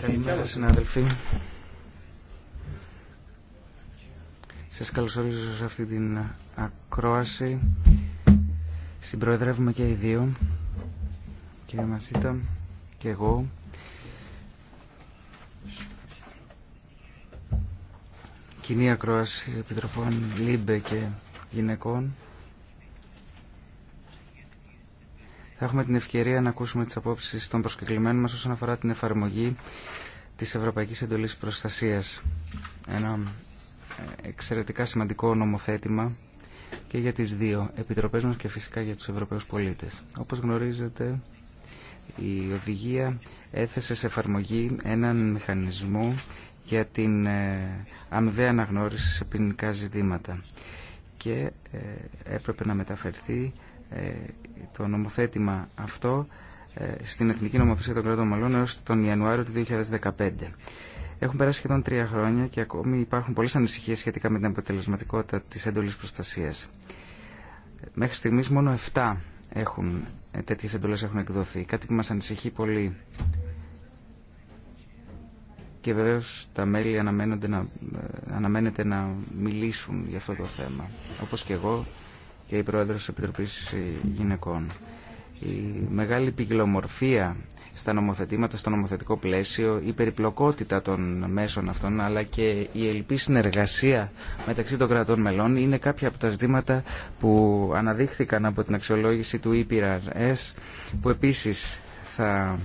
Καλημέρα συνάδελφοι. Σας καλωσορίζω σε αυτή την ακρόαση. Συμπροεδρεύουμε και οι δύο, κύριε Μασίτα και εγώ. Κοινή ακρόαση επιτροπών ΛΥΜΠΕ και γυναικών. θα έχουμε την ευκαιρία να ακούσουμε τις απόψεις των προσκεκλημένων μας όσον αφορά την εφαρμογή της Ευρωπαϊκής Εντολής Προστασίας. Ένα ε, εξαιρετικά σημαντικό νομοθέτημα και για τις δύο επιτροπές μας και φυσικά για τους Ευρωπαίους πολίτες. Όπως γνωρίζετε, η οδηγία έθεσε σε εφαρμογή έναν μηχανισμό για την ε, αμοιβαία αναγνώριση σε ποινικά ζητήματα και ε, έπρεπε να μεταφερθεί ε, το νομοθέτημα αυτό ε, στην Εθνική Νομοθεσία των Κρατών Μαλών έως τον Ιανουάριο του 2015. Έχουν περάσει σχεδόν τρία χρόνια και ακόμη υπάρχουν πολλές ανησυχίες σχετικά με την αποτελεσματικότητα της έντολης προστασίας. Μέχρι στιγμής μόνο 7 έχουν, ε, τέτοιες εντολές έχουν εκδοθεί, κάτι που μας ανησυχεί πολύ. Και βεβαίως τα μέλη αναμένεται να μιλήσουν για αυτό το θέμα, όπως και εγώ και η Πρόεδρος της Επιτροπής Γυναικών. Η μεγάλη ποικιλομορφία στα νομοθετήματα, στο νομοθετικό πλαίσιο, η περιπλοκότητα των μέσων αυτών, αλλά και η ελπή συνεργασία μεταξύ των κρατών μελών είναι κάποια από τα ζητήματα που αναδείχθηκαν από την αξιολόγηση του EPRS, που επίσης θα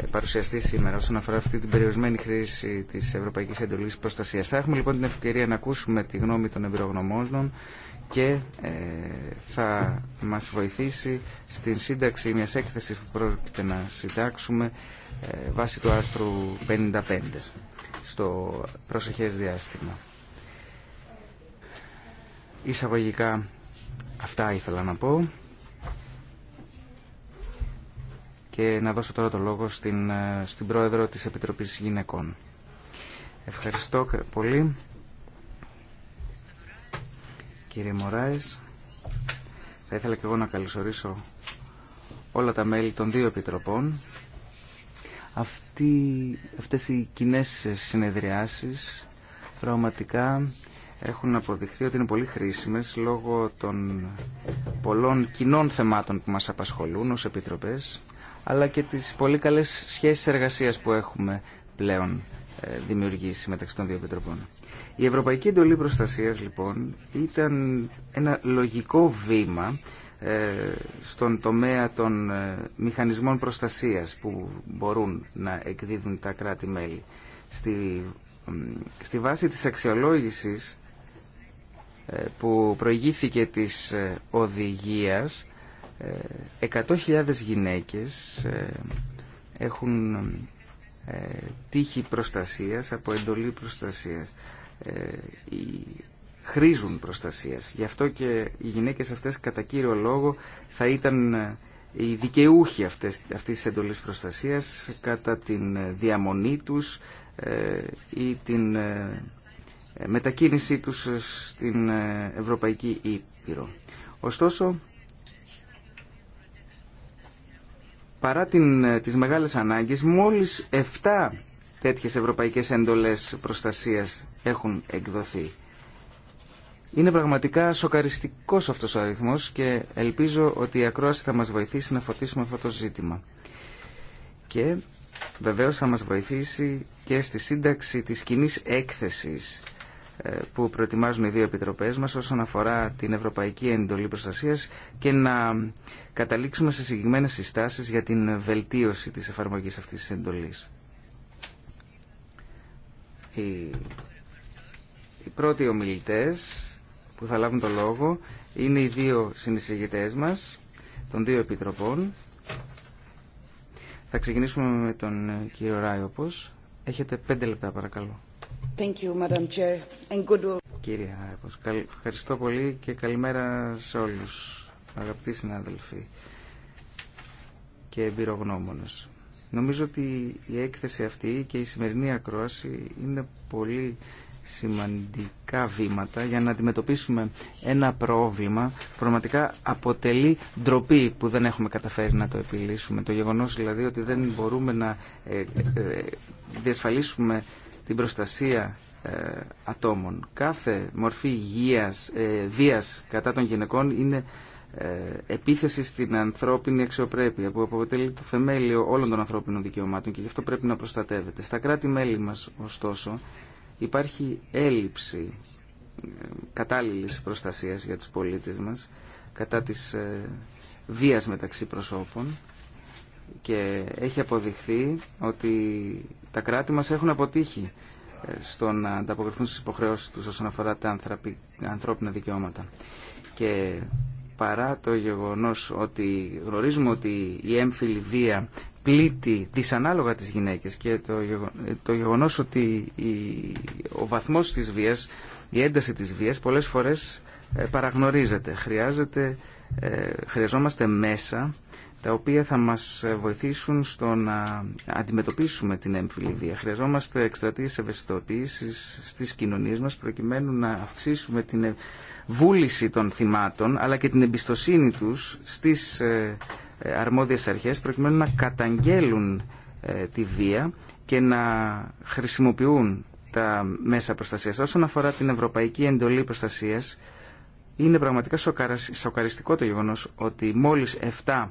ε, παρουσιαστεί σήμερα όσον αφορά αυτή την περιορισμένη χρήση της Ευρωπαϊκής Εντολής Προστασίας. Θα έχουμε λοιπόν την ευκαιρία να ακούσουμε τη γνώμη των εμπειρογνωμόνων και ε, θα μας βοηθήσει στην σύνταξη μιας έκθεσης που πρόκειται να συντάξουμε ε, βάσει του άρθρου 55 στο προσεχές διάστημα. Εισαγωγικά αυτά ήθελα να πω και να δώσω τώρα το λόγο στην, ε, στην Πρόεδρο της Επιτροπής Γυναικών. Ευχαριστώ πολύ κύριε Μωράες. Θα ήθελα και εγώ να καλωσορίσω όλα τα μέλη των δύο επιτροπών. Αυτή, αυτές οι κοινέ συνεδριάσεις πραγματικά έχουν αποδειχθεί ότι είναι πολύ χρήσιμες λόγω των πολλών κοινών θεμάτων που μας απασχολούν ως επιτροπές αλλά και τις πολύ καλές σχέσεις εργασίας που έχουμε πλέον ε, δημιουργήσει μεταξύ των δύο επιτροπών. Η Ευρωπαϊκή Εντολή Προστασίας λοιπόν ήταν ένα λογικό βήμα ε, στον τομέα των ε, μηχανισμών προστασίας που μπορούν να εκδίδουν τα κράτη-μέλη. Στη, βάση της αξιολόγησης ε, που προηγήθηκε της οδηγίας 100.000 γυναίκες έχουν τύχη προστασίας από εντολή προστασίας. Ε, χρίζουν προστασίας. Γι' αυτό και οι γυναίκες αυτές κατά κύριο λόγο θα ήταν ε, οι δικαιούχοι αυτές, αυτής της εντολής προστασίας κατά την ε, διαμονή τους ή την μετακίνησή τους στην Ευρωπαϊκή Ήπειρο. Ωστόσο, παρά την, τις μεγάλες ανάγκες, μόλις 7 τέτοιες ευρωπαϊκές εντολές προστασίας έχουν εκδοθεί. Είναι πραγματικά σοκαριστικός αυτός ο αριθμός και ελπίζω ότι η ακρόαση θα μας βοηθήσει να φωτίσουμε αυτό το ζήτημα. Και βεβαίως θα μας βοηθήσει και στη σύνταξη της κοινή έκθεσης ε, που προετοιμάζουν οι δύο επιτροπές μας όσον αφορά την Ευρωπαϊκή Εντολή Προστασίας και να καταλήξουμε σε συγκεκριμένες συστάσεις για την βελτίωση της εφαρμογής αυτής της εντολής οι, οι πρώτοι ομιλητές που θα λάβουν το λόγο είναι οι δύο συνεισηγητές μας των δύο επιτροπών. Θα ξεκινήσουμε με τον ε, κύριο Ράιοπος. Έχετε πέντε λεπτά παρακαλώ. Thank you, Madam Chair. And good... Κύριε ευχαριστώ πολύ και καλημέρα σε όλους αγαπητοί συνάδελφοι και εμπειρογνώμονες. Νομίζω ότι η έκθεση αυτή και η σημερινή ακρόαση είναι πολύ σημαντικά βήματα για να αντιμετωπίσουμε ένα πρόβλημα που πραγματικά αποτελεί ντροπή που δεν έχουμε καταφέρει να το επιλύσουμε. Το γεγονός δηλαδή ότι δεν μπορούμε να ε, ε, διασφαλίσουμε την προστασία ε, ατόμων. Κάθε μορφή υγείας, βίας κατά των γυναικών είναι ε, επίθεση στην ανθρώπινη αξιοπρέπεια που αποτελεί το θεμέλιο όλων των ανθρώπινων δικαιωμάτων και γι' αυτό πρέπει να προστατεύεται. Στα κράτη-μέλη μας, ωστόσο, υπάρχει έλλειψη ε, κατάλληλης προστασίας για τους πολίτες μας κατά της ε, βίας μεταξύ προσώπων και έχει αποδειχθεί ότι τα κράτη μας έχουν αποτύχει στο να ανταποκριθούν στις υποχρεώσεις τους όσον αφορά τα ανθρώπινα δικαιώματα. Και παρά το γεγονός ότι γνωρίζουμε ότι η έμφυλη βία πλήττει δυσανάλογα τις γυναίκες και το, το γεγονός ότι ο βαθμός της βίας, η ένταση της βίας πολλές φορές ε, παραγνωρίζεται. Χρειάζεται, ε, χρειαζόμαστε μέσα τα οποία θα μας βοηθήσουν στο να αντιμετωπίσουμε την έμφυλη βία. Χρειαζόμαστε εκστρατείες ευαισθητοποίησης στις κοινωνίες μας προκειμένου να αυξήσουμε την βούληση των θυμάτων αλλά και την εμπιστοσύνη τους στις ε, ε, αρμόδιες αρχές προκειμένου να καταγγέλουν ε, τη βία και να χρησιμοποιούν τα μέσα προστασίας. Όσον αφορά την Ευρωπαϊκή Εντολή Προστασίας είναι πραγματικά σοκαριστικό το γεγονός ότι μόλις 7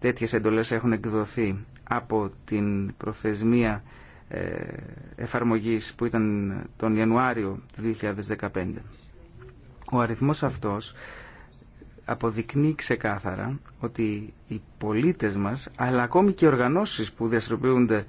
τέτοιε εντολέ έχουν εκδοθεί από την προθεσμία ε, εφαρμογής που ήταν τον Ιανουάριο του 2015. Ο αριθμός αυτός αποδεικνύει ξεκάθαρα ότι οι πολίτες μας, αλλά ακόμη και οι οργανώσεις που διαστροπιούνται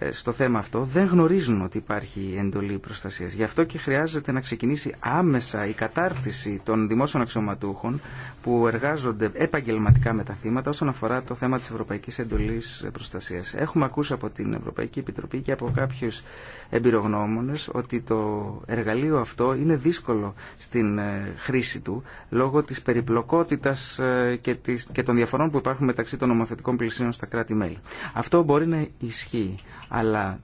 ε, στο θέμα αυτό δεν γνωρίζουν ότι υπάρχει εντολή προστασίας. Γι' αυτό και χρειάζεται να ξεκινήσει άμεσα η κατάρτιση των δημόσιων αξιωματούχων που εργάζονται επαγγελματικά με τα θύματα όσον αφορά το θέμα της Ευρωπαϊκής Εντολής Προστασίας. Έχουμε ακούσει από την Ευρωπαϊκή Επιτροπή και από κάποιους εμπειρογνώμονες ότι το εργαλείο αυτό είναι δύσκολο στην ε, χρήση του λόγω της περιπλοκότητας ε, και των διαφορών που υπάρχουν μεταξύ των νομοθετικών πλησίων στα κράτη-μέλη. Αυτό μπορεί να ισχύει αλλά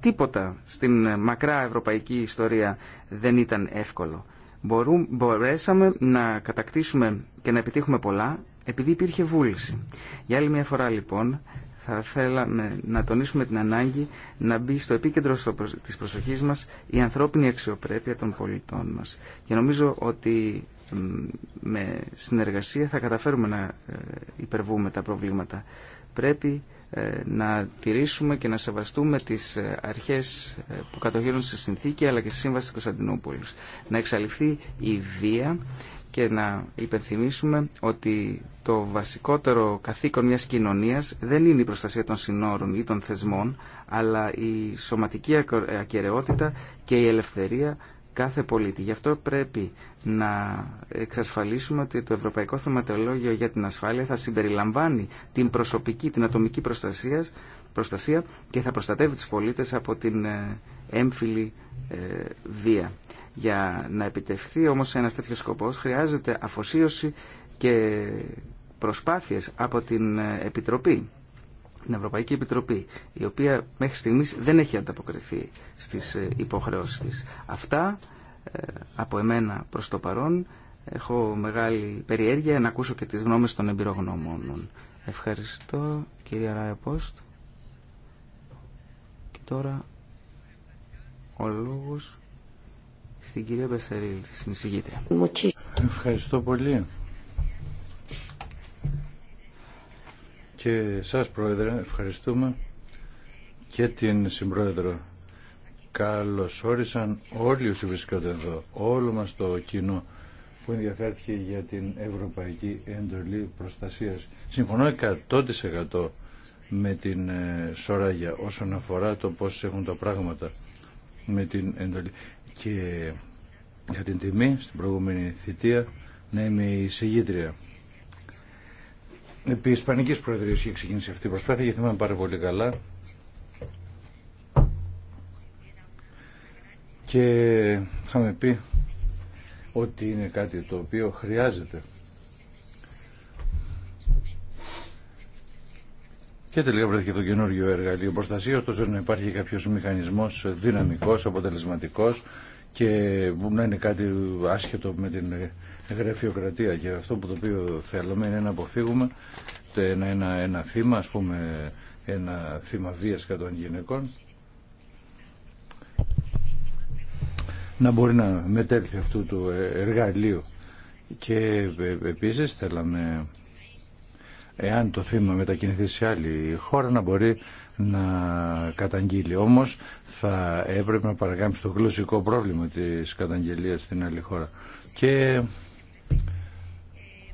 τίποτα στην μακρά ευρωπαϊκή ιστορία δεν ήταν εύκολο. Μπορού, μπορέσαμε να κατακτήσουμε και να επιτύχουμε πολλά επειδή υπήρχε βούληση. Για άλλη μια φορά λοιπόν θα θέλαμε να τονίσουμε την ανάγκη να μπει στο επίκεντρο της προσοχής μας η ανθρώπινη αξιοπρέπεια των πολιτών μας. Και νομίζω ότι με συνεργασία θα καταφέρουμε να ε, υπερβούμε τα προβλήματα. Πρέπει ε, να τηρήσουμε και να σεβαστούμε τις ε, αρχές ε, που κατοχύρουν στη συνθήκη αλλά και στη σύμβαση της Κωνσταντινούπολης. Να εξαλειφθεί η βία και να υπενθυμίσουμε ότι το βασικότερο καθήκον μιας κοινωνίας δεν είναι η προστασία των συνόρων ή των θεσμών, αλλά η σωματική ακαιρεότητα και η ελευθερία κάθε πολίτη. Γι' αυτό πρέπει να εξασφαλίσουμε ότι το Ευρωπαϊκό Θεματολόγιο για την Ασφάλεια θα συμπεριλαμβάνει την προσωπική, την ατομική προστασία, προστασία και θα προστατεύει τους πολίτες από την ε, έμφυλη ε, βία. Για να επιτευχθεί όμως ένα τέτοιο σκοπός χρειάζεται αφοσίωση και προσπάθειες από την ε, Επιτροπή την Ευρωπαϊκή Επιτροπή, η οποία μέχρι στιγμής δεν έχει ανταποκριθεί στις ε, υποχρεώσεις της. Αυτά ε, από εμένα προς το παρόν. Έχω μεγάλη περιέργεια να ακούσω και τις γνώμες των εμπειρογνωμόνων. Ευχαριστώ, κυρία Ράια Πόστ. Και τώρα ο λόγος στην κυρία Πεσσαρίλη, στην Ευχαριστώ πολύ. και σας Πρόεδρε ευχαριστούμε και την Συμπρόεδρο. Καλώς όρισαν όλοι όσοι βρισκόνται εδώ, όλο μας το κοινό που ενδιαφέρθηκε για την Ευρωπαϊκή Εντολή Προστασίας. Συμφωνώ 100% με την ε, Σοράγια όσον αφορά το πώς έχουν τα πράγματα με την εντολή. Και για την τιμή στην προηγούμενη θητεία να είμαι η συγγήτρια επί ισπανική προεδρία είχε ξεκινήσει αυτή η προσπάθεια γιατί θυμάμαι πάρα πολύ καλά και είχαμε πει ότι είναι κάτι το οποίο χρειάζεται. Και τελικά βρέθηκε το καινούργιο εργαλείο προστασία, ώστε να υπάρχει κάποιο μηχανισμό δυναμικό, αποτελεσματικό και να είναι κάτι άσχετο με την γραφειοκρατία και αυτό που το οποίο θέλουμε είναι να αποφύγουμε ένα, ένα, ένα θύμα, ας πούμε ένα θύμα βίας κατά των γυναικών να μπορεί να μετέλθει αυτού του ε, εργαλείου και ε, επίσης θέλαμε εάν το θύμα μετακινηθεί σε άλλη χώρα να μπορεί να καταγγείλει. Όμως θα έπρεπε να παρακάμψει το γλωσσικό πρόβλημα της καταγγελίας στην άλλη χώρα. Και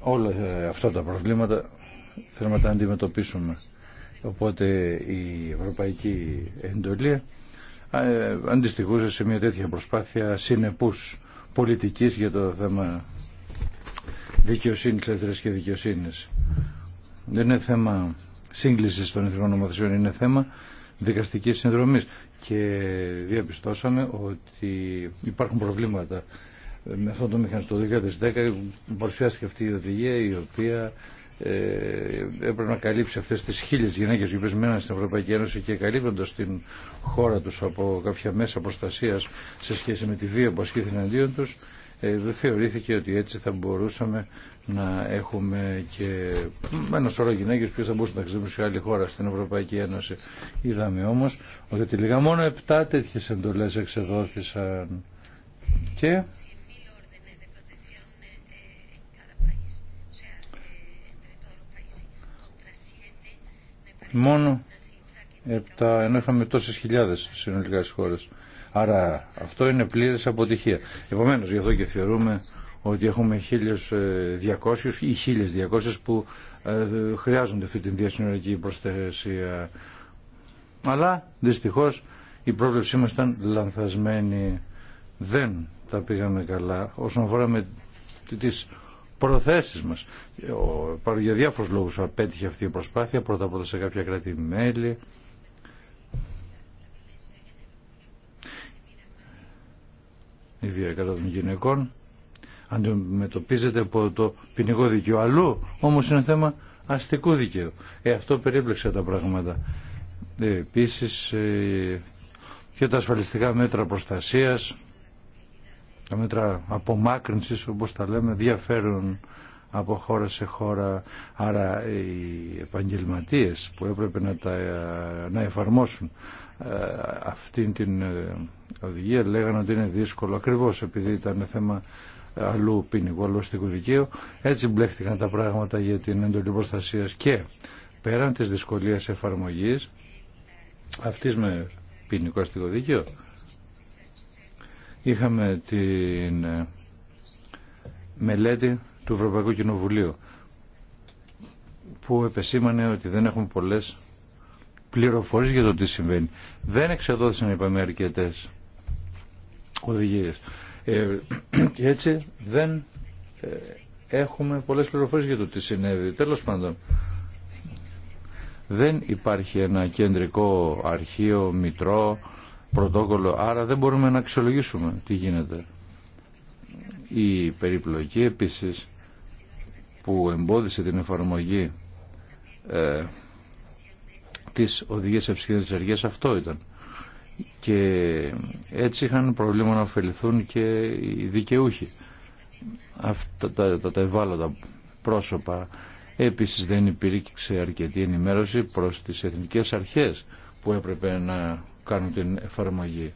Όλα ε, αυτά τα προβλήματα θέλουμε να τα αντιμετωπίσουμε. Οπότε η ευρωπαϊκή εντολή ε, αντιστοιχούσε σε μια τέτοια προσπάθεια συνεπούς πολιτικής για το θέμα δικαιοσύνης, ελεύθερης και δικαιοσύνης. Δεν είναι θέμα σύγκλησης των εθνικών νομοθεσιών, είναι θέμα δικαστικής συνδρομής. Και διαπιστώσαμε ότι υπάρχουν προβλήματα ε, με αυτόν το μηχανισμό το 2010 παρουσιάστηκε αυτή η οδηγία η οποία ε, έπρεπε να καλύψει αυτές τις χίλιες γυναίκες οι στην Ευρωπαϊκή Ένωση και καλύπτοντας την χώρα τους από κάποια μέσα προστασίας σε σχέση με τη βία που ασκήθη εναντίον τους ε, θεωρήθηκε ότι έτσι θα μπορούσαμε να έχουμε και ένα σωρό γυναίκε που θα μπορούσαν να ταξιδέψουν σε άλλη χώρα στην Ευρωπαϊκή Ένωση. Είδαμε όμω, ότι τελικά μόνο 7 τέτοιε εντολέ εξεδόθησαν και μόνο 7, ενώ είχαμε τόσες χιλιάδες συνολικά στις χώρες. Άρα αυτό είναι πλήρης αποτυχία. Επομένως, γι' αυτό και θεωρούμε ότι έχουμε 1.200 ή 1.200 που ε, χρειάζονται αυτή την διασυνορική προστασία. Αλλά, δυστυχώς, η πρόβλεψή μας ήταν λανθασμένη. Δεν τα πήγαμε καλά όσον αφορά με τις προθέσεις μας. Ο, για διάφορους λόγους απέτυχε αυτή η προσπάθεια, πρώτα όλα σε κάποια κράτη-μέλη. Η βία κατά των γυναικών αντιμετωπίζεται από το ποινικό δικαιο. Αλλού όμως είναι θέμα αστικού δικαίου. Ε, αυτό περίπλεξε τα πράγματα. Ε, επίσης ε, και τα ασφαλιστικά μέτρα προστασίας τα μέτρα απομάκρυνσης όπως τα λέμε διαφέρουν από χώρα σε χώρα άρα οι επαγγελματίες που έπρεπε να, τα, να εφαρμόσουν ε, αυτήν την ε, οδηγία λέγανε ότι είναι δύσκολο ακριβώς επειδή ήταν θέμα αλλού ποινικού, αλλού αστικού δικαίου έτσι μπλέχτηκαν τα πράγματα για την έντολη προστασία και πέραν της δυσκολίας εφαρμογής αυτής με ποινικό αστικό δίκαιο Είχαμε τη ε, μελέτη του Ευρωπαϊκού Κοινοβουλίου που επεσήμανε ότι δεν έχουμε πολλές πληροφορίες για το τι συμβαίνει. Δεν εξεδόθησαν, είπαμε, αρκετέ οδηγίες. Ε, και έτσι δεν ε, έχουμε πολλές πληροφορίες για το τι συνέβη. Τέλος πάντων, δεν υπάρχει ένα κεντρικό αρχείο, μητρό, πρωτόκολλο, άρα δεν μπορούμε να αξιολογήσουμε τι γίνεται. Η περιπλοκή επίσης που εμπόδισε την εφαρμογή ε, της οδηγίας ευσκέντρης εργίας αυτό ήταν. Και έτσι είχαν προβλήμα να ωφεληθούν και οι δικαιούχοι. Αυτά τα, τα, τα ευάλωτα πρόσωπα. Επίσης δεν υπήρξε αρκετή ενημέρωση προς τις εθνικές αρχές που έπρεπε να κάνουν την εφαρμογή.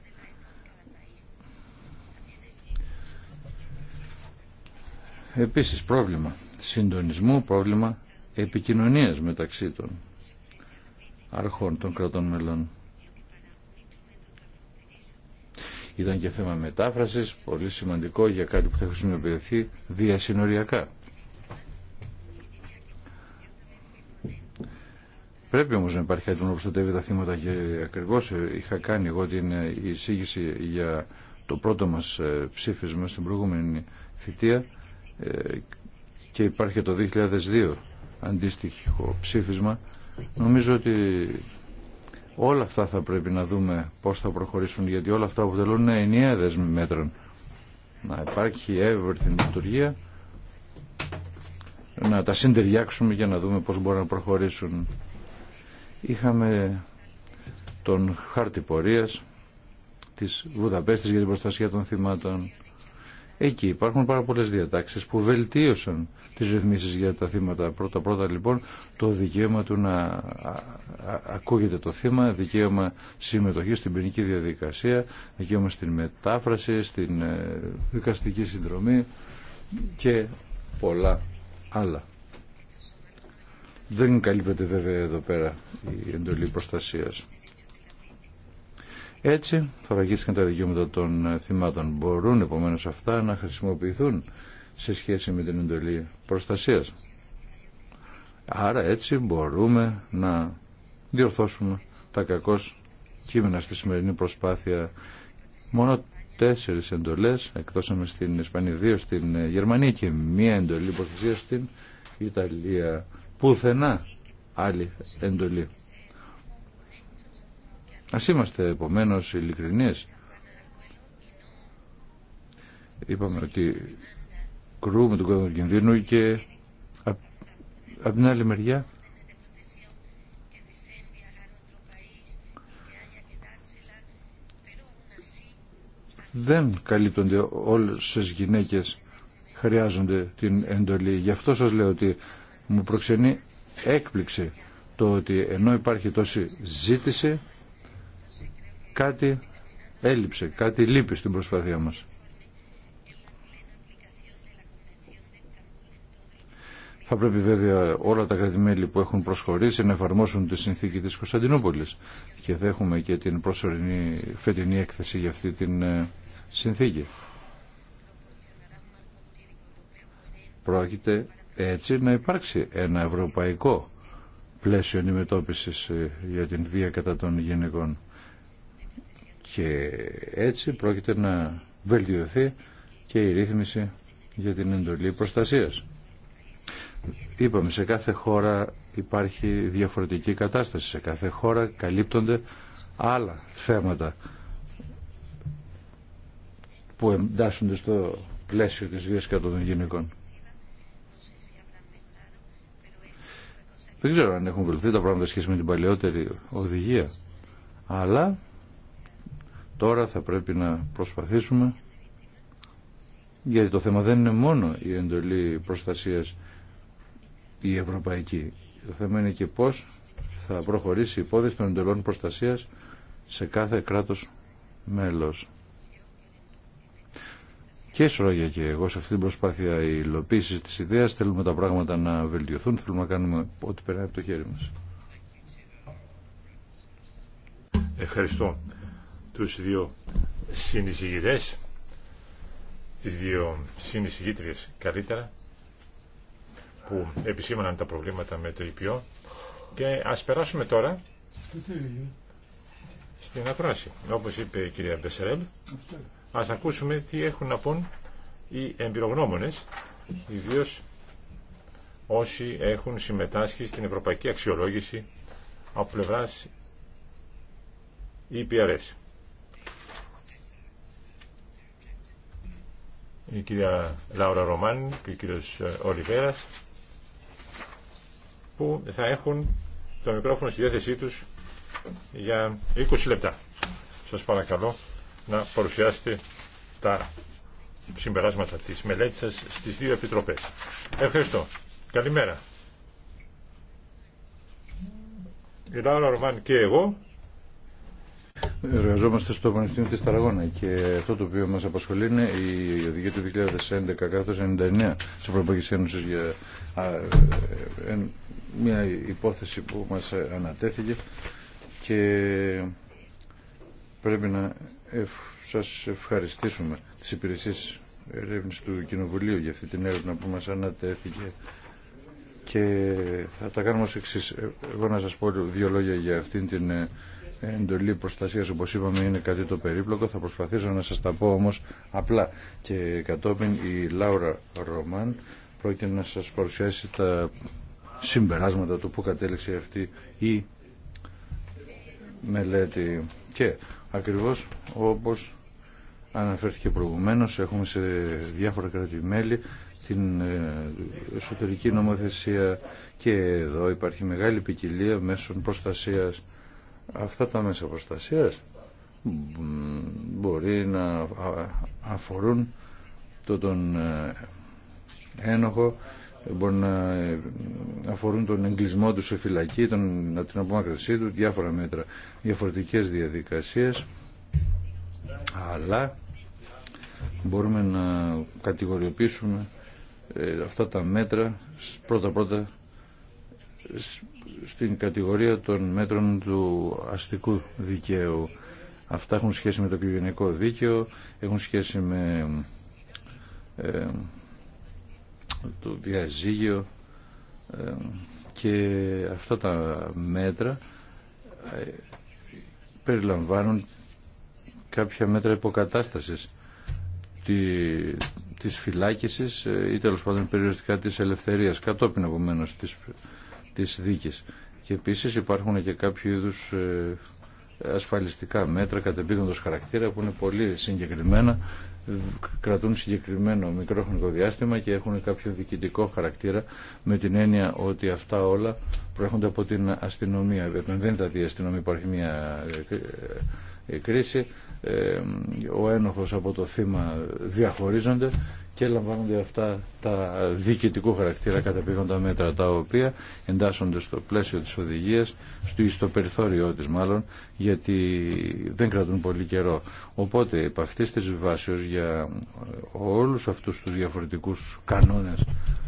Επίσης πρόβλημα συντονισμού, πρόβλημα επικοινωνίας μεταξύ των αρχών των κρατών μελών. Ήταν και θέμα μετάφρασης, πολύ σημαντικό για κάτι που θα χρησιμοποιηθεί διασυνοριακά. Πρέπει όμω να υπάρχει κάτι που να προστατεύει τα θύματα και ακριβώ. Ε, είχα κάνει εγώ την ε, εισήγηση για το πρώτο μα ε, ψήφισμα στην προηγούμενη θητεία και υπάρχει το 2002 αντίστοιχο ψήφισμα. Νομίζω ότι όλα αυτά θα πρέπει να δούμε πώ θα προχωρήσουν γιατί όλα αυτά αποτελούν ενιαία δέσμη μέτρων. Να υπάρχει εύρυθμη λειτουργία, να τα συντεριάξουμε για να δούμε πώς μπορούν να προχωρήσουν. Είχαμε τον χάρτη πορείας της Βουδαπέστης για την προστασία των θυμάτων. Εκεί υπάρχουν πάρα πολλές διατάξεις που βελτίωσαν τις ρυθμίσεις για τα θύματα. Πρώτα-πρώτα λοιπόν το δικαίωμα του να ακούγεται το θύμα, δικαίωμα συμμετοχή στην ποινική διαδικασία, δικαίωμα στην μετάφραση, στην ε, δικαστική συνδρομή και πολλά άλλα. Δεν καλύπτεται βέβαια εδώ πέρα η εντολή προστασίας. Έτσι θα βαγίστηκαν τα δικαιώματα των θυμάτων. Μπορούν επομένως αυτά να χρησιμοποιηθούν σε σχέση με την εντολή προστασίας. Άρα έτσι μπορούμε να διορθώσουμε τα κακώς κείμενα στη σημερινή προσπάθεια. Μόνο τέσσερις εντολές, εκτός με στην Ισπανία, δύο στην Γερμανία και μία εντολή προστασία στην Ιταλία πουθενά άλλη εντολή. Ας είμαστε επομένως ειλικρινείς. Είπαμε ότι κρούμε τον κόσμο κινδύνου και από την άλλη μεριά δεν καλύπτονται όλες τις γυναίκες χρειάζονται την εντολή. Γι' αυτό σας λέω ότι μου προξενεί έκπληξη το ότι ενώ υπάρχει τόση ζήτηση κάτι έλειψε, κάτι λείπει στην προσπάθειά μας. Θα πρέπει βέβαια όλα τα κρατημέλη που έχουν προσχωρήσει να εφαρμόσουν τη συνθήκη της Κωνσταντινούπολης και θα και την προσωρινή φετινή έκθεση για αυτή την ε, συνθήκη. Πρόκειται έτσι να υπάρξει ένα ευρωπαϊκό πλαίσιο αντιμετώπισης ε, για την βία κατά των γυναικών και έτσι πρόκειται να βελτιωθεί και η ρύθμιση για την εντολή προστασίας. Είπαμε, σε κάθε χώρα υπάρχει διαφορετική κατάσταση, σε κάθε χώρα καλύπτονται άλλα θέματα που εντάσσονται στο πλαίσιο της βίας κατά των γυναικών. Δεν ξέρω αν έχουν βρεθεί τα πράγματα σχέση με την παλαιότερη οδηγία. Αλλά τώρα θα πρέπει να προσπαθήσουμε γιατί το θέμα δεν είναι μόνο η εντολή προστασίας η ευρωπαϊκή. Το θέμα είναι και πώς θα προχωρήσει η υπόθεση των εντολών προστασίας σε κάθε κράτος μέλος και Σωράγια και εγώ σε αυτή την προσπάθεια υλοποίηση της ιδέας θέλουμε τα πράγματα να βελτιωθούν, θέλουμε να κάνουμε ό,τι περνάει από το χέρι μας. Ευχαριστώ τους δύο συνεισηγητές, τις δύο συνεισηγήτριες καλύτερα, που επισήμαναν τα προβλήματα με το ΙΠΙΟ και ας περάσουμε τώρα στην ακρόαση. Όπως είπε η κυρία Μπεσερέλ, Ας ακούσουμε τι έχουν να πούν οι εμπειρογνώμονες, ιδίως όσοι έχουν συμμετάσχει στην ευρωπαϊκή αξιολόγηση από πλευράς EPRS. Η κυρία Λάουρα Ρωμάν και ο κύριος ε, Ολιβέρας που θα έχουν το μικρόφωνο στη διάθεσή τους για 20 λεπτά. Σας παρακαλώ να παρουσιάσετε τα συμπεράσματα της μελέτης σας στις δύο επιτροπές. Ευχαριστώ. Καλημέρα. Η Λάουρα Ρομάν και εγώ Εργαζόμαστε στο Πανεπιστήμιο της Ταραγώνα και αυτό το οποίο μας απασχολεί είναι η οδηγία του 2011 1999 99 της Ευρωπαϊκής Ένωσης για ε, μια υπόθεση που μας ανατέθηκε και πρέπει να σας ευχαριστήσουμε τις υπηρεσίες ερεύνης του Κοινοβουλίου για αυτή την έρευνα που μας ανατέθηκε και θα τα κάνουμε ως εξής. Ε, εγώ να σας πω δύο λόγια για αυτήν την ε, εντολή προστασίας όπως είπαμε είναι κάτι το περίπλοκο θα προσπαθήσω να σας τα πω όμως απλά και κατόπιν η Λάουρα Ρωμάν πρόκειται να σας παρουσιάσει τα συμπεράσματα του που κατέληξε αυτή η μελέτη και Ακριβώς όπως αναφέρθηκε προηγουμένως έχουμε σε διάφορα κράτη-μέλη την ε, εσωτερική νομοθεσία και εδώ υπάρχει μεγάλη ποικιλία μέσων προστασίας. Αυτά τα μέσα προστασίας μπορεί να αφορούν το τον ε, ένοχο μπορεί να ε, αφορούν τον εγκλισμό του σε φυλακή, τον, την απομάκρυνσή του, διάφορα μέτρα, διαφορετικές διαδικασίες. Αλλά μπορούμε να κατηγοριοποιήσουμε ε, αυτά τα μέτρα πρώτα-πρώτα στην κατηγορία των μέτρων του αστικού δικαίου. Αυτά έχουν σχέση με το κοινωνικό δίκαιο, έχουν σχέση με ε, το διαζύγιο ε, και αυτά τα μέτρα ε, περιλαμβάνουν κάποια μέτρα υποκατάστασης της φυλάκισης ε, ή τέλο πάντων περιοριστικά της ελευθερίας κατόπιν επομένως της, της δίκης. Και επίσης υπάρχουν και κάποιο είδους ασφαλιστικά μέτρα κατεπίδοντος χαρακτήρα που είναι πολύ συγκεκριμένα, κρατούν συγκεκριμένο μικρό διάστημα και έχουν κάποιο διοικητικό χαρακτήρα με την έννοια ότι αυτά όλα προέρχονται από την αστυνομία. Δεν τα δει αστυνομία, υπάρχει μια ε, κρίση, ε, ο ένοχος από το θύμα διαχωρίζονται και λαμβάνονται αυτά τα διοικητικού χαρακτήρα καταπήγοντα μέτρα τα οποία εντάσσονται στο πλαίσιο της οδηγίας στο, στο περιθώριό της μάλλον γιατί δεν κρατούν πολύ καιρό οπότε επ' αυτής της βάσεως για όλους αυτούς τους διαφορετικούς κανόνες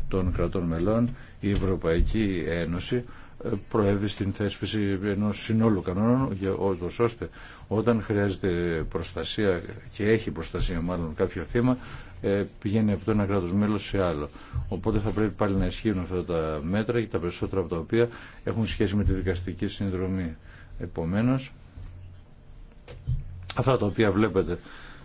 των κρατών μελών η Ευρωπαϊκή Ένωση ε, προέβη στην θέσπιση ενό συνόλου κανόνων, ώστε όταν χρειάζεται προστασία και έχει προστασία μάλλον κάποιο θύμα, ε, πηγαίνει από το ένα κράτο μέλος σε άλλο. Οπότε θα πρέπει πάλι να ισχύουν αυτά τα μέτρα και τα περισσότερα από τα οποία έχουν σχέση με τη δικαστική συνδρομή. Επομένως, αυτά τα οποία βλέπετε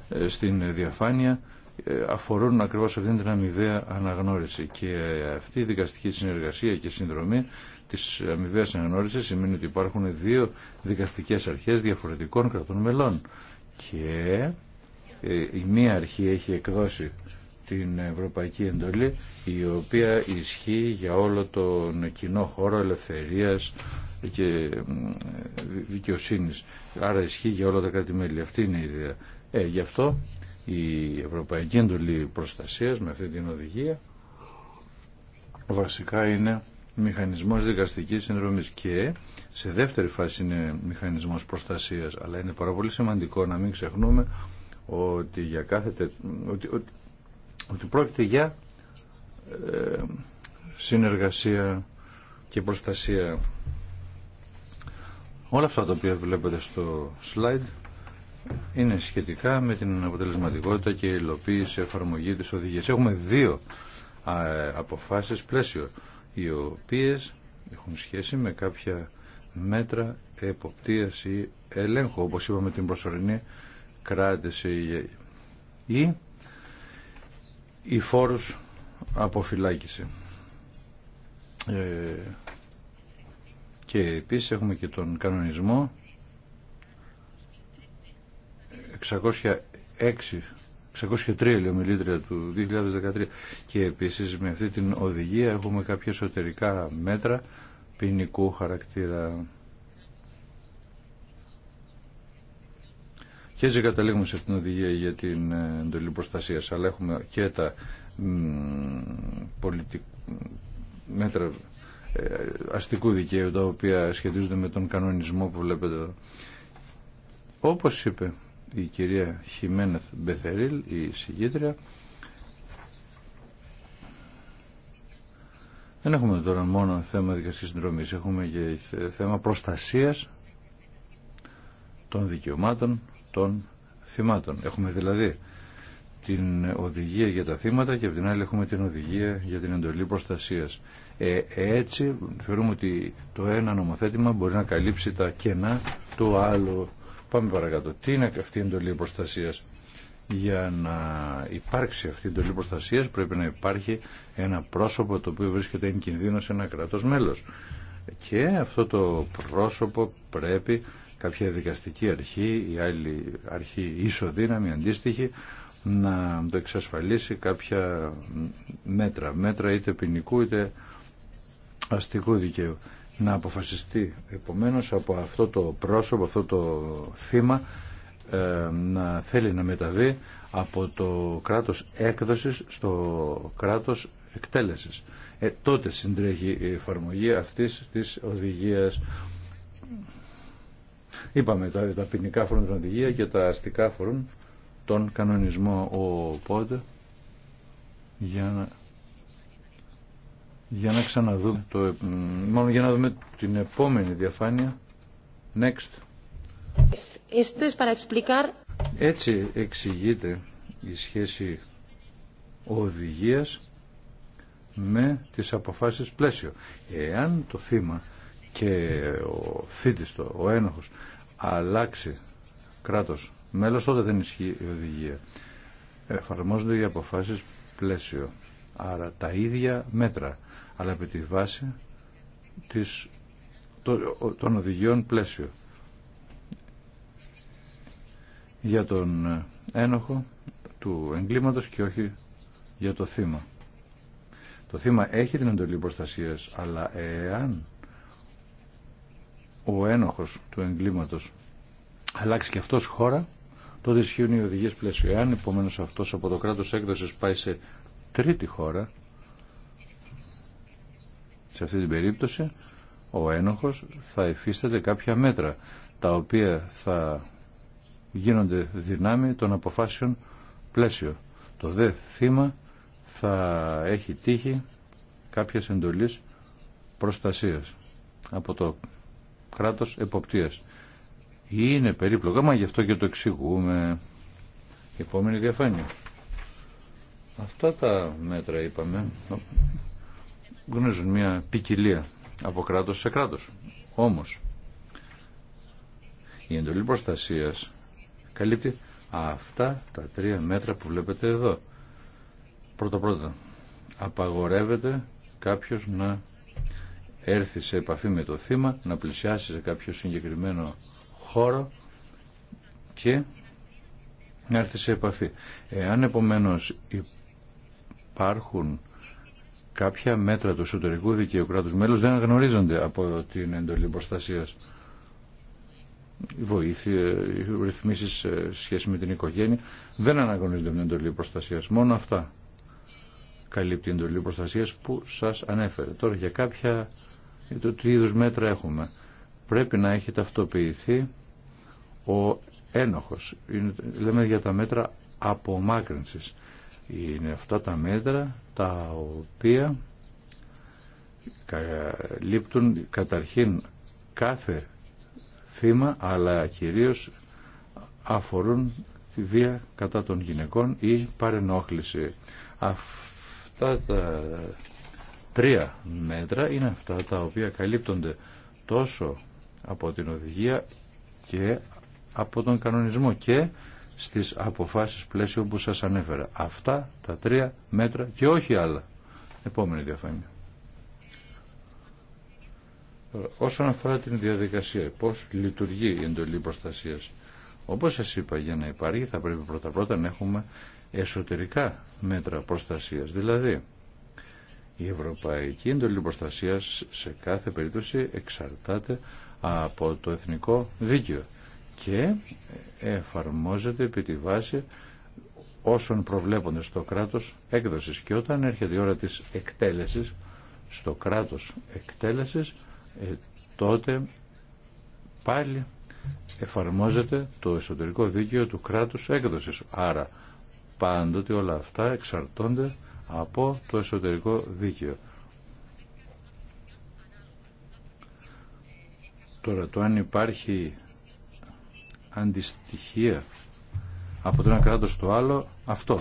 ε, στην διαφάνεια ε, αφορούν ακριβώς αυτήν την αμοιβαία αναγνώριση και αυτή η δικαστική συνεργασία και συνδρομή της αμοιβαίας αναγνώρισης σημαίνει ότι υπάρχουν δύο δικαστικές αρχές διαφορετικών κρατών μελών και ε, η μία αρχή έχει εκδώσει την Ευρωπαϊκή Εντολή η οποία ισχύει για όλο τον κοινό χώρο ελευθερίας και δικαιοσύνης. Άρα ισχύει για όλα τα κράτη-μέλη. Αυτή είναι η ιδέα. Ε, γι' αυτό η Ευρωπαϊκή Εντολή Προστασίας με αυτή την οδηγία βασικά είναι μηχανισμός δικαστικής συνδρομής και σε δεύτερη φάση είναι μηχανισμός προστασίας αλλά είναι πάρα πολύ σημαντικό να μην ξεχνούμε ότι για κάθε ότι, ότι, πρόκειται για ε, συνεργασία και προστασία όλα αυτά τα οποία βλέπετε στο slide είναι σχετικά με την αποτελεσματικότητα και υλοποίηση εφαρμογή της οδηγίας. Έχουμε δύο αποφάσεις πλαίσιο οι οποίες έχουν σχέση με κάποια μέτρα εποπτείας ή ελέγχου όπως είπαμε την προσωρινή κράτηση ή ή φόρους αποφυλάκηση. Ε, και επίσης έχουμε και τον κανονισμό 606 603 λεωμιλήτρια του 2013 και επίσης με αυτή την οδηγία έχουμε κάποια εσωτερικά μέτρα ποινικού χαρακτήρα. Και έτσι καταλήγουμε σε την οδηγία για την ε, εντολή προστασία. Αλλά έχουμε και τα μέτρα ε, αστικού δικαίου τα οποία σχετίζονται με τον κανονισμό που βλέπετε εδώ. Όπως είπε η κυρία Χιμένεθ Μπεθερίλ, η συγκίτρια, δεν έχουμε τώρα μόνο θέμα δικαστικής συνδρομής, έχουμε και θέμα προστασίας των δικαιωμάτων των θυμάτων. Έχουμε δηλαδή την οδηγία για τα θύματα και από την άλλη έχουμε την οδηγία για την εντολή προστασίας. Ε, έτσι θεωρούμε ότι το ένα νομοθέτημα μπορεί να καλύψει τα κενά του άλλο. Πάμε παρακάτω. Τι είναι αυτή η εντολή προστασίας. Για να υπάρξει αυτή η εντολή προστασίας πρέπει να υπάρχει ένα πρόσωπο το οποίο βρίσκεται εν κινδύνο σε ένα κράτος μέλος. Και αυτό το πρόσωπο πρέπει κάποια δικαστική αρχή ή άλλη αρχή ισοδύναμη αντίστοιχη να το εξασφαλίσει κάποια μέτρα, μέτρα είτε ποινικού είτε αστικού δικαίου. Να αποφασιστεί επομένως από αυτό το πρόσωπο, αυτό το θύμα ε, να θέλει να μεταβεί από το κράτος έκδοσης στο κράτος εκτέλεσης. Ε, τότε συντρέχει η εφαρμογή αυτής της οδηγίας Είπαμε τα, τα ποινικά φορούν την οδηγία και τα αστικά φορούν τον κανονισμό. Οπότε για να, για να ξαναδούμε το, μάλλον για να δούμε την επόμενη διαφάνεια. Next. Έτσι εξηγείται η σχέση οδηγίας με τις αποφάσεις πλαίσιο. Εάν το θύμα και ο θήτης, ο ένοχος, αλλάξει κράτος μέλος, τότε δεν ισχύει η οδηγία. Εφαρμόζονται οι αποφάσεις πλαίσιο. Άρα τα ίδια μέτρα, αλλά επί τη βάση της, των οδηγιών πλαίσιο. Για τον ένοχο του εγκλήματος και όχι για το θύμα. Το θύμα έχει την εντολή προστασίας, αλλά εάν ο ένοχος του εγκλήματος αλλάξει και αυτός χώρα, τότε ισχύουν οι οδηγίες πλαίσιο. Εάν επομένως αυτός από το κράτος έκδοσης πάει σε τρίτη χώρα, σε αυτή την περίπτωση, ο ένοχος θα υφίσταται κάποια μέτρα, τα οποία θα γίνονται δυνάμει των αποφάσεων πλαίσιο. Το δε θύμα θα έχει τύχει κάποιας εντολής προστασίας από το κράτος εποπτείας. Είναι περίπλοκο, μα γι' αυτό και το εξηγούμε. Επόμενη διαφάνεια. Αυτά τα μέτρα είπαμε γνωρίζουν μια ποικιλία από κράτος σε κράτος. Όμως, η εντολή προστασίας καλύπτει αυτά τα τρία μέτρα που βλέπετε εδώ. Πρώτα πρώτα, απαγορεύεται κάποιος να έρθει σε επαφή με το θύμα, να πλησιάσει σε κάποιο συγκεκριμένο χώρο και να έρθει σε επαφή. Εάν επομένως υπάρχουν κάποια μέτρα του εσωτερικού δικαίου κράτους μέλους δεν αναγνωρίζονται από την εντολή προστασία. Οι βοήθειε, οι ρυθμίσεις σχέση με την οικογένεια δεν αναγνωρίζονται από την εντολή προστασία. Μόνο αυτά καλύπτει η εντολή προστασία που σας ανέφερε. Τώρα για κάποια ε, το τι είδους μέτρα έχουμε. Πρέπει να έχει ταυτοποιηθεί ο ένοχος. λέμε για τα μέτρα απομάκρυνσης. Είναι αυτά τα μέτρα τα οποία λείπτουν καταρχήν κάθε θύμα αλλά κυρίως αφορούν τη βία κατά των γυναικών ή παρενόχληση. Αυτά τα τρία μέτρα είναι αυτά τα οποία καλύπτονται τόσο από την οδηγία και από τον κανονισμό και στις αποφάσεις πλαίσιο που σας ανέφερα. Αυτά τα τρία μέτρα και όχι άλλα. Επόμενη διαφάνεια. Όσον αφορά την διαδικασία, πώς λειτουργεί η εντολή προστασίας. Όπως σας είπα, για να υπάρχει θα πρέπει πρώτα-πρώτα να έχουμε εσωτερικά μέτρα προστασίας. Δηλαδή, η ευρωπαϊκή εντολή προστασία σε κάθε περίπτωση εξαρτάται από το εθνικό δίκαιο και εφαρμόζεται επί τη βάση όσων προβλέπονται στο κράτος έκδοσης και όταν έρχεται η ώρα της εκτέλεσης στο κράτος εκτέλεσης ε, τότε πάλι εφαρμόζεται το εσωτερικό δίκαιο του κράτους έκδοσης άρα πάντοτε όλα αυτά εξαρτώνται από το εσωτερικό δίκαιο. Τώρα το αν υπάρχει αντιστοιχεία από το ένα κράτος στο άλλο αυτό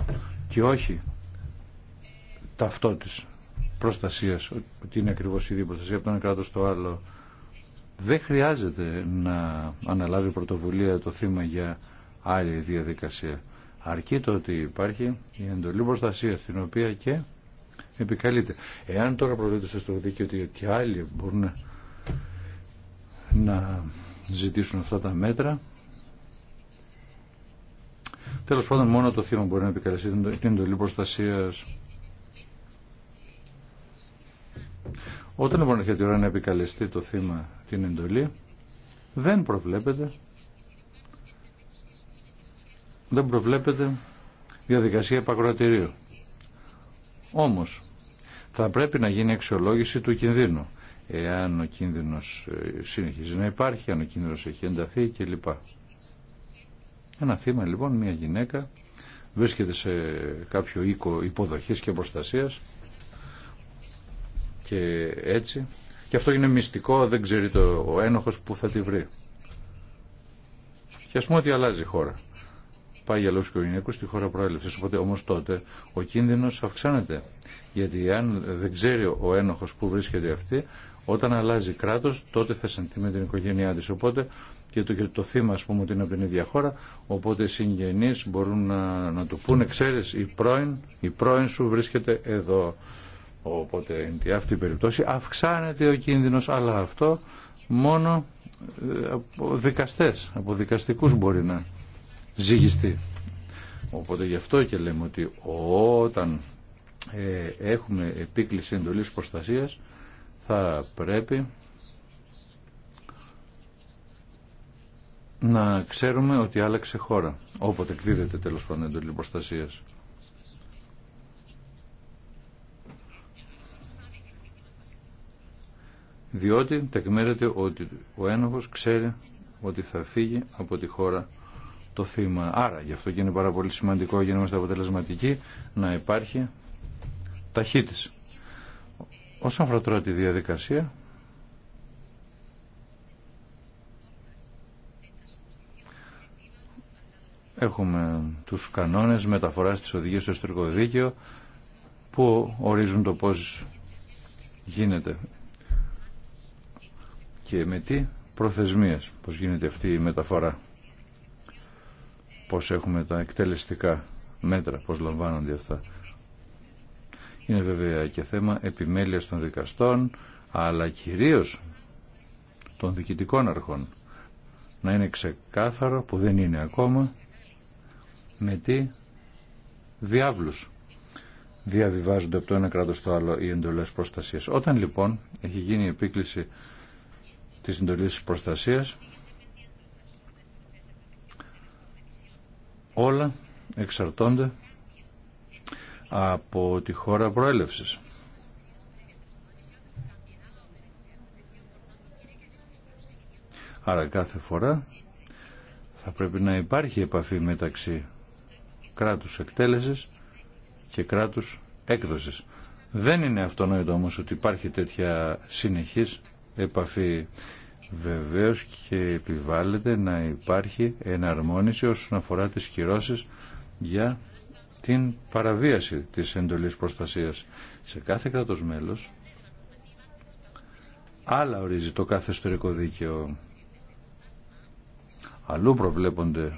και όχι ταυτό της προστασίας ότι είναι ακριβώς η ίδια από το ένα κράτος στο άλλο δεν χρειάζεται να αναλάβει πρωτοβουλία το θύμα για άλλη διαδικασία Αρκεί το ότι υπάρχει η εντολή προστασία την οποία και επικαλείται. Εάν τώρα προβλέπετε στο δίκαιο ότι και άλλοι μπορούν να ζητήσουν αυτά τα μέτρα, Τέλος πάντων μόνο το θύμα μπορεί να επικαλεστεί την εντολή προστασία. Όταν λοιπόν έρχεται η ώρα να επικαλεστεί το θύμα την εντολή, δεν προβλέπεται δεν προβλέπεται διαδικασία επακροατηρίου. Όμως, θα πρέπει να γίνει αξιολόγηση του κινδύνου. Εάν ο κίνδυνος ε, συνεχίζει να υπάρχει, αν ο κίνδυνος έχει ενταθεί κλπ. Ένα θύμα λοιπόν, μια γυναίκα βρίσκεται σε κάποιο οίκο υποδοχής και προστασίας και έτσι και αυτό είναι μυστικό, δεν ξέρει το, ο ένοχος που θα τη βρει. Και ας πούμε ότι αλλάζει η χώρα πάει για λόγου οικογενειακού στη χώρα προέλευση. Οπότε όμω τότε ο κίνδυνο αυξάνεται. Γιατί αν δεν ξέρει ο ένοχο που βρίσκεται αυτή, όταν αλλάζει κράτο, τότε θα συνθεί με την οικογένειά τη. Οπότε και το, και το θύμα, α πούμε, ότι είναι από την ίδια χώρα. Οπότε οι συγγενεί μπορούν να, να του πούνε, ξέρει, η πρώην, η πρώην σου βρίσκεται εδώ. Οπότε είναι αυτή η περιπτώση αυξάνεται ο κίνδυνος αλλά αυτό μόνο ε, από δικαστές, από δικαστικού μπορεί να ζυγιστεί. Οπότε γι' αυτό και λέμε ότι όταν ε, έχουμε επίκληση εντολής προστασίας θα πρέπει να ξέρουμε ότι άλλαξε χώρα όποτε εκδίδεται τέλος πάντων εντολή προστασίας. διότι τεκμέρεται ότι ο ένοχος ξέρει ότι θα φύγει από τη χώρα το θύμα. Άρα γι' αυτό και είναι πάρα πολύ σημαντικό για να είμαστε αποτελεσματικοί να υπάρχει ταχύτης. Όσον αφορά τώρα τη διαδικασία, έχουμε τους κανόνες μεταφοράς της οδηγίας στο εστρικό δίκαιο που ορίζουν το πώς γίνεται και με τι προθεσμίες πώς γίνεται αυτή η μεταφορά πώς έχουμε τα εκτελεστικά μέτρα, πώς λαμβάνονται αυτά. Είναι βέβαια και θέμα επιμέλειας των δικαστών, αλλά κυρίως των διοικητικών αρχών. Να είναι ξεκάθαρο που δεν είναι ακόμα με τι διάβλους διαβιβάζονται από το ένα κράτος στο άλλο οι εντολές προστασίας. Όταν λοιπόν έχει γίνει η επίκληση της εντολής προστασίας όλα εξαρτώνται από τη χώρα προέλευσης. Άρα κάθε φορά θα πρέπει να υπάρχει επαφή μεταξύ κράτους εκτέλεσης και κράτους έκδοσης. Δεν είναι αυτονόητο όμως ότι υπάρχει τέτοια συνεχής επαφή Βεβαίως και επιβάλλεται να υπάρχει εναρμόνιση όσον αφορά τις κυρώσει για την παραβίαση της εντολής προστασίας. Σε κάθε κράτος μέλος άλλα ορίζει το κάθε ιστορικό δίκαιο. Αλλού προβλέπονται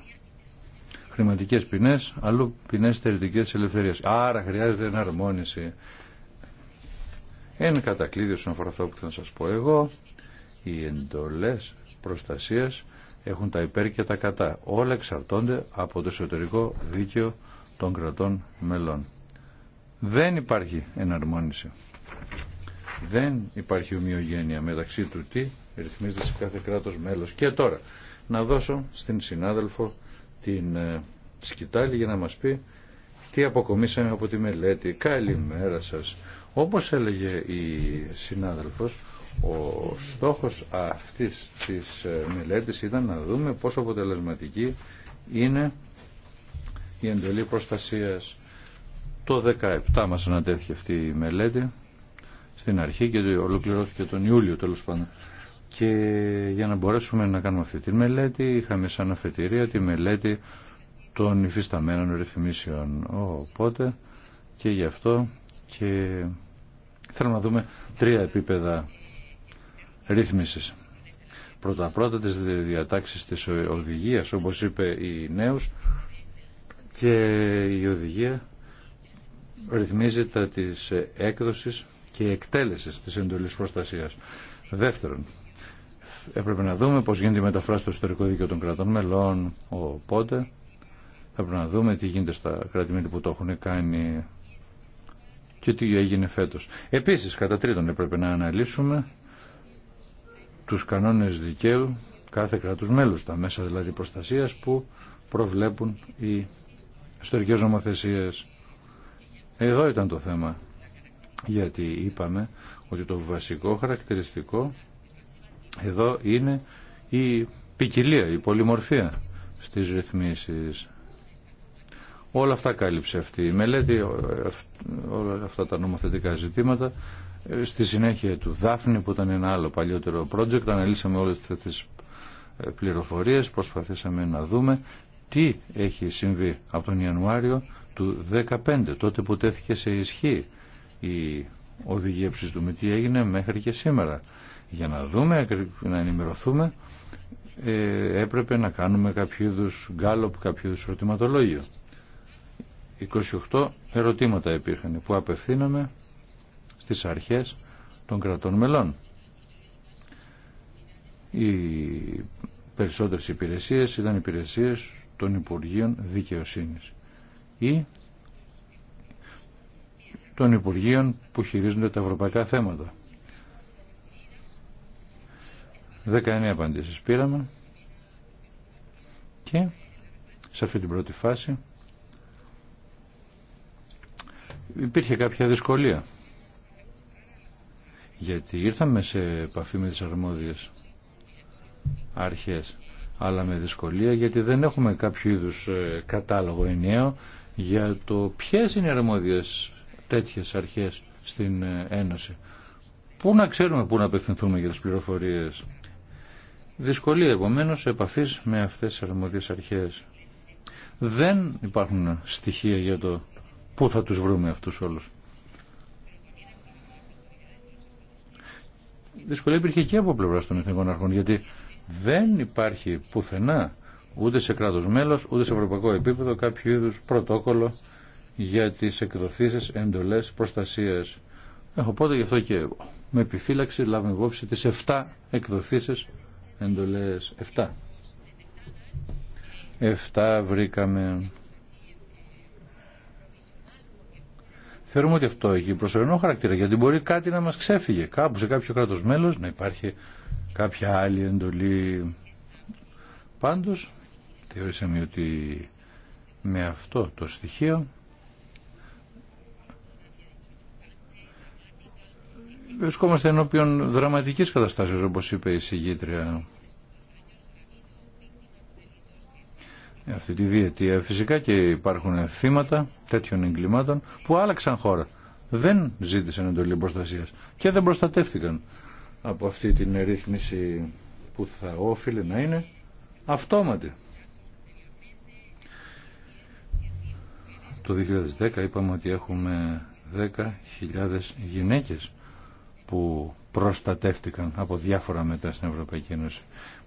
χρηματικές ποινές, αλλού ποινές στερητικές ελευθερίας. Άρα χρειάζεται εναρμόνιση. Εν κατακλείδιο όσον αφορά αυτό που θα σας πω εγώ, οι εντολές προστασίας έχουν τα υπέρ και τα κατά. Όλα εξαρτώνται από το εσωτερικό δίκαιο των κρατών μελών. Δεν υπάρχει εναρμόνιση. Δεν υπάρχει ομοιογένεια μεταξύ του τι ρυθμίζεται σε κάθε κράτος μέλος. Και τώρα να δώσω στην συνάδελφο την ε, σκητάλη για να μας πει τι αποκομίσαμε από τη μελέτη. Καλημέρα σας. Όπως έλεγε η συνάδελφος, ο στόχος αυτής της ε, μελέτης ήταν να δούμε πόσο αποτελεσματική είναι η εντολή προστασίας. Το 17 μας ανατέθηκε αυτή η μελέτη στην αρχή και ολοκληρώθηκε τον Ιούλιο τέλος πάντων. Και για να μπορέσουμε να κάνουμε αυτή τη μελέτη είχαμε σαν αφετηρία τη μελέτη των υφισταμένων ρυθμίσεων. Οπότε και γι' αυτό και θέλουμε να δούμε τρία επίπεδα πρωτα Πρώτα-πρώτα τις διατάξεις της οδηγίας, όπως είπε η νέος, και η οδηγία ρυθμίζεται τα της έκδοσης και εκτέλεσης της εντολής προστασίας. Δεύτερον, έπρεπε να δούμε πώς γίνεται η μεταφράση στο ιστορικό δίκαιο των κρατών μελών, οπότε θα πρέπει να δούμε τι γίνεται στα κρατη που το έχουν κάνει και τι έγινε φέτος. Επίσης, κατά τρίτον, έπρεπε να αναλύσουμε τους κανόνες δικαίου κάθε κράτους μέλους, τα μέσα δηλαδή προστασίας που προβλέπουν οι ιστορικές νομοθεσίες. Εδώ ήταν το θέμα, γιατί είπαμε ότι το βασικό χαρακτηριστικό εδώ είναι η ποικιλία, η πολυμορφία στις ρυθμίσεις. Όλα αυτά κάλυψε αυτή η μελέτη, όλα αυτά τα νομοθετικά ζητήματα στη συνέχεια του Δάφνη που ήταν ένα άλλο παλιότερο project αναλύσαμε όλες τις ε, πληροφορίες προσπαθήσαμε να δούμε τι έχει συμβεί από τον Ιανουάριο του 2015 τότε που τέθηκε σε ισχύ η οδηγία του τι έγινε μέχρι και σήμερα για να δούμε, να ενημερωθούμε ε, έπρεπε να κάνουμε κάποιο είδου γκάλωπ, κάποιο είδου ερωτηματολόγιο 28 ερωτήματα υπήρχαν που απευθύναμε στις αρχές των κρατών μελών. Οι περισσότερες υπηρεσίες ήταν υπηρεσίες των Υπουργείων Δικαιοσύνης ή των Υπουργείων που χειρίζονται τα ευρωπαϊκά θέματα. 19 απαντήσεις πήραμε και σε αυτή την πρώτη φάση υπήρχε κάποια δυσκολία γιατί ήρθαμε σε επαφή με τις αρμόδιες αρχές αλλά με δυσκολία γιατί δεν έχουμε κάποιο είδους ε, κατάλογο ενιαίο για το ποιες είναι οι αρμόδιες τέτοιες αρχές στην ε, Ένωση. Πού να ξέρουμε πού να απευθυνθούμε για τις πληροφορίες. Δυσκολία επομένω επαφής με αυτές τις αρμόδιες αρχές. Δεν υπάρχουν στοιχεία για το πού θα τους βρούμε αυτούς όλους. δυσκολία υπήρχε και από πλευρά των εθνικών αρχών, γιατί δεν υπάρχει πουθενά ούτε σε κράτος μέλος, ούτε σε ευρωπαϊκό επίπεδο κάποιο είδους πρωτόκολλο για τις εκδοθήσεις εντολές προστασίας. πότε γι' αυτό και με επιφύλαξη λάβουμε υπόψη τις 7 εκδοθήσεις εντολές. 7. 7 βρήκαμε Θεωρούμε ότι αυτό έχει προσωρινό χαρακτήρα, γιατί μπορεί κάτι να μας ξέφυγε. Κάπου σε κάποιο κράτος μέλος να υπάρχει κάποια άλλη εντολή. Πάντως, θεωρήσαμε ότι με αυτό το στοιχείο βρισκόμαστε ενώπιον δραματικής καταστάσεως, όπως είπε η συγγήτρια. αυτή τη διετία. Φυσικά και υπάρχουν θύματα τέτοιων εγκλημάτων που άλλαξαν χώρα. Δεν ζήτησαν εντολή προστασία και δεν προστατεύτηκαν από αυτή την ρύθμιση που θα όφιλε να είναι αυτόματη. Το 2010 είπαμε ότι έχουμε 10.000 γυναίκες που προστατεύτηκαν από διάφορα μετά στην Ευρωπαϊκή Ένωση.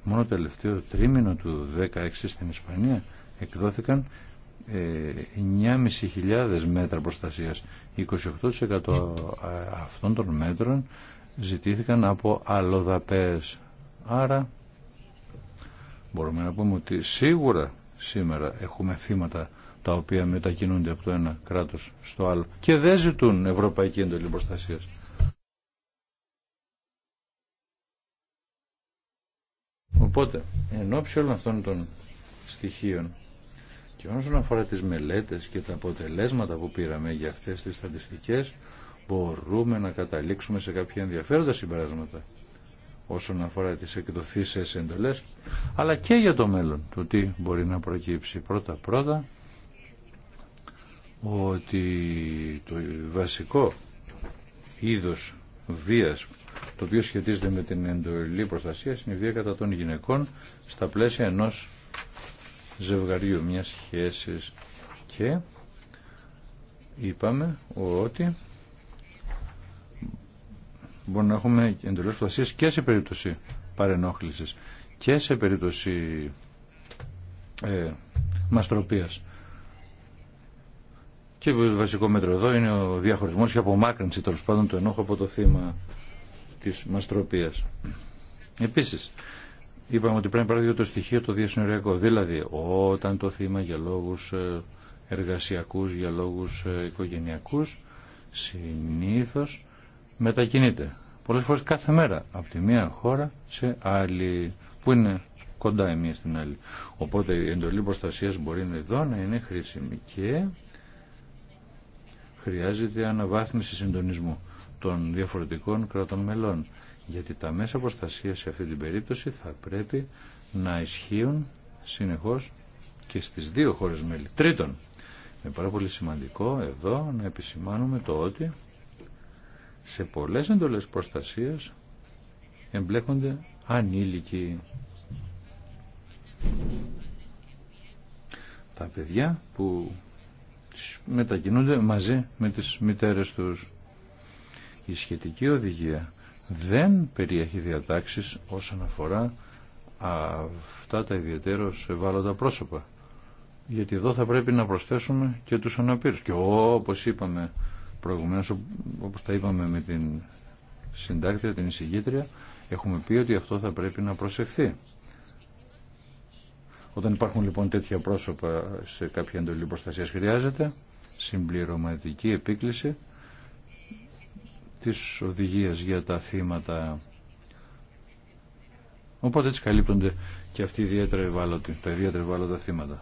Μόνο το τελευταίο τρίμηνο του 2016 στην Ισπανία εκδόθηκαν 9.500 ε, μέτρα προστασίας. 28% αυτών των μέτρων ζητήθηκαν από αλλοδαπές. Άρα μπορούμε να πούμε ότι σίγουρα σήμερα έχουμε θύματα τα οποία μετακινούνται από το ένα κράτος στο άλλο και δεν ζητούν ευρωπαϊκή εντολή προστασίας. Οπότε, εν ώψη όλων αυτών των στοιχείων και όσον αφορά τις μελέτες και τα αποτελέσματα που πήραμε για αυτές τις στατιστικές, μπορούμε να καταλήξουμε σε κάποια ενδιαφέροντα συμπεράσματα όσον αφορά τις εκδοθήσεις εντολές, αλλά και για το μέλλον, το τι μπορεί να προκύψει πρώτα-πρώτα, ότι το βασικό είδος βίας το οποίο σχετίζεται με την εντολή προστασίας είναι η βία κατά των γυναικών στα πλαίσια ενός ζευγαριού, μιας σχέση. και είπαμε ότι μπορούμε να έχουμε εντολές και σε περίπτωση παρενόχλησης και σε περίπτωση ε, μαστροπίας. Και βασικό μέτρο εδώ είναι ο διαχωρισμός και απομάκρυνση τέλο πάντων του ενόχου από το θύμα της μαστροπίας. Επίσης, είπαμε ότι πρέπει να υπάρχει το στοιχείο το διασυνοριακό. Δηλαδή, όταν το θύμα για λόγου ε, εργασιακούς, για λόγου ε, οικογενειακούς, συνήθως μετακινείται. πολλέ φορές κάθε μέρα από τη μία χώρα σε άλλη, που είναι κοντά η μία στην άλλη. Οπότε η εντολή προστασία μπορεί να εδώ να είναι χρήσιμη και χρειάζεται αναβάθμιση συντονισμού των διαφορετικών κρατών μελών γιατί τα μέσα προστασία σε αυτή την περίπτωση θα πρέπει να ισχύουν συνεχώς και στις δύο χώρες μέλη. Τρίτον, είναι πάρα πολύ σημαντικό εδώ να επισημάνουμε το ότι σε πολλές εντολές προστασίας εμπλέκονται ανήλικοι. Τα παιδιά που μετακινούνται μαζί με τις μητέρες τους. Η σχετική οδηγία δεν περιέχει διατάξεις όσον αφορά αυτά τα ιδιαίτερως ευάλωτα πρόσωπα. Γιατί εδώ θα πρέπει να προσθέσουμε και τους αναπήρους. Και όπως είπαμε προηγουμένως, όπως τα είπαμε με την συντάκτρια, την εισηγήτρια, έχουμε πει ότι αυτό θα πρέπει να προσεχθεί. Όταν υπάρχουν λοιπόν τέτοια πρόσωπα σε κάποια εντολή προστασίας χρειάζεται συμπληρωματική επίκληση τις οδηγίες για τα θύματα. Οπότε έτσι καλύπτονται και αυτοί ιδιαίτερα ευάλωτοι, τα ιδιαίτερα ευάλωτα θύματα.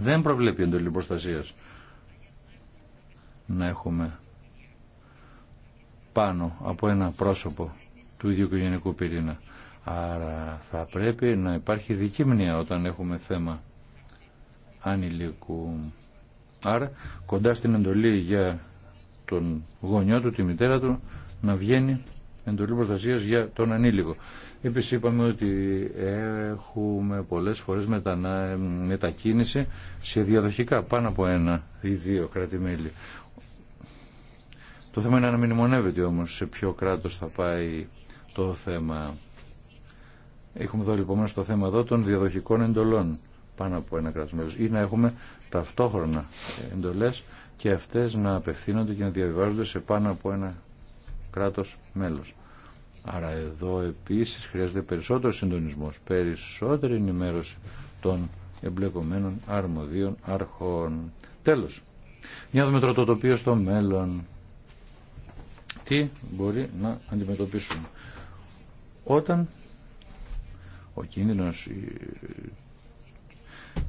Δεν προβλέπει εντολή προστασία να έχουμε πάνω από ένα πρόσωπο του ίδιου κοινωνικού πυρήνα. Άρα θα πρέπει να υπάρχει μνήμα όταν έχουμε θέμα ανηλίκου. Άρα κοντά στην εντολή για τον γονιό του, τη μητέρα του, να βγαίνει εντολή προστασία για τον ανήλικο. Επίσης είπαμε ότι έχουμε πολλές φορές μετανα... μετακίνηση σε διαδοχικά πάνω από ένα ή δύο δύο κράτη-μέλη. Το θέμα είναι να μονεύεται όμως σε ποιο κράτος θα πάει το θέμα. Έχουμε εδώ λοιπόν στο θέμα εδώ των διαδοχικών εντολών πάνω από ένα κράτος ή να έχουμε ταυτόχρονα εντολές και αυτές να απευθύνονται και να διαβιβάζονται σε πάνω από ένα κράτος μέλος. Άρα εδώ επίσης χρειάζεται περισσότερο συντονισμός, περισσότερη ενημέρωση των εμπλεκομένων αρμοδίων αρχών. Τέλος, μια το στο μέλλον. Τι μπορεί να αντιμετωπίσουμε. Όταν ο κίνδυνος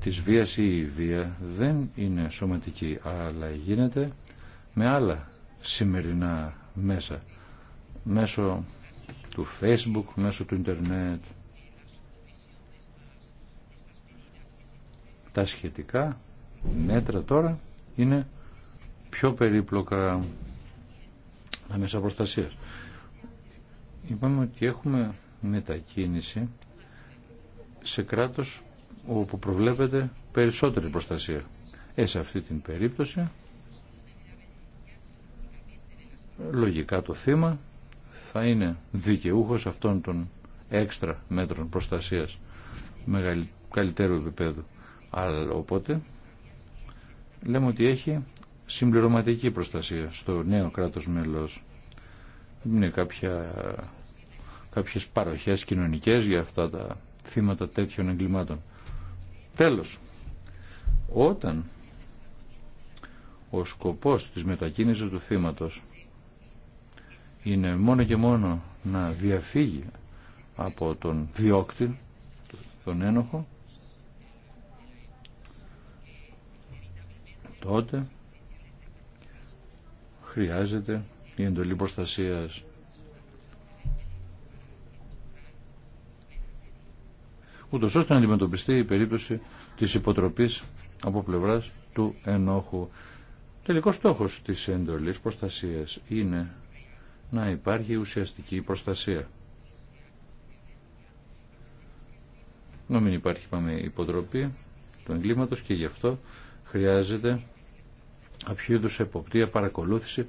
της βίας ή η βία δεν είναι σωματική αλλά γίνεται με άλλα σημερινά μέσα μέσω του facebook, μέσω του ίντερνετ τα σχετικά μέτρα τώρα είναι πιο περίπλοκα τα μέσα προστασίας είπαμε ότι έχουμε μετακίνηση σε κράτος όπου προβλέπεται περισσότερη προστασία. Ε, σε αυτή την περίπτωση, λογικά το θύμα θα είναι δικαιούχος αυτών των έξτρα μέτρων προστασίας καλύτερου επίπεδου. Αλλά οπότε λέμε ότι έχει συμπληρωματική προστασία στο νέο κράτος μέλος. Είναι κάποια, κάποιες παροχές κοινωνικές για αυτά τα θύματα τέτοιων εγκλημάτων. Τέλος, όταν ο σκοπός της μετακίνησης του θύματος είναι μόνο και μόνο να διαφύγει από τον διώκτη, τον ένοχο, τότε χρειάζεται η εντολή προστασίας ούτω ώστε να αντιμετωπιστεί η περίπτωση τη υποτροπής από πλευρά του ενόχου. τελικό στόχο της εντολή προστασία είναι να υπάρχει ουσιαστική προστασία. Να μην υπάρχει πάμε υποτροπή του εγκλήματο και γι' αυτό χρειάζεται κάποιο είδου εποπτεία, παρακολούθηση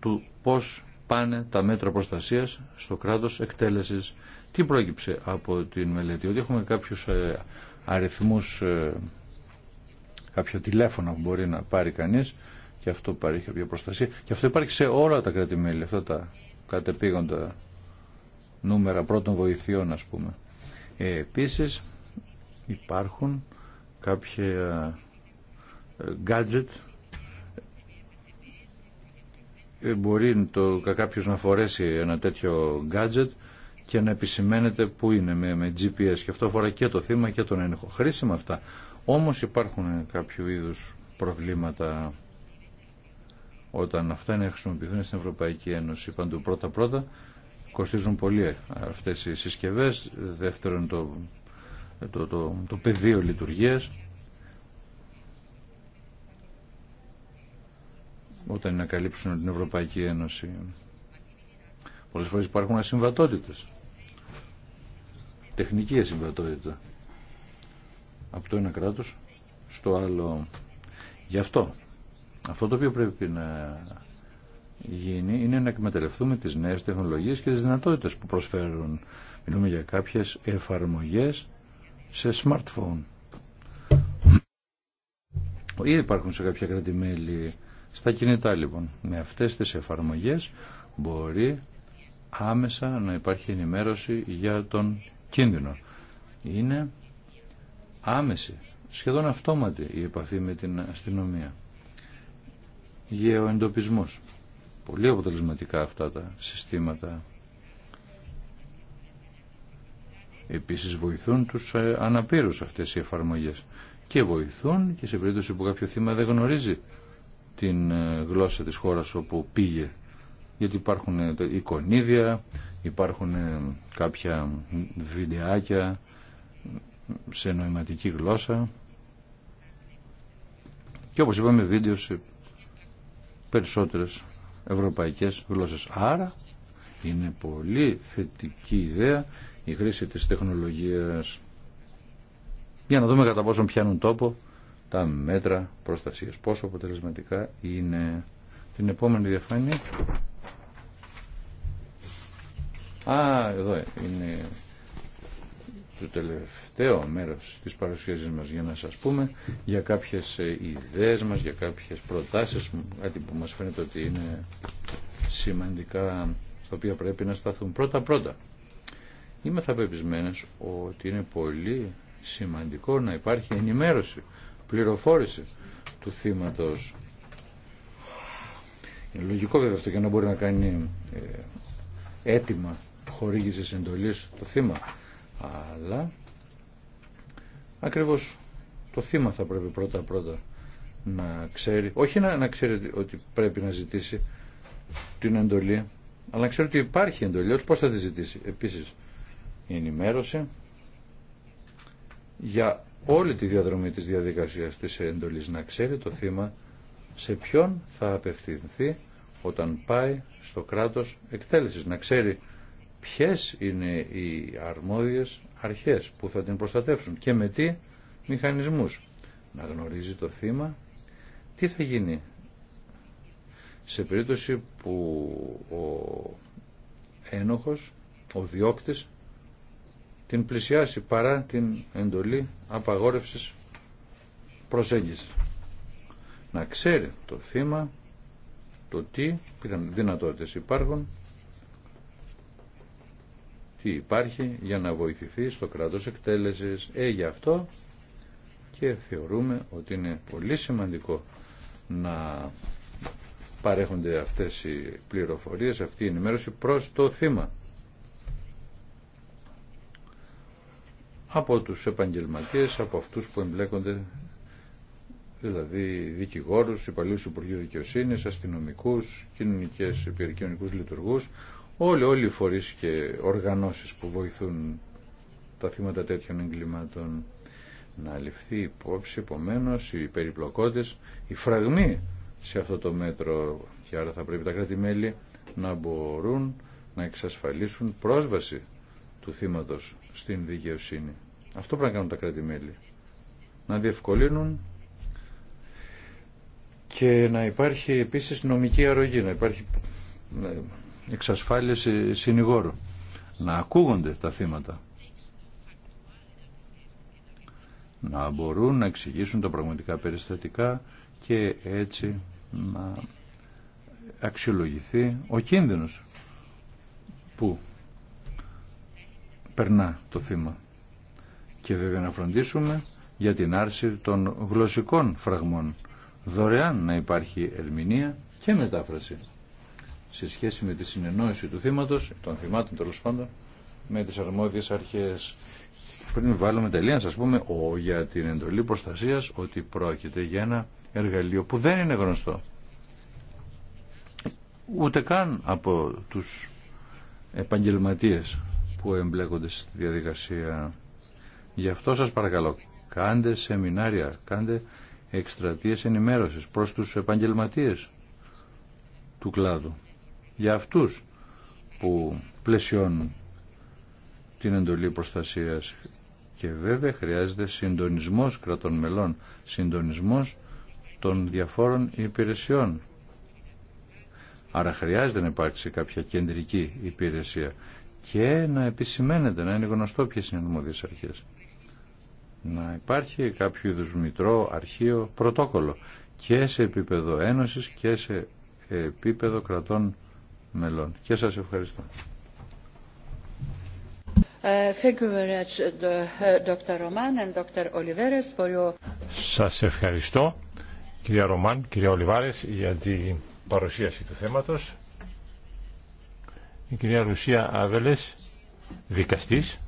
του πώς πάνε τα μέτρα προστασίας στο κράτος εκτέλεσης. Τι πρόκειψε από την μελέτη, ότι έχουμε κάποιους ε, αριθμούς, ε, κάποιο τηλέφωνο που μπορεί να πάρει κανείς και αυτό παρέχει κάποια προστασία και αυτό υπάρχει σε όλα τα κράτη-μέλη, αυτά τα κατεπήγοντα νούμερα πρώτων βοηθειών ας πούμε. Ε, επίσης υπάρχουν κάποια ε, gadget μπορεί το, κάποιος να φορέσει ένα τέτοιο gadget και να επισημαίνεται που είναι με, με GPS και αυτό αφορά και το θύμα και τον ένοχο. Χρήσιμα αυτά. Όμως υπάρχουν κάποιο είδους προβλήματα όταν αυτά είναι χρησιμοποιηθούν στην Ευρωπαϊκή Ένωση παντού πρώτα-πρώτα κοστίζουν πολύ αυτές οι συσκευές δεύτερον το, το, το, το πεδίο λειτουργίας όταν να καλύψουν την Ευρωπαϊκή Ένωση. Πολλές φορές υπάρχουν ασυμβατότητες. Τεχνική ασυμβατότητα. Από το ένα κράτος στο άλλο. Γι' αυτό, αυτό το οποίο πρέπει να γίνει είναι να εκμεταλλευτούμε τις νέες τεχνολογίες και τις δυνατότητες που προσφέρουν. Μιλούμε για κάποιες εφαρμογές σε smartphone. Ή υπάρχουν σε κάποια κρατημέλη στα κινητά λοιπόν, με αυτές τις εφαρμογές μπορεί άμεσα να υπάρχει ενημέρωση για τον κίνδυνο. Είναι άμεση, σχεδόν αυτόματη η επαφή με την αστυνομία. Γεωεντοπισμός. Πολύ αποτελεσματικά αυτά τα συστήματα. Επίσης βοηθούν τους ε, αναπήρους αυτές οι εφαρμογές και βοηθούν και σε περίπτωση που κάποιο θύμα δεν γνωρίζει την ε, γλώσσα της χώρας όπου πήγε. Γιατί υπάρχουν ε, εικονίδια, υπάρχουν ε, κάποια βιντεάκια σε νοηματική γλώσσα και όπως είπαμε βίντεο σε περισσότερες ευρωπαϊκές γλώσσες. Άρα είναι πολύ θετική ιδέα η χρήση της τεχνολογίας για να δούμε κατά πόσο πιάνουν τόπο τα μέτρα προστασίας. Πόσο αποτελεσματικά είναι την επόμενη διαφάνεια. Α, εδώ είναι το τελευταίο μέρος της παρουσίασης μας για να σας πούμε για κάποιες ε, ιδέες μας, για κάποιες προτάσεις, κάτι που μας φαίνεται ότι είναι σημαντικά στα οποία πρέπει να σταθούν. Πρώτα-πρώτα, είμαι θα ότι είναι πολύ σημαντικό να υπάρχει ενημέρωση πληροφόρηση του θύματος. Είναι λογικό βέβαια αυτό και να μπορεί να κάνει ε, έτοιμα χορήγηση εντολής το θύμα. Αλλά ακριβώς το θύμα θα πρέπει πρώτα πρώτα να ξέρει, όχι να, να ξέρει ότι πρέπει να ζητήσει την εντολή, αλλά να ξέρει ότι υπάρχει εντολή, ως πώς θα τη ζητήσει. Επίσης, η ενημέρωση για όλη τη διαδρομή της διαδικασίας της εντολής να ξέρει το θύμα σε ποιον θα απευθυνθεί όταν πάει στο κράτος εκτέλεσης, να ξέρει ποιες είναι οι αρμόδιες αρχές που θα την προστατεύσουν και με τι μηχανισμούς. Να γνωρίζει το θύμα τι θα γίνει σε περίπτωση που ο ένοχος, ο διώκτης την πλησιάσει παρά την εντολή απαγόρευσης προσέγγισης. Να ξέρει το θύμα, το τι δυνατότητες υπάρχουν, τι υπάρχει για να βοηθηθεί στο κράτος εκτέλεσης. Ε, γι' αυτό και θεωρούμε ότι είναι πολύ σημαντικό να παρέχονται αυτές οι πληροφορίες, αυτή η ενημέρωση προς το θύμα. από τους επαγγελματίες, από αυτούς που εμπλέκονται, δηλαδή δικηγόρους, υπαλλήλους Υπουργείου Δικαιοσύνης, αστυνομικούς, κοινωνικές, επικοινωνικούς λειτουργούς, όλοι, όλοι οι φορείς και οργανώσεις που βοηθούν τα θύματα τέτοιων εγκλημάτων να ληφθεί υπόψη επομένω οι περιπλοκότες, οι φραγμοί σε αυτό το μέτρο και άρα θα πρέπει τα κράτη-μέλη να μπορούν να εξασφαλίσουν πρόσβαση του θύματος στην δικαιοσύνη. Αυτό πρέπει να κάνουν τα κράτη-μέλη. Να διευκολύνουν και να υπάρχει επίσης νομική αρρωγή, να υπάρχει ε, εξασφάλιση συνηγόρου. Να ακούγονται τα θύματα. Να μπορούν να εξηγήσουν τα πραγματικά περιστατικά και έτσι να αξιολογηθεί ο κίνδυνος που περνά το θύμα. Και βέβαια να φροντίσουμε για την άρση των γλωσσικών φραγμών. Δωρεάν να υπάρχει ερμηνεία και μετάφραση σε σχέση με τη συνεννόηση του θύματος, των θυμάτων τέλο πάντων, με τις αρμόδιες αρχές. Πριν βάλουμε τελεία να σας πούμε ο, για την εντολή προστασία ότι πρόκειται για ένα εργαλείο που δεν είναι γνωστό. Ούτε καν από τους επαγγελματίες που εμπλέκονται στη διαδικασία. Γι' αυτό σας παρακαλώ, κάντε σεμινάρια, κάντε εκστρατείες ενημέρωσης προς τους επαγγελματίες του κλάδου. Για αυτούς που πλαισιώνουν την εντολή προστασίας και βέβαια χρειάζεται συντονισμός κρατών μελών, συντονισμός των διαφόρων υπηρεσιών. Άρα χρειάζεται να υπάρξει κάποια κεντρική υπηρεσία και να επισημαίνεται, να είναι γνωστό ποιε είναι οι Να υπάρχει κάποιο είδου μητρό, αρχείο, πρωτόκολλο και σε επίπεδο ένωσης και σε επίπεδο κρατών μελών. Και σας ευχαριστώ. Σας ευχαριστώ κυρία Ρωμάν, κυρία Ολιβάρε, για την παρουσίαση του θέματος η κυρία Λουσία Αβέλες, δικαστής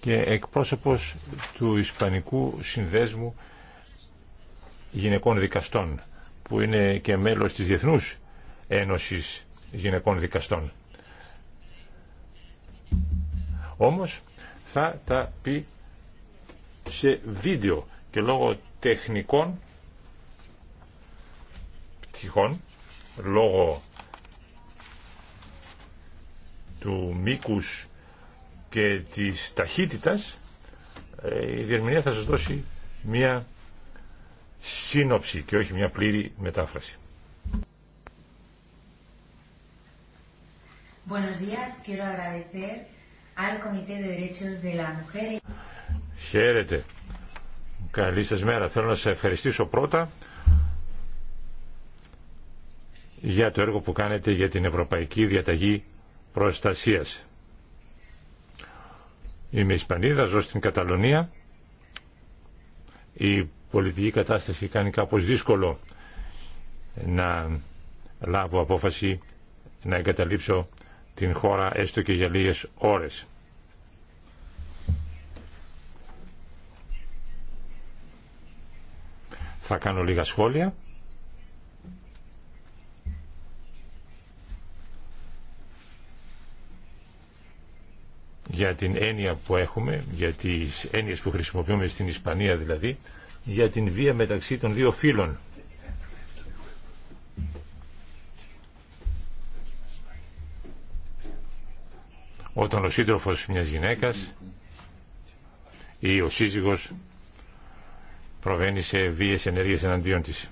και εκπρόσωπος του Ισπανικού Συνδέσμου Γυναικών Δικαστών, που είναι και μέλος της Διεθνούς Ένωσης Γυναικών Δικαστών. Όμως θα τα πει σε βίντεο και λόγω τεχνικών πτυχών, λόγω του μήκους και της ταχύτητας ε, η διερμηνία θα σας δώσει μια σύνοψη και όχι μια πλήρη μετάφραση. Χαίρετε. Καλή σας μέρα. Θέλω να σας ευχαριστήσω πρώτα για το έργο που κάνετε για την Ευρωπαϊκή Διαταγή προστασίας. Είμαι Ισπανίδα, ζω στην Καταλωνία. Η πολιτική κατάσταση κάνει κάπως δύσκολο να λάβω απόφαση να εγκαταλείψω την χώρα έστω και για λίγες ώρες. Θα κάνω λίγα σχόλια. για την έννοια που έχουμε, για τις έννοιες που χρησιμοποιούμε στην Ισπανία δηλαδή, για την βία μεταξύ των δύο φίλων. Όταν ο σύντροφος μιας γυναίκας ή ο σύζυγος προβαίνει σε βίες ενέργειες εναντίον της.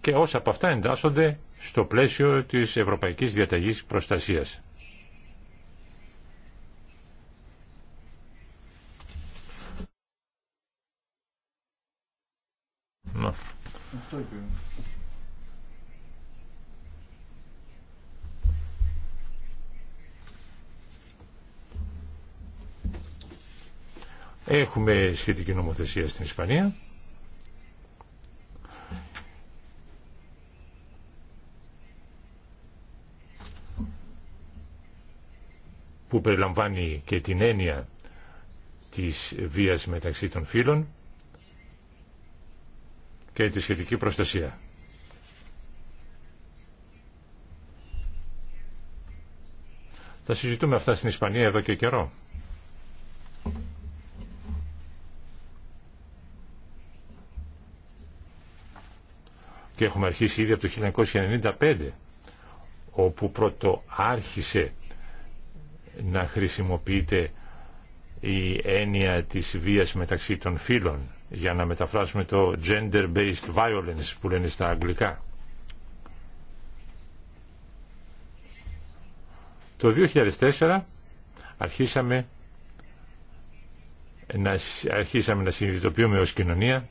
Και όσα από αυτά εντάσσονται στο πλαίσιο της Ευρωπαϊκής Διαταγής Προστασίας. Ναι. Έχουμε σχετική νομοθεσία στην Ισπανία. που περιλαμβάνει και την έννοια της βίας μεταξύ των φίλων και τη σχετική προστασία. Τα συζητούμε αυτά στην Ισπανία εδώ και καιρό. Και έχουμε αρχίσει ήδη από το 1995, όπου πρώτο άρχισε να χρησιμοποιείται η έννοια της βίας μεταξύ των φίλων για να μεταφράσουμε το gender-based violence που λένε στα αγγλικά. Το 2004 αρχίσαμε να, αρχίσαμε να συνειδητοποιούμε ως κοινωνία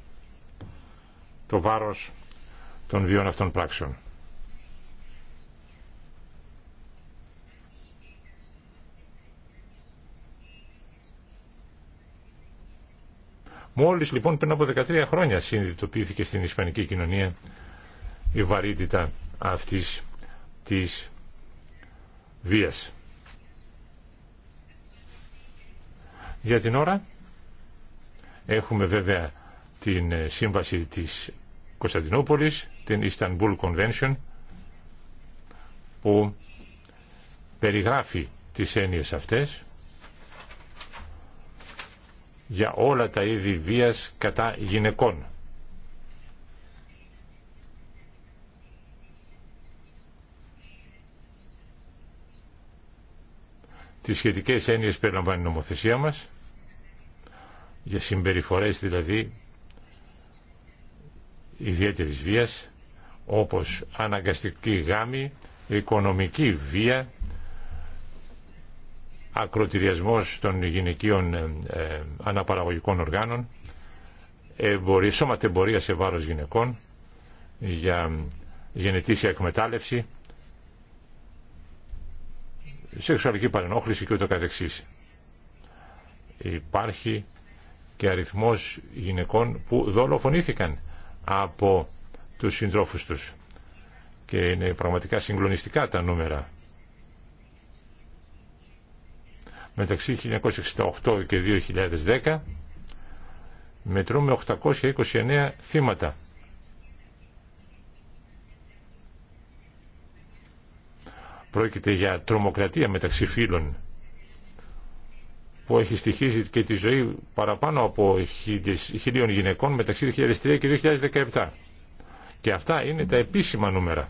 το βάρος των βιών αυτών πράξεων. Μόλις λοιπόν πριν από 13 χρόνια συνειδητοποιήθηκε στην Ισπανική κοινωνία η βαρύτητα αυτής της βίας. Για την ώρα έχουμε βέβαια την ε, σύμβαση της Κωνσταντινούπολης, την Istanbul Convention, που περιγράφει τις έννοιες αυτές για όλα τα είδη βίας κατά γυναικών. Τις σχετικές έννοιες περιλαμβάνει η νομοθεσία μας, για συμπεριφορές δηλαδή ιδιαίτερης βίας, όπως αναγκαστική γάμη, οικονομική βία, ακροτηριασμός των γυναικείων ε, ε, αναπαραγωγικών οργάνων, εμπορία, σωματεμπορία σε βάρος γυναικών, για γενετήσια εκμετάλλευση, σεξουαλική παρενόχληση και ούτω καθεξής. Υπάρχει και αριθμός γυναικών που δολοφονήθηκαν από τους συντρόφους τους. Και είναι πραγματικά συγκλονιστικά τα νούμερα. μεταξύ 1968 και 2010 μετρούμε 829 θύματα. Πρόκειται για τρομοκρατία μεταξύ φίλων που έχει στοιχίσει και τη ζωή παραπάνω από χιλίων γυναικών μεταξύ 2003 και 2017. Και αυτά είναι τα επίσημα νούμερα.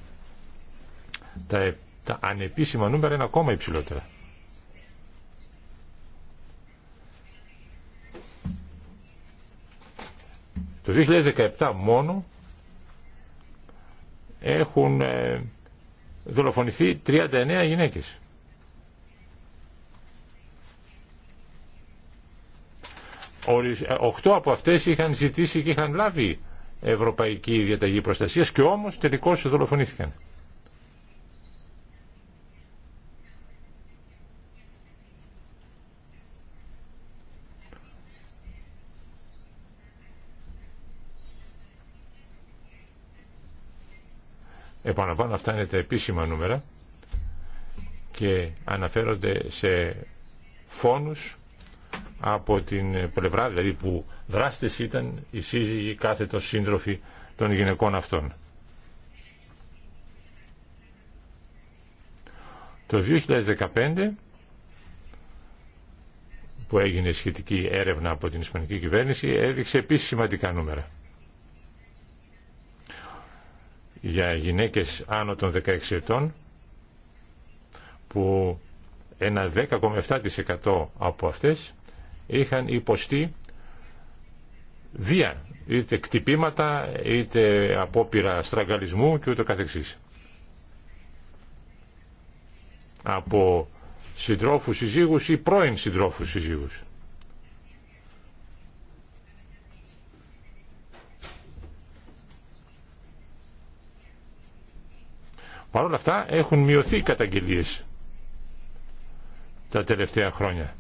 Τα, τα ανεπίσημα νούμερα είναι ακόμα υψηλότερα. Το 2017 μόνο έχουν ε, δολοφονηθεί 39 γυναίκες. Οχτώ ε, από αυτές είχαν ζητήσει και είχαν λάβει ευρωπαϊκή διαταγή προστασίας και όμως τελικώς δολοφονήθηκαν. Επαναλαμβάνω, αυτά είναι τα επίσημα νούμερα και αναφέρονται σε φόνους από την πλευρά δηλαδή που δράστες ήταν οι σύζυγοι κάθετος σύντροφοι των γυναικών αυτών. Το 2015 που έγινε σχετική έρευνα από την Ισπανική κυβέρνηση έδειξε επίσης σημαντικά νούμερα για γυναίκες άνω των 16 ετών που ένα 10,7% από αυτές είχαν υποστεί βία, είτε κτυπήματα, είτε απόπειρα στραγγαλισμού και ούτω καθεξής. Από συντρόφους συζύγους ή πρώην συντρόφους συζύγους. Παρ' όλα αυτά έχουν μειωθεί οι καταγγελίες τα τελευταία χρόνια.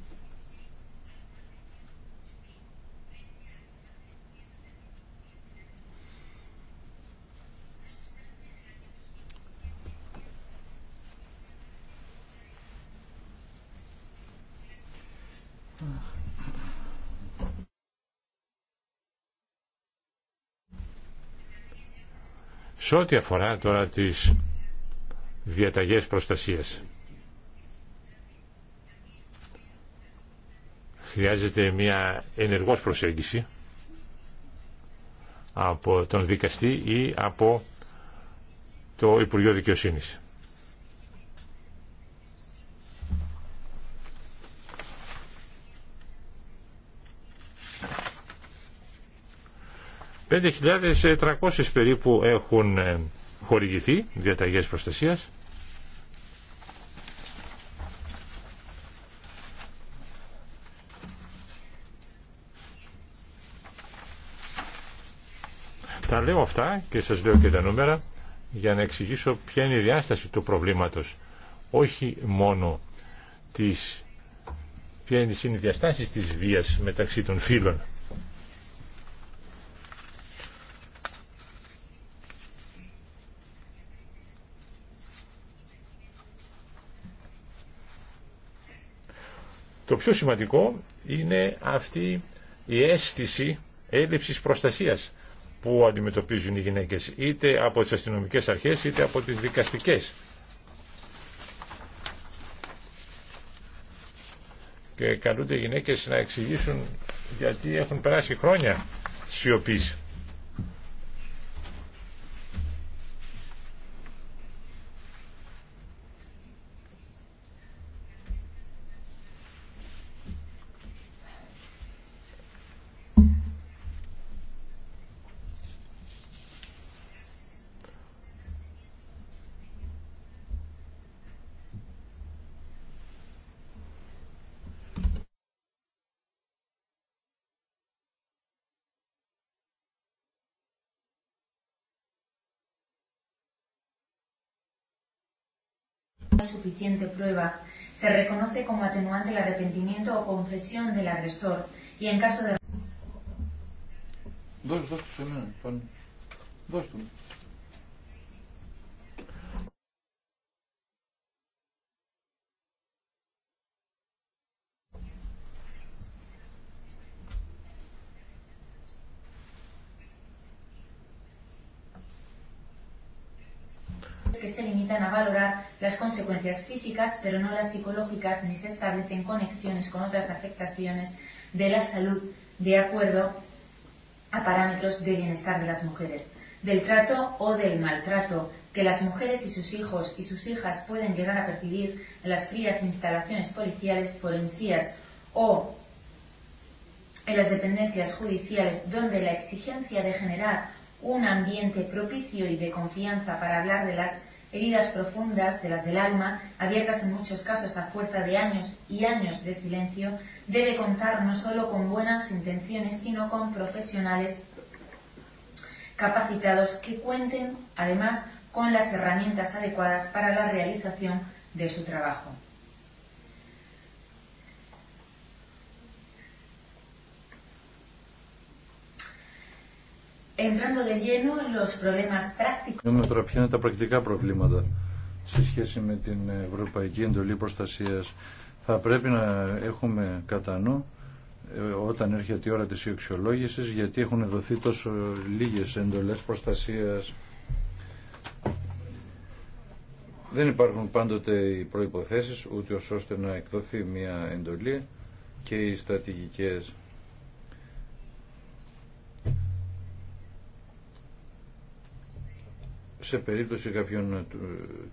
Σε ό,τι αφορά τώρα τις διαταγές προστασίας. Χρειάζεται μια ενεργός προσέγγιση από τον δικαστή ή από το Υπουργείο Δικαιοσύνης. «5.300 περίπου έχουν ε, χορηγηθεί διαταγές προστασίας Τα λέω αυτά και σας λέω και τα νούμερα για να εξηγήσω ποια είναι η διάσταση του προβλήματος όχι μόνο της ποια είναι οι διαστάσεις της βίας μεταξύ των φίλων Το πιο σημαντικό είναι αυτή η αίσθηση έλλειψης προστασίας που αντιμετωπίζουν οι γυναίκες είτε από τις αστυνομικές αρχές είτε από τις δικαστικές. Και καλούνται οι γυναίκες να εξηγήσουν γιατί έχουν περάσει χρόνια σιωπής. suficiente prueba, se reconoce como atenuante el arrepentimiento o confesión del agresor y en caso de... dos, dos que se limitan a valorar las consecuencias físicas, pero no las psicológicas, ni se establecen conexiones con otras afectaciones de la salud de acuerdo a parámetros de bienestar de las mujeres, del trato o del maltrato que las mujeres y sus hijos y sus hijas pueden llegar a percibir en las frías instalaciones policiales, forensías o en las dependencias judiciales, donde la exigencia de generar un ambiente propicio y de confianza para hablar de las heridas profundas de las del alma, abiertas en muchos casos a fuerza de años y años de silencio, debe contar no solo con buenas intenciones, sino con profesionales capacitados que cuenten, además, con las herramientas adecuadas para la realización de su trabajo. entrando de lleno los τώρα ποια είναι τα πρακτικά προβλήματα σε σχέση με την Ευρωπαϊκή Εντολή Προστασίας. Θα πρέπει να έχουμε κατά νου ε, όταν έρχεται η ώρα της ιοξιολόγησης γιατί έχουν δοθεί τόσο λίγες εντολές προστασίας. Δεν υπάρχουν πάντοτε οι προϋποθέσεις ούτε ώστε να εκδοθεί μια εντολή και οι στρατηγικές σε περίπτωση κάποιων ε,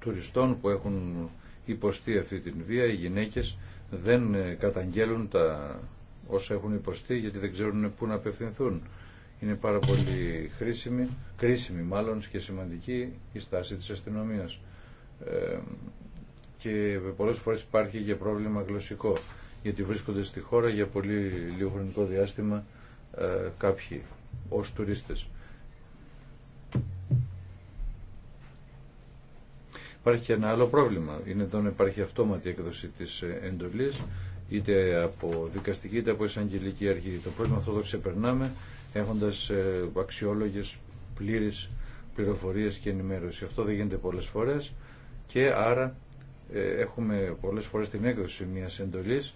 τουριστών που έχουν υποστεί αυτή την βία, οι γυναίκες δεν ε, καταγγέλουν τα όσα έχουν υποστεί γιατί δεν ξέρουν πού να απευθυνθούν. Είναι πάρα πολύ χρήσιμη, κρίσιμη μάλλον και σημαντική η στάση της αστυνομίας. Ε, και πολλές φορές υπάρχει και πρόβλημα γλωσσικό γιατί βρίσκονται στη χώρα για πολύ λίγο διάστημα κάποιοι ως τουρίστες. Υπάρχει ένα άλλο πρόβλημα. Είναι εδώ να υπάρχει αυτόματη έκδοση της ε, εντολής είτε από δικαστική είτε από εισαγγελική αρχή. Το πρόβλημα αυτό το ξεπερνάμε έχοντας ε, αξιόλογες πλήρε πληροφορίες και ενημέρωση. Αυτό δεν γίνεται πολλές φορές και άρα ε, έχουμε πολλές φορές την έκδοση μιας εντολής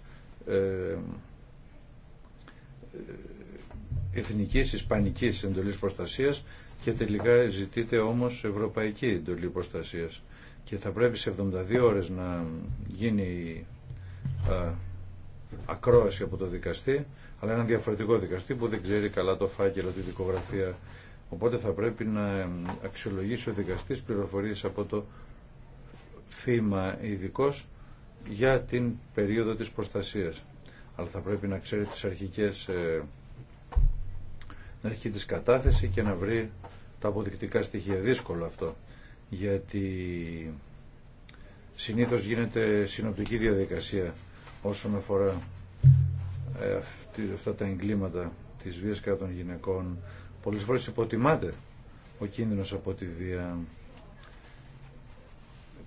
εθνικής ισπανικής εντολής προστασίας και τελικά ζητείται όμως ευρωπαϊκή εντολή προστασίας και θα πρέπει σε 72 ώρες να γίνει α, ακρόαση από το δικαστή, αλλά ένα διαφορετικό δικαστή που δεν ξέρει καλά το φάκελο, τη δικογραφία. Οπότε θα πρέπει να αξιολογήσει ο δικαστής πληροφορίες από το θύμα ειδικό για την περίοδο της προστασίας. Αλλά θα πρέπει να ξέρει τις αρχικές ε, να έχει τις κατάθεση και να βρει τα αποδεικτικά στοιχεία. Δύσκολο αυτό γιατί συνήθως γίνεται συνοπτική διαδικασία όσον αφορά ε, αυτά τα εγκλήματα της βίας κατά των γυναικών. Πολλές φορές υποτιμάται ο κίνδυνος από τη βία.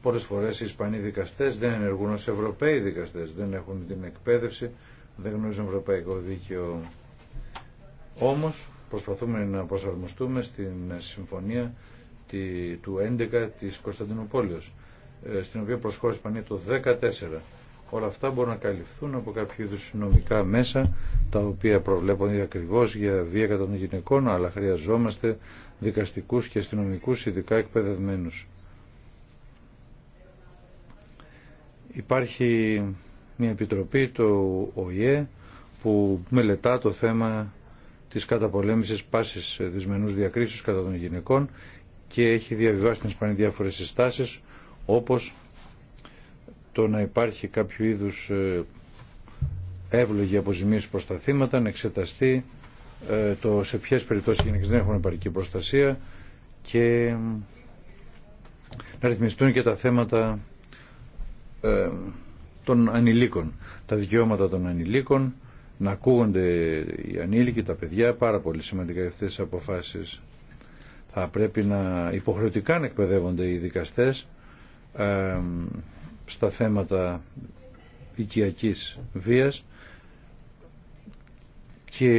Πολλές φορές οι Ισπανοί δικαστές δεν ενεργούν ως Ευρωπαίοι δικαστές, δεν έχουν την εκπαίδευση, δεν γνωρίζουν ευρωπαϊκό δίκαιο. Όμως προσπαθούμε να προσαρμοστούμε στην συμφωνία του 11 της Κωνσταντινούπολης, ε, στην οποία προσχώρησε πανή το 14. Όλα αυτά μπορούν να καλυφθούν από κάποιο είδου νομικά μέσα, τα οποία προβλέπονται ακριβώ για βία κατά των γυναικών, αλλά χρειαζόμαστε δικαστικού και αστυνομικού ειδικά εκπαιδευμένου. Υπάρχει μια επιτροπή, το ΟΗΕ, που μελετά το θέμα της καταπολέμησης πάσης δυσμενούς διακρίσεως κατά των γυναικών και έχει διαβιβάσει στην Ισπανία διάφορες συστάσεις όπως το να υπάρχει κάποιο είδους ε, εύλογη αποζημίωση προ τα θύματα, να εξεταστεί ε, το σε ποιε περιπτώσει οι γυναίκε δεν έχουν επαρκή προστασία και ε, να ρυθμιστούν και τα θέματα των ανηλίκων, τα δικαιώματα των ανηλίκων, να ακούγονται οι ανήλικοι, τα παιδιά, πάρα πολύ σημαντικά αυτές αποφάσεις θα πρέπει να υποχρεωτικά να εκπαιδεύονται οι δικαστές στα θέματα οικιακής βίας και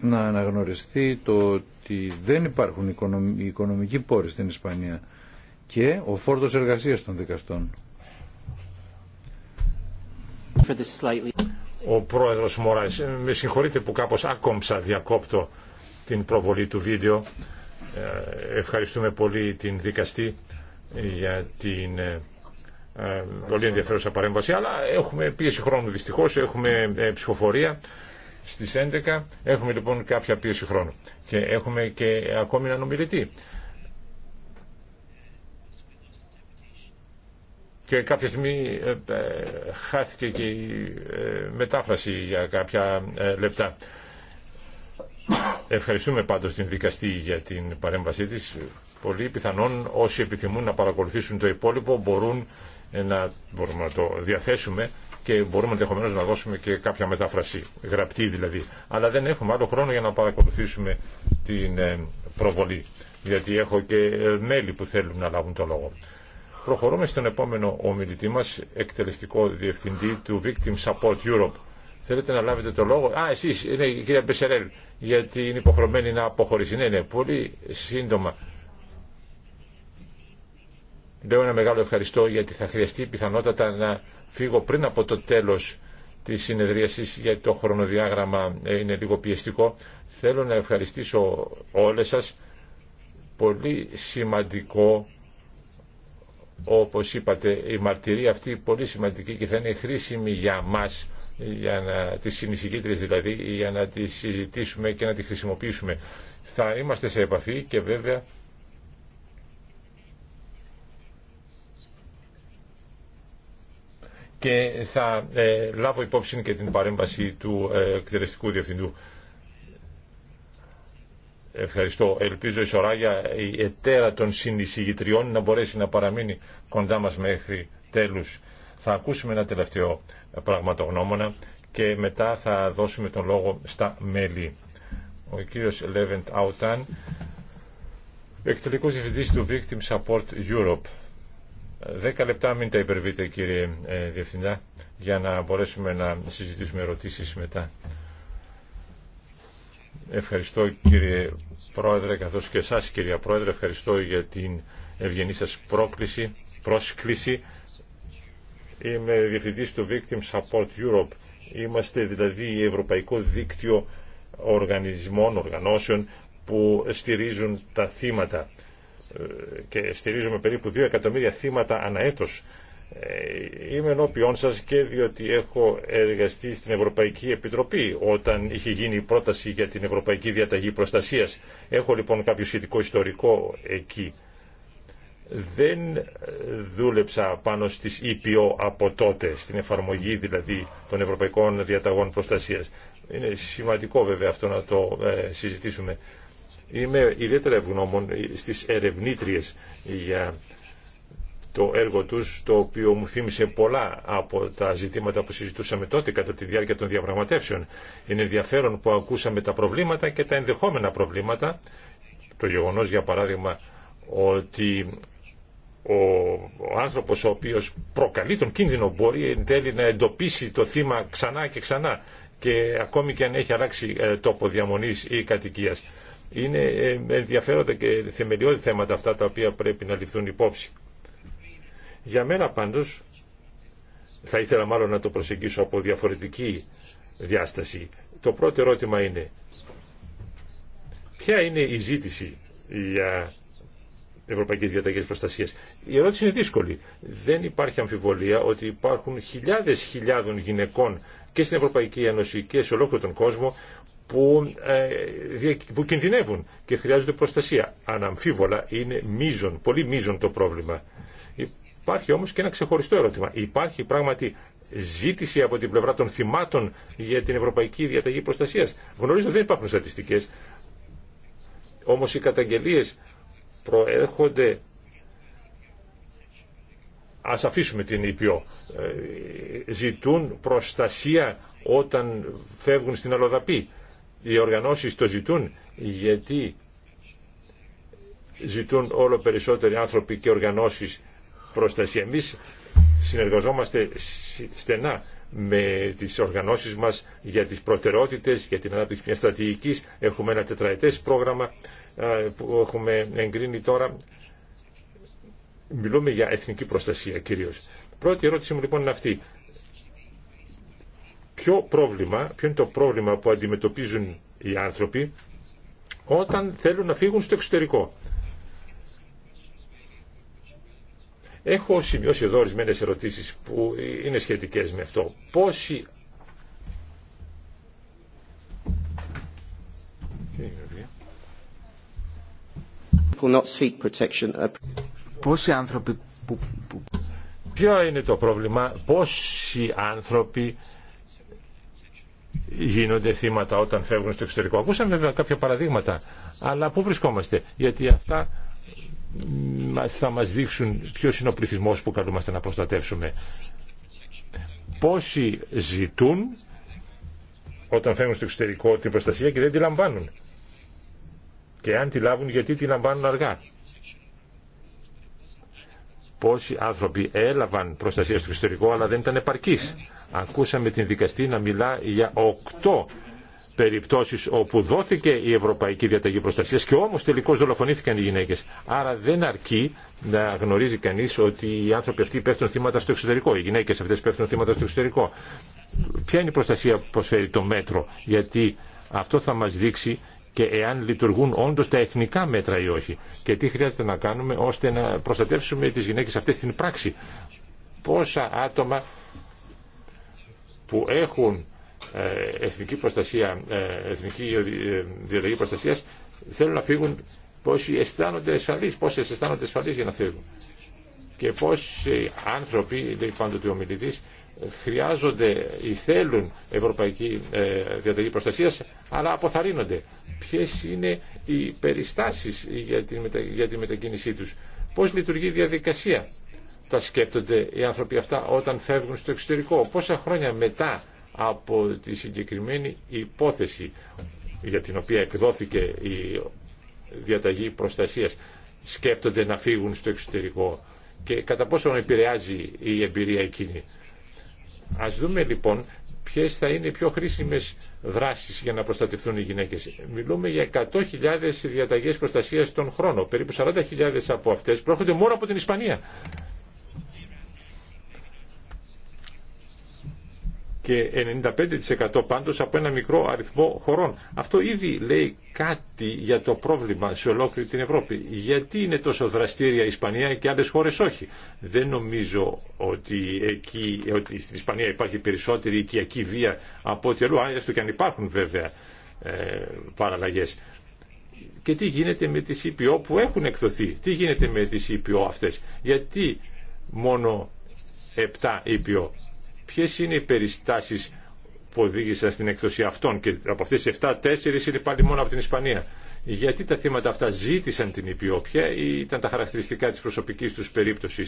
να αναγνωριστεί το ότι δεν υπάρχουν οικονομικοί πόροι στην Ισπανία και ο φόρτος εργασίας των δικαστών. Ο πρόεδρος Μωράης, ε, με συγχωρείτε που κάπως άκομψα διακόπτω την προβολή του βίντεο. Ε, ευχαριστούμε πολύ την δικαστή ε, για την ε, πολύ ενδιαφέρουσα παρέμβαση, αλλά έχουμε πίεση χρόνου Δυστυχώ, έχουμε ψηφοφορία στι 11, έχουμε λοιπόν κάποια πίεση χρόνου και έχουμε και ακόμη έναν ομιλητή. Και κάποια στιγμή χάθηκε και η μετάφραση για κάποια λεπτά. Ευχαριστούμε πάντως την δικαστή για την παρέμβασή της. Πολύ πιθανόν όσοι επιθυμούν να παρακολουθήσουν το υπόλοιπο μπορούν ε, να, μπορούμε να το διαθέσουμε και μπορούμε ενδεχομένω να δώσουμε και κάποια μετάφραση, γραπτή δηλαδή. Αλλά δεν έχουμε άλλο χρόνο για να παρακολουθήσουμε την ε, προβολή, γιατί έχω και ε, μέλη που θέλουν να λάβουν το λόγο. Προχωρούμε στον επόμενο ομιλητή μας, εκτελεστικό διευθυντή του Victim Support Europe, Θέλετε να λάβετε το λόγο. Α, εσείς, είναι η κυρία Μπεσερέλ, γιατί είναι υποχρεωμένη να αποχωρήσει. Ναι, ναι, πολύ σύντομα. Λέω ένα μεγάλο ευχαριστώ γιατί θα χρειαστεί πιθανότατα να φύγω πριν από το τέλος της συνεδρίασης γιατί το χρονοδιάγραμμα ε, είναι λίγο πιεστικό. Θέλω να ευχαριστήσω όλες σας. Πολύ σημαντικό, όπως είπατε, η μαρτυρία αυτή πολύ σημαντική και θα είναι χρήσιμη για μας για να τις συνεισηγήτρες δηλαδή, για να τις συζητήσουμε και να τις χρησιμοποιήσουμε. Θα είμαστε σε επαφή και βέβαια και θα ε, λάβω υπόψη και την παρέμβαση του ε, εκτελεστικού διευθυντού. Ευχαριστώ. Ελπίζω η Σοράγια, η ετέρα των συνεισηγητριών, να μπορέσει να παραμείνει κοντά μας μέχρι τέλους. Θα ακούσουμε ένα τελευταίο πραγματογνώμονα και μετά θα δώσουμε τον λόγο στα μέλη. Ο κύριος Λέβεντ Άουταν, εκτελικός διευθυντής του Victim Support Europe. Δέκα λεπτά μην τα υπερβείτε κύριε ε, Διευθυντά για να μπορέσουμε να συζητήσουμε ερωτήσεις μετά. Ευχαριστώ κύριε Πρόεδρε καθώς και εσάς κυρία Πρόεδρε ευχαριστώ για την ευγενή σας πρόκληση, πρόσκληση Είμαι διευθυντής του Victim Support Europe. Είμαστε δηλαδή ευρωπαϊκό δίκτυο οργανισμών, οργανώσεων που στηρίζουν τα θύματα ε, και στηρίζουμε περίπου 2 εκατομμύρια θύματα ανά έτος. Ε, είμαι ενώπιόν σας και διότι έχω εργαστεί στην Ευρωπαϊκή Επιτροπή όταν είχε γίνει η πρόταση για την Ευρωπαϊκή Διαταγή Προστασίας. Έχω λοιπόν κάποιο σχετικό ιστορικό εκεί δεν δούλεψα πάνω στις EPO από τότε, στην εφαρμογή δηλαδή των Ευρωπαϊκών Διαταγών Προστασίας. Είναι σημαντικό βέβαια αυτό να το ε, συζητήσουμε. Είμαι ιδιαίτερα ευγνώμων ε, στις ερευνήτριες για το έργο τους, το οποίο μου θύμισε πολλά από τα ζητήματα που συζητούσαμε τότε κατά τη διάρκεια των διαπραγματεύσεων. Είναι ενδιαφέρον που ακούσαμε τα προβλήματα και τα ενδεχόμενα προβλήματα. Το γεγονός, για παράδειγμα, ότι ο, ο άνθρωπος ο οποίος προκαλεί τον κίνδυνο μπορεί εν τέλει να εντοπίσει το θύμα ξανά και ξανά και ακόμη και αν έχει αλλάξει ε, τόπο διαμονής ή κατοικίας. Είναι ε, ενδιαφέροντα και θεμελιώδη θέματα αυτά τα οποία πρέπει να ληφθούν υπόψη. Για μένα πάντως θα ήθελα μάλλον να το προσεγγίσω από διαφορετική διάσταση. Το πρώτο ερώτημα είναι ποια είναι η ζήτηση για Ευρωπαϊκή Διαταγή Προστασία. Η ερώτηση είναι δύσκολη. Δεν υπάρχει αμφιβολία ότι υπάρχουν χιλιάδε χιλιάδων γυναικών και στην Ευρωπαϊκή Ένωση και σε ολόκληρο τον κόσμο που, ε, κινδυνεύουν και χρειάζονται προστασία. Αναμφίβολα είναι μείζον, πολύ μείζον το πρόβλημα. Υπάρχει όμω και ένα ξεχωριστό ερώτημα. Υπάρχει πράγματι ζήτηση από την πλευρά των θυμάτων για την Ευρωπαϊκή Διαταγή Προστασία. Γνωρίζω δεν υπάρχουν στατιστικέ. Όμω οι καταγγελίε προέρχονται ας αφήσουμε την ΙΠΙΟ ε, ζητούν προστασία όταν φεύγουν στην Αλοδαπή οι οργανώσεις το ζητούν γιατί ζητούν όλο περισσότεροι άνθρωποι και οργανώσεις προστασία εμείς συνεργαζόμαστε στενά με τις οργανώσεις μας για τις προτεραιότητες, για την ανάπτυξη μια στρατηγική, Έχουμε ένα τετραετές πρόγραμμα που έχουμε εγκρίνει τώρα. Μιλούμε για εθνική προστασία κυρίω. Πρώτη ερώτηση μου λοιπόν είναι αυτή. Ποιο, πρόβλημα, ποιο είναι το πρόβλημα που αντιμετωπίζουν οι άνθρωποι όταν θέλουν να φύγουν στο εξωτερικό. Έχω σημειώσει εδώ ορισμένε ερωτήσεις που είναι σχετικές με αυτό. Πόσοι... Πόσοι άνθρωποι... Ποιο είναι το πρόβλημα, πόσοι άνθρωποι γίνονται θύματα όταν φεύγουν στο εξωτερικό. Ακούσαμε βέβαια κάποια παραδείγματα, αλλά πού βρισκόμαστε, γιατί αυτά θα μας δείξουν ποιος είναι ο πληθυσμός που καλούμαστε να προστατεύσουμε. Πόσοι ζητούν όταν φεύγουν στο εξωτερικό την προστασία και δεν τη λαμβάνουν. Και αν τη λάβουν γιατί τη λαμβάνουν αργά. Πόσοι άνθρωποι έλαβαν προστασία στο εξωτερικό αλλά δεν ήταν επαρκής. Ακούσαμε την δικαστή να μιλά για οκτώ περιπτώσεις όπου δόθηκε η Ευρωπαϊκή Διαταγή Προστασίας και όμως τελικώς δολοφονήθηκαν οι γυναίκες. Άρα δεν αρκεί να γνωρίζει κανείς ότι οι άνθρωποι αυτοί πέφτουν θύματα στο εξωτερικό, οι γυναίκες αυτές πέφτουν θύματα στο εξωτερικό. Ποια είναι η προστασία που προσφέρει το μέτρο, γιατί αυτό θα μας δείξει και εάν λειτουργούν όντως τα εθνικά μέτρα ή όχι και τι χρειάζεται να κάνουμε ώστε να προστατεύσουμε τις γυναίκες αυτές στην πράξη. Πόσα άτομα που έχουν ε, εθνική προστασία, ε, εθνική ε, Διαταγή προστασίας θέλουν να φύγουν πόσοι αισθάνονται ασφαλεί, αισθάνονται ασφαλεί για να φύγουν. Και πόσοι άνθρωποι, λέει πάντοτε ο μιλητή, χρειάζονται ή θέλουν ευρωπαϊκή διαταγή προστασία, αλλά αποθαρρύνονται. Ποιε είναι οι περιστάσει για τη, για τη μετακίνησή του, πώ λειτουργεί η διαδικασία. Τα σκέπτονται οι άνθρωποι αυτά όταν φεύγουν στο εξωτερικό. Πόσα χρόνια μετά από τη συγκεκριμένη υπόθεση για την οποία εκδόθηκε η διαταγή προστασίας σκέπτονται να φύγουν στο εξωτερικό και κατά πόσο επηρεάζει η εμπειρία εκείνη. Ας δούμε λοιπόν ποιες θα είναι οι πιο χρήσιμες δράσεις για να προστατευτούν οι γυναίκες. Μιλούμε για 100.000 διαταγές προστασίας τον χρόνο. Περίπου 40.000 από αυτές προέρχονται μόνο από την Ισπανία. και 95% πάντως από ένα μικρό αριθμό χωρών. Αυτό ήδη λέει κάτι για το πρόβλημα σε ολόκληρη την Ευρώπη. Γιατί είναι τόσο δραστήρια η Ισπανία και άλλες χώρες όχι. Δεν νομίζω ότι, εκεί, ότι στην Ισπανία υπάρχει περισσότερη οικιακή βία από ό,τι αλλού, έστω και αν υπάρχουν βέβαια ε, παραλλαγές. Και τι γίνεται με τις ΕΠΟ που έχουν εκδοθεί. Τι γίνεται με τις ΕΠΟ αυτές. Γιατί μόνο 7 ΕΠΟ Ποιε είναι οι περιστάσει που οδήγησαν στην εκδοσία αυτών και από αυτέ τι 7, 4 είναι πάλι μόνο από την Ισπανία. Γιατί τα θύματα αυτά ζήτησαν την υπηόπια ή ήταν τα χαρακτηριστικά τη προσωπική του περίπτωση,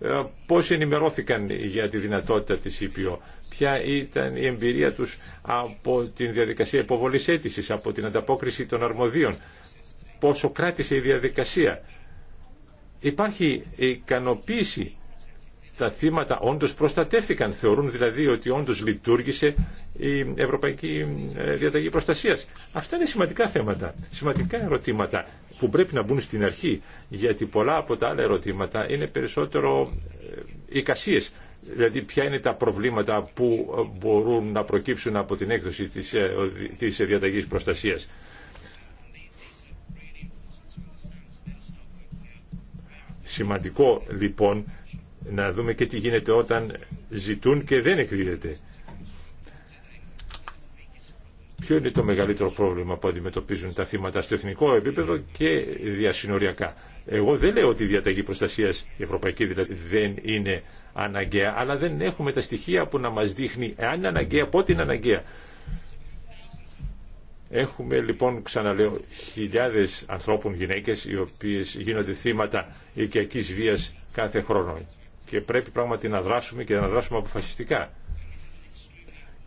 ε, πώ ενημερώθηκαν για τη δυνατότητα τη ΕΠΙΟ. Ποια ήταν η εμπειρία του από την διαδικασία υποβολή αίτηση, από την ανταπόκριση των αρμοδίων. Πόσο κράτησε η διαδικασία. Υπάρχει ικανοποίηση τα θύματα όντως προστατεύθηκαν. Θεωρούν δηλαδή ότι όντως λειτουργήσε η Ευρωπαϊκή ε, Διαταγή Προστασίας. Αυτά είναι σημαντικά θέματα, σημαντικά ερωτήματα που πρέπει να μπουν στην αρχή, γιατί πολλά από τα άλλα ερωτήματα είναι περισσότερο ε, εικασίες. Δηλαδή ποια είναι τα προβλήματα που ε, μπορούν να προκύψουν από την έκδοση της, της διαταγής προστασίας. Σημαντικό λοιπόν να δούμε και τι γίνεται όταν ζητούν και δεν εκδίδεται. Ποιο είναι το μεγαλύτερο πρόβλημα που αντιμετωπίζουν τα θύματα στο εθνικό επίπεδο και διασυνοριακά. Εγώ δεν λέω ότι η διαταγή προστασία, η ευρωπαϊκή δηλαδή, δεν είναι αναγκαία, αλλά δεν έχουμε τα στοιχεία που να μα δείχνει αν είναι αναγκαία, πότε είναι αναγκαία. Έχουμε λοιπόν, ξαναλέω, χιλιάδε ανθρώπων, γυναίκε, οι οποίε γίνονται θύματα οικιακή βία κάθε χρόνο και πρέπει πράγματι να δράσουμε και να δράσουμε αποφασιστικά.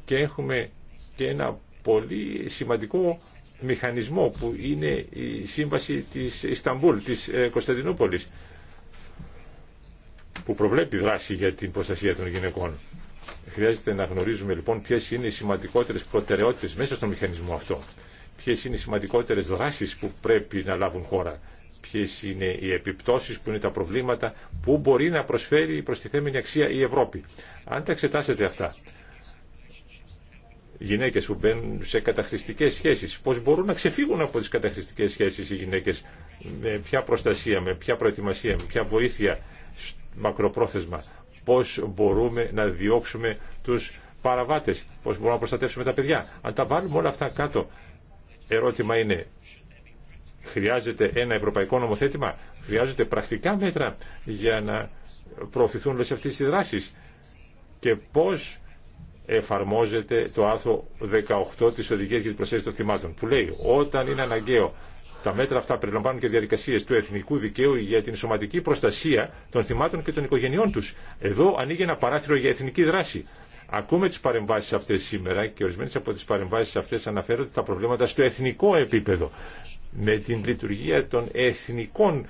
Και έχουμε και ένα πολύ σημαντικό μηχανισμό που είναι η σύμβαση της Ισταμπούλ, της ε, Κωνσταντινούπολης που προβλέπει δράση για την προστασία των γυναικών. Χρειάζεται να γνωρίζουμε λοιπόν ποιες είναι οι σημαντικότερες προτεραιότητες μέσα στον μηχανισμό αυτό. Ποιες είναι οι σημαντικότερες δράσεις που πρέπει να λάβουν χώρα ποιε είναι οι επιπτώσει που είναι τα προβλήματα, που μπορεί να προσφέρει η προστιθέμενη αξία η Ευρώπη. Αν τα εξετάσετε αυτά, γυναίκες που μπαίνουν σε καταχρηστικές σχέσεις, πώς μπορούν να ξεφύγουν από τις καταχρηστικές σχέσεις οι γυναίκες, με ποια προστασία, με ποια προετοιμασία, με ποια βοήθεια μακροπρόθεσμα, πώς μπορούμε να διώξουμε τους παραβάτες, πώς μπορούμε να προστατεύσουμε τα παιδιά. Αν τα βάλουμε όλα αυτά κάτω, ερώτημα είναι Χρειάζεται ένα ευρωπαϊκό νομοθέτημα. Χρειάζονται πρακτικά μέτρα για να προωθηθούν όλε αυτέ οι δράσει. Και πώ εφαρμόζεται το άρθρο 18 τη Οδηγία για την Προσέγγιση των Θυμάτων, που λέει όταν είναι αναγκαίο. Τα μέτρα αυτά περιλαμβάνουν και διαδικασίε του εθνικού δικαίου για την σωματική προστασία των θυμάτων και των οικογενειών του. Εδώ ανοίγει ένα παράθυρο για εθνική δράση. Ακούμε τι παρεμβάσει αυτέ σήμερα και ορισμένε από τι παρεμβάσει αυτέ αναφέρονται τα προβλήματα στο εθνικό επίπεδο με την λειτουργία των εθνικών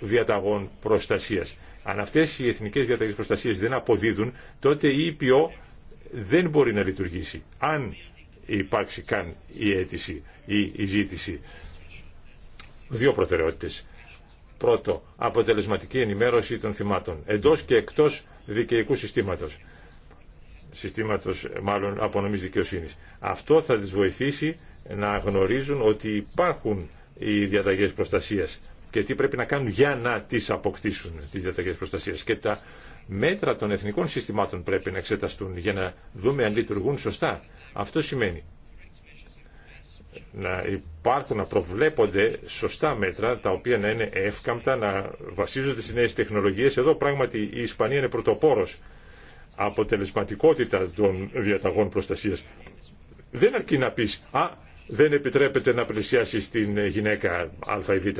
διαταγών προστασίας. Αν αυτές οι εθνικές διαταγές προστασίας δεν αποδίδουν, τότε η ΕΠΟ δεν μπορεί να λειτουργήσει. Αν υπάρξει καν η αίτηση ή η ζήτηση. Δύο προτεραιότητες. Πρώτο, αποτελεσματική ενημέρωση των θυμάτων, εντός και εκτός δικαιικού συστήματος συστήματος μάλλον απονομής δικαιοσύνης. Αυτό θα τις βοηθήσει να γνωρίζουν ότι υπάρχουν οι διαταγές προστασίας και τι πρέπει να κάνουν για να τις αποκτήσουν τις διαταγές προστασίας. Και τα μέτρα των εθνικών συστημάτων πρέπει να εξεταστούν για να δούμε αν λειτουργούν σωστά. Αυτό σημαίνει να υπάρχουν, να προβλέπονται σωστά μέτρα τα οποία να είναι εύκαμπτα, να βασίζονται στις νέες τεχνολογίες. Εδώ πράγματι η Ισπανία είναι πρωτοπόρος αποτελεσματικότητα των διαταγών προστασίας. Δεν αρκεί να πεις «Α, δεν επιτρέπεται να πλησιάσει την γυναίκα α ή β».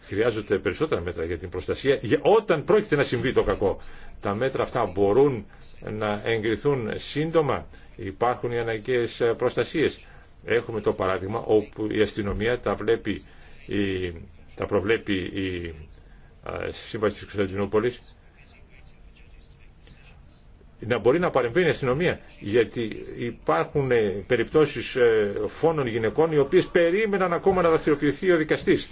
Χρειάζονται περισσότερα μέτρα για την προστασία για όταν πρόκειται να συμβεί το κακό. Τα μέτρα αυτά μπορούν να εγκριθούν σύντομα. Υπάρχουν οι αναγκαίες προστασίες. Έχουμε το παράδειγμα όπου η αστυνομία τα, βλέπει, τα προβλέπει η Σύμβαση της Κωνσταντινούπολης να μπορεί να παρεμβαίνει η αστυνομία. Γιατί υπάρχουν ε, περιπτώσεις ε, φόνων γυναικών οι οποίες περίμεναν ακόμα να δραστηριοποιηθεί ο δικαστής.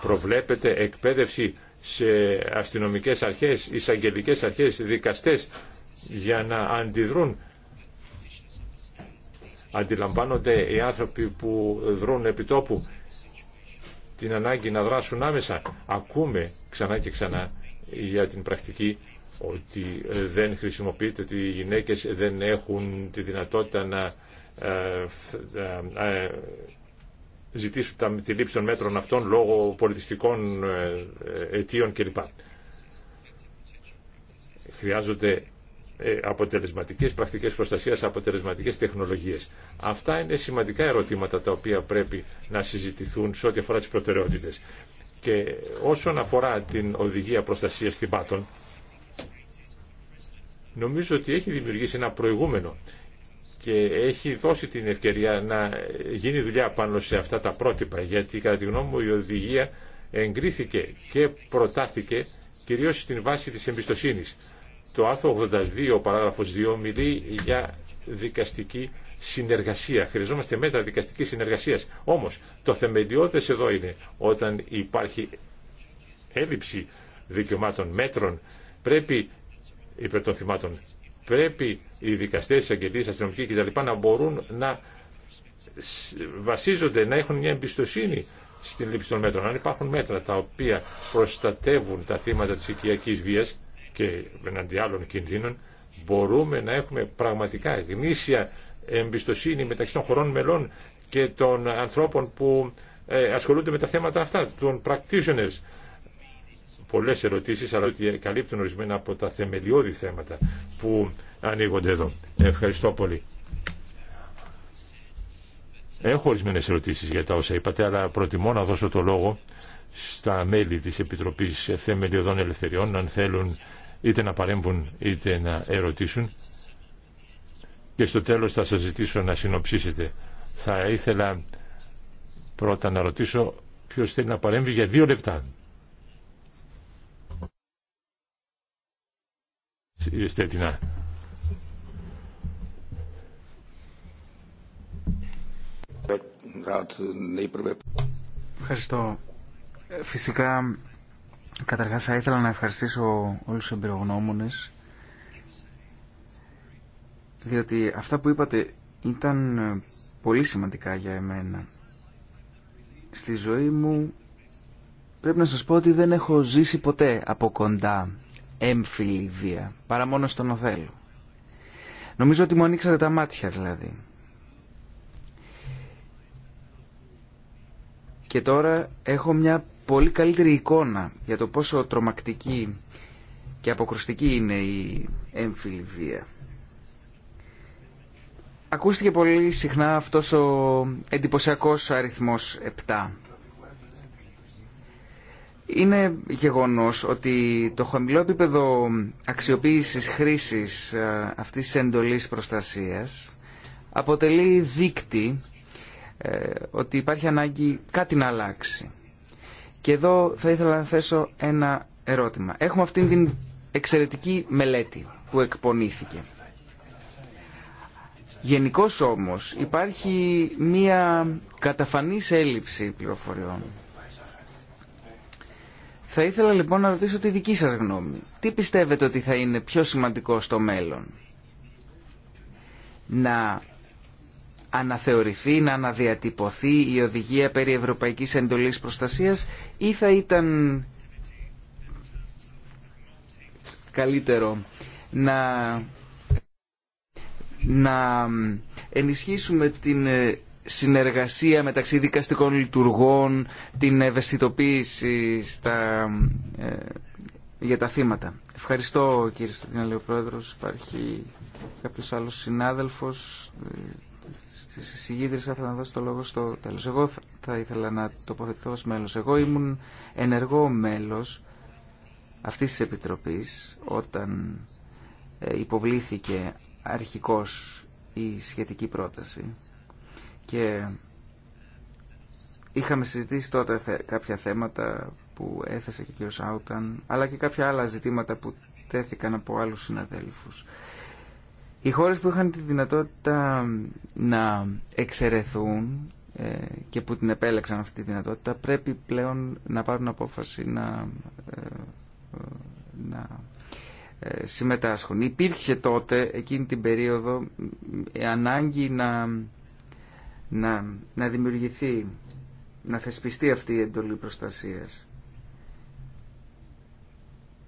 Προβλέπεται εκπαίδευση σε αστυνομικές αρχές, εισαγγελικέ αρχές, δικαστές για να αντιδρούν. Αντιλαμβάνονται οι άνθρωποι που δρούν επιτόπου την ανάγκη να δράσουν άμεσα. Ακούμε ξανά και ξανά για την πρακτική ότι ε, δεν χρησιμοποιείται, ότι οι γυναίκες δεν έχουν τη δυνατότητα να ε, ε, ζητήσουν τη λήψη των μέτρων αυτών λόγω πολιτιστικών αιτίων κλπ. Χρειάζονται αποτελεσματικές πρακτικές προστασίας, αποτελεσματικές τεχνολογίες. Αυτά είναι σημαντικά ερωτήματα τα οποία πρέπει να συζητηθούν σε ό,τι αφορά τις προτεραιότητες. Και όσον αφορά την οδηγία προστασίας θυμάτων, νομίζω ότι έχει δημιουργήσει ένα προηγούμενο και έχει δώσει την ευκαιρία να γίνει δουλειά πάνω σε αυτά τα πρότυπα γιατί κατά τη γνώμη μου η οδηγία εγκρίθηκε και προτάθηκε κυρίως στην βάση της εμπιστοσύνης. Το άρθρο 82 παράγραφος 2 μιλεί για δικαστική συνεργασία. Χρειαζόμαστε μέτρα δικαστικής συνεργασίας. Όμως το θεμελιώδες εδώ είναι όταν υπάρχει έλλειψη δικαιωμάτων μέτρων πρέπει υπέρ των θυμάτων. Πρέπει οι δικαστές, οι αγγελίε, οι αστυνομικοί κτλ. να μπορούν να βασίζονται, να έχουν μια εμπιστοσύνη στην λήψη των μέτρων. Αν υπάρχουν μέτρα τα οποία προστατεύουν τα θύματα της οικίακή βίας και εναντί άλλων κινδύνων, μπορούμε να έχουμε πραγματικά γνήσια εμπιστοσύνη μεταξύ των χωρών μελών και των ανθρώπων που ε, ασχολούνται με τα θέματα αυτά, των practitioners, πολλές ερωτήσεις, αλλά ότι καλύπτουν ορισμένα από τα θεμελιώδη θέματα που ανοίγονται εδώ. Ευχαριστώ πολύ. Έχω ορισμένες ερωτήσεις για τα όσα είπατε, αλλά προτιμώ να δώσω το λόγο στα μέλη της Επιτροπής Θεμελιωδών Ελευθεριών, αν θέλουν είτε να παρέμβουν είτε να ερωτήσουν. Και στο τέλος θα σας ζητήσω να συνοψίσετε. Θα ήθελα πρώτα να ρωτήσω ποιος θέλει να παρέμβει για δύο λεπτά. Στέτινα. Ευχαριστώ. Φυσικά, καταρχάς θα ήθελα να ευχαριστήσω όλους τους εμπειρογνώμονες διότι αυτά που είπατε ήταν πολύ σημαντικά για εμένα. Στη ζωή μου πρέπει να σας πω ότι δεν έχω ζήσει ποτέ από κοντά έμφυλη βία, παρά μόνο στον Οθέλο. Νομίζω ότι μου ανοίξατε τα μάτια δηλαδή. Και τώρα έχω μια πολύ καλύτερη εικόνα για το πόσο τρομακτική και αποκρουστική είναι η έμφυλη βία. Ακούστηκε πολύ συχνά αυτός ο εντυπωσιακός αριθμός 7 είναι γεγονός ότι το χαμηλό επίπεδο αξιοποίησης χρήσης ε, αυτής της εντολής προστασίας αποτελεί δείκτη ε, ότι υπάρχει ανάγκη κάτι να αλλάξει. Και εδώ θα ήθελα να θέσω ένα ερώτημα. Έχουμε αυτήν την εξαιρετική μελέτη που εκπονήθηκε. Γενικώ όμως υπάρχει μία καταφανής έλλειψη πληροφοριών θα ήθελα λοιπόν να ρωτήσω τη δική σας γνώμη. Τι πιστεύετε ότι θα είναι πιο σημαντικό στο μέλλον. Να αναθεωρηθεί, να αναδιατυπωθεί η οδηγία περί Ευρωπαϊκής Εντολής Προστασίας ή θα ήταν καλύτερο να, να ενισχύσουμε την συνεργασία μεταξύ δικαστικών λειτουργών, την ευαισθητοποίηση στα, ε, για τα θύματα. Ευχαριστώ κύριε Στατίνα Πρόεδρος. Υπάρχει κάποιος άλλος συνάδελφος στις ε, εισηγήτρες θα ήθελα να δώσω το λόγο στο τέλος. Εγώ θα ήθελα να τοποθετηθώ ως μέλος. Εγώ ήμουν ενεργό μέλος αυτής της Επιτροπής όταν ε, υποβλήθηκε αρχικός η σχετική πρόταση και είχαμε συζητήσει τότε κάποια θέματα που έθεσε και ο κ. Άουταν αλλά και κάποια άλλα ζητήματα που τέθηκαν από άλλους συναδέλφους. Οι χώρες που είχαν τη δυνατότητα να εξαιρεθούν ε, και που την επέλεξαν αυτή τη δυνατότητα πρέπει πλέον να πάρουν απόφαση να, ε, να ε, συμμετάσχουν. Υπήρχε τότε εκείνη την περίοδο ανάγκη να να, να δημιουργηθεί, να θεσπιστεί αυτή η εντολή προστασίας.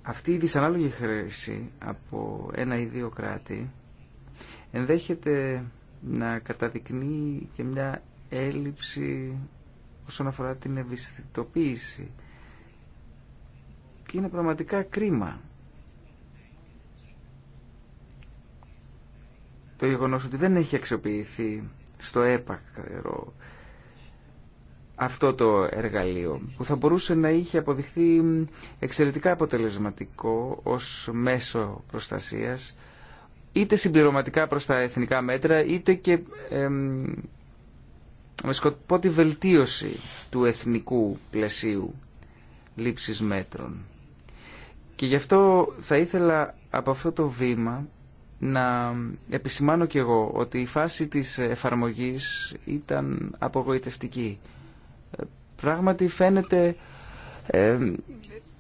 Αυτή η δυσανάλογη χρήση από ένα ή δύο κράτη ενδέχεται να καταδεικνύει και μια έλλειψη όσον αφορά την ευαισθητοποίηση και είναι πραγματικά κρίμα το γεγονός ότι δεν έχει αξιοποιηθεί στο έπακρο αυτό το εργαλείο που θα μπορούσε να είχε αποδειχθεί εξαιρετικά αποτελεσματικό ως μέσο προστασίας είτε συμπληρωματικά προς τα εθνικά μέτρα είτε και με σκοπό τη βελτίωση του εθνικού πλαισίου λήψης μέτρων. Και γι' αυτό θα ήθελα από αυτό το βήμα να επισημάνω κι εγώ ότι η φάση της εφαρμογής ήταν απογοητευτική. Ε, πράγματι φαίνεται ε,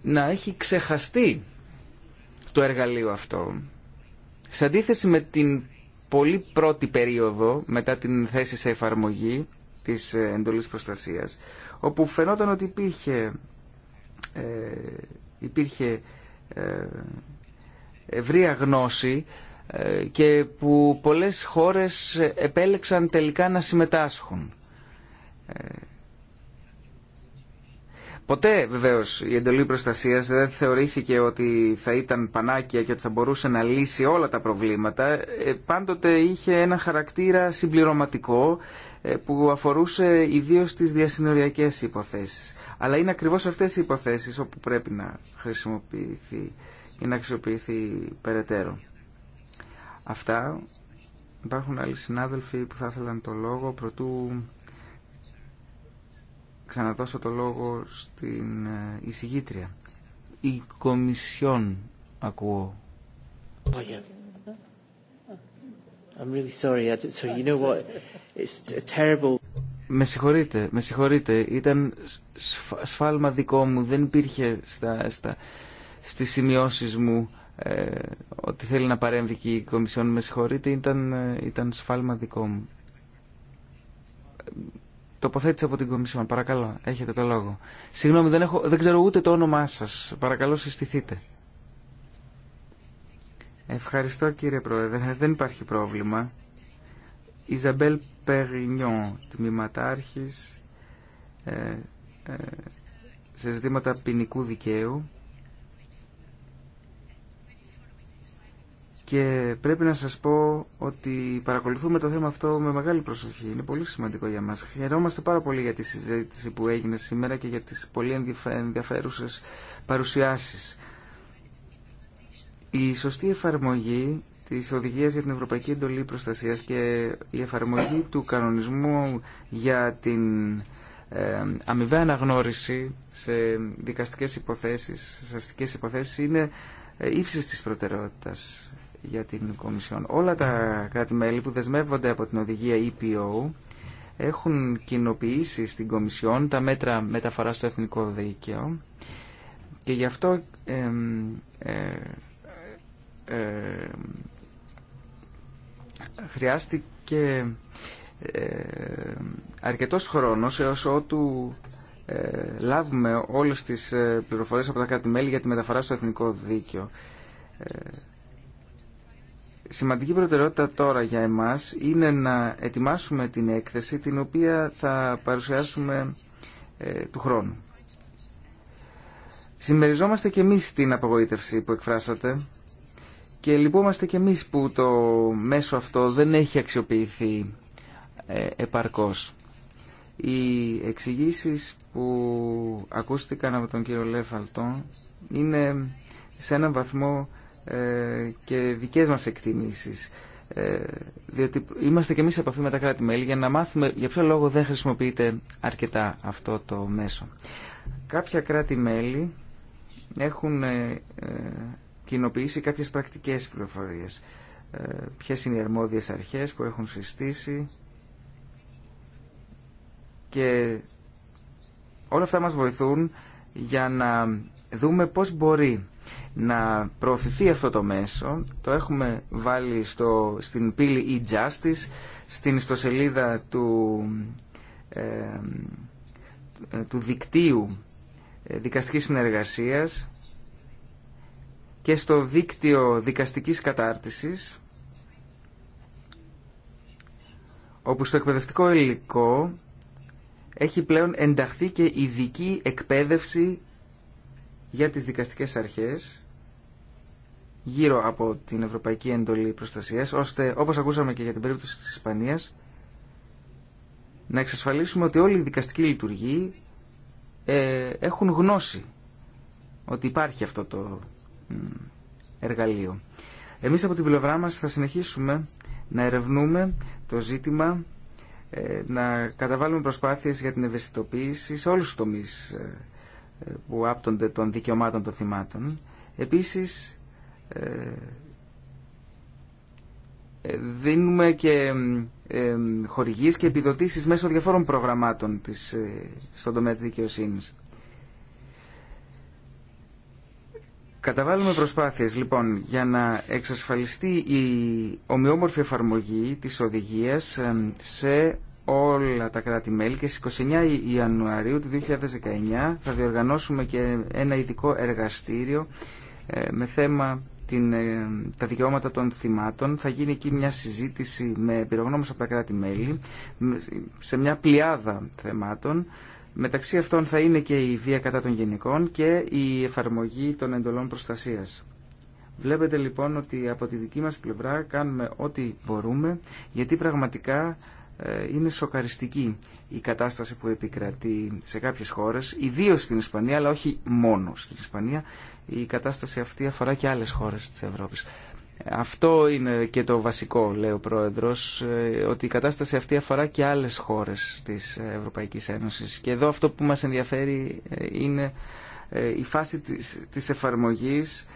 να έχει ξεχαστεί το εργαλείο αυτό. Σε αντίθεση με την πολύ πρώτη περίοδο μετά την θέση σε εφαρμογή της ε, εντολής προστασίας, όπου φαινόταν ότι υπήρχε, ε, υπήρχε ε, γνώση και που πολλές χώρες επέλεξαν τελικά να συμμετάσχουν. Ποτέ βεβαίως η εντολή προστασία δεν θεωρήθηκε ότι θα ήταν πανάκια και ότι θα μπορούσε να λύσει όλα τα προβλήματα. Ε, πάντοτε είχε ένα χαρακτήρα συμπληρωματικό ε, που αφορούσε ιδίως τις διασυνοριακές υποθέσεις. Αλλά είναι ακριβώς αυτές οι υποθέσεις όπου πρέπει να χρησιμοποιηθεί ή να αξιοποιηθεί περαιτέρω. Αυτά. Υπάρχουν άλλοι συνάδελφοι που θα ήθελαν το λόγο. Προτού ξαναδώσω το λόγο στην ε, εισηγήτρια. Η Κομισιόν ακούω. Με συγχωρείτε, με συγχωρείτε. Ήταν σφάλμα δικό μου. Δεν υπήρχε στα, στα, στις σημειώσεις μου ε, ότι θέλει να παρέμβει και η Κομισιόν με συγχωρείτε ήταν, ε, ήταν σφάλμα δικό μου Τοποθέτησα από την Κομισιόν παρακαλώ έχετε το λόγο συγγνώμη δεν, έχω, δεν ξέρω ούτε το όνομά σας παρακαλώ συστηθείτε Ευχαριστώ κύριε Πρόεδρε, δεν υπάρχει πρόβλημα. Ιζαμπέλ Περινιό, τμήματάρχης ε, ε, σε ζητήματα ποινικού δικαίου Και πρέπει να σας πω ότι παρακολουθούμε το θέμα αυτό με μεγάλη προσοχή. Είναι πολύ σημαντικό για μας. Χαιρόμαστε πάρα πολύ για τη συζήτηση που έγινε σήμερα και για τις πολύ ενδιαφέρουσες παρουσιάσεις. Η σωστή εφαρμογή της Οδηγίας για την Ευρωπαϊκή Εντολή Προστασίας και η εφαρμογή του κανονισμού για την ε, αμοιβαία αναγνώριση σε δικαστικές υποθέσεις, σε αστικές υποθέσεις είναι ε, ύψης της προτεραιότητας για την Κομισιόν. Όλα τα κράτη-μέλη που δεσμεύονται από την οδηγία EPO έχουν κοινοποιήσει στην Κομισιόν τα μέτρα μεταφορά στο εθνικό δίκαιο και γι' αυτό ε, ε, ε, χρειάστηκε ε, αρκετός χρόνος έως ότου ε, λάβουμε όλες τις ε, πληροφορίες από τα κράτη-μέλη για τη μεταφορά στο εθνικό δίκαιο σημαντική προτεραιότητα τώρα για εμάς είναι να ετοιμάσουμε την έκθεση την οποία θα παρουσιάσουμε ε, του χρόνου. Συμμεριζόμαστε και εμείς την απογοήτευση που εκφράσατε και λυπόμαστε και εμείς που το μέσο αυτό δεν έχει αξιοποιηθεί ε, επαρκώς. Οι εξηγήσει που ακούστηκαν από τον κύριο Λεφαλτό είναι σε έναν βαθμό ε, και δικές μας εκτιμήσεις. Ε, διότι είμαστε και εμείς σε επαφή με τα κράτη-μέλη για να μάθουμε για ποιο λόγο δεν χρησιμοποιείται αρκετά αυτό το μέσο. Κάποια κράτη-μέλη έχουν ε, κοινοποιήσει κάποιες πρακτικές πληροφορίες. Ποιες είναι οι αρμόδιες αρχές που έχουν συστήσει και όλα αυτά μας βοηθούν για να δούμε πώς μπορεί να προωθηθεί αυτό το μέσο. Το έχουμε βάλει στο, στην πύλη e-justice, στην ιστοσελίδα του, του δικτύου ε, δικαστικής συνεργασίας και στο δίκτυο δικαστικής κατάρτισης όπου στο εκπαιδευτικό υλικό έχει πλέον ενταχθεί και ειδική εκπαίδευση για τις δικαστικές αρχές γύρω από την Ευρωπαϊκή Εντολή Προστασίας, ώστε, όπως ακούσαμε και για την περίπτωση της Ισπανίας, να εξασφαλίσουμε ότι όλοι οι δικαστικοί λειτουργοί ε, έχουν γνώση ότι υπάρχει αυτό το εργαλείο. Εμείς από την πλευρά μας θα συνεχίσουμε να ερευνούμε το ζήτημα, ε, να καταβάλουμε προσπάθειες για την ευαισθητοποίηση σε όλους τους τομείς ε, που άπτονται των δικαιωμάτων των θυμάτων. Επίσης, ε, ε, δίνουμε και ε, χορηγίες και επιδοτήσεις μέσω διαφόρων προγραμμάτων της, στον τομέα της δικαιοσύνης. Καταβάλουμε προσπάθειες λοιπόν για να εξασφαλιστεί η ομοιόμορφη εφαρμογή της οδηγίας σε όλα τα κράτη-μέλη και στις 29 Ιανουαρίου του 2019 θα διοργανώσουμε και ένα ειδικό εργαστήριο ε, με θέμα την, ε, τα δικαιώματα των θυμάτων. Θα γίνει εκεί μια συζήτηση με πυρογνώμους από τα κράτη-μέλη σε μια πλειάδα θεμάτων. Μεταξύ αυτών θα είναι και η βία κατά των γενικών και η εφαρμογή των εντολών προστασίας. Βλέπετε λοιπόν ότι από τη δική μας πλευρά κάνουμε ό,τι μπορούμε γιατί πραγματικά είναι σοκαριστική η κατάσταση που επικρατεί σε κάποιες χώρες, ιδίως στην Ισπανία, αλλά όχι μόνο στην Ισπανία. Η κατάσταση αυτή αφορά και άλλες χώρες της Ευρώπης. Αυτό είναι και το βασικό, λέει ο Πρόεδρος, ε, ότι η κατάσταση αυτή αφορά και άλλες χώρες της Ευρωπαϊκής Ένωσης. Και εδώ αυτό που μας ενδιαφέρει ε, είναι ε, η φάση της εφαρμογής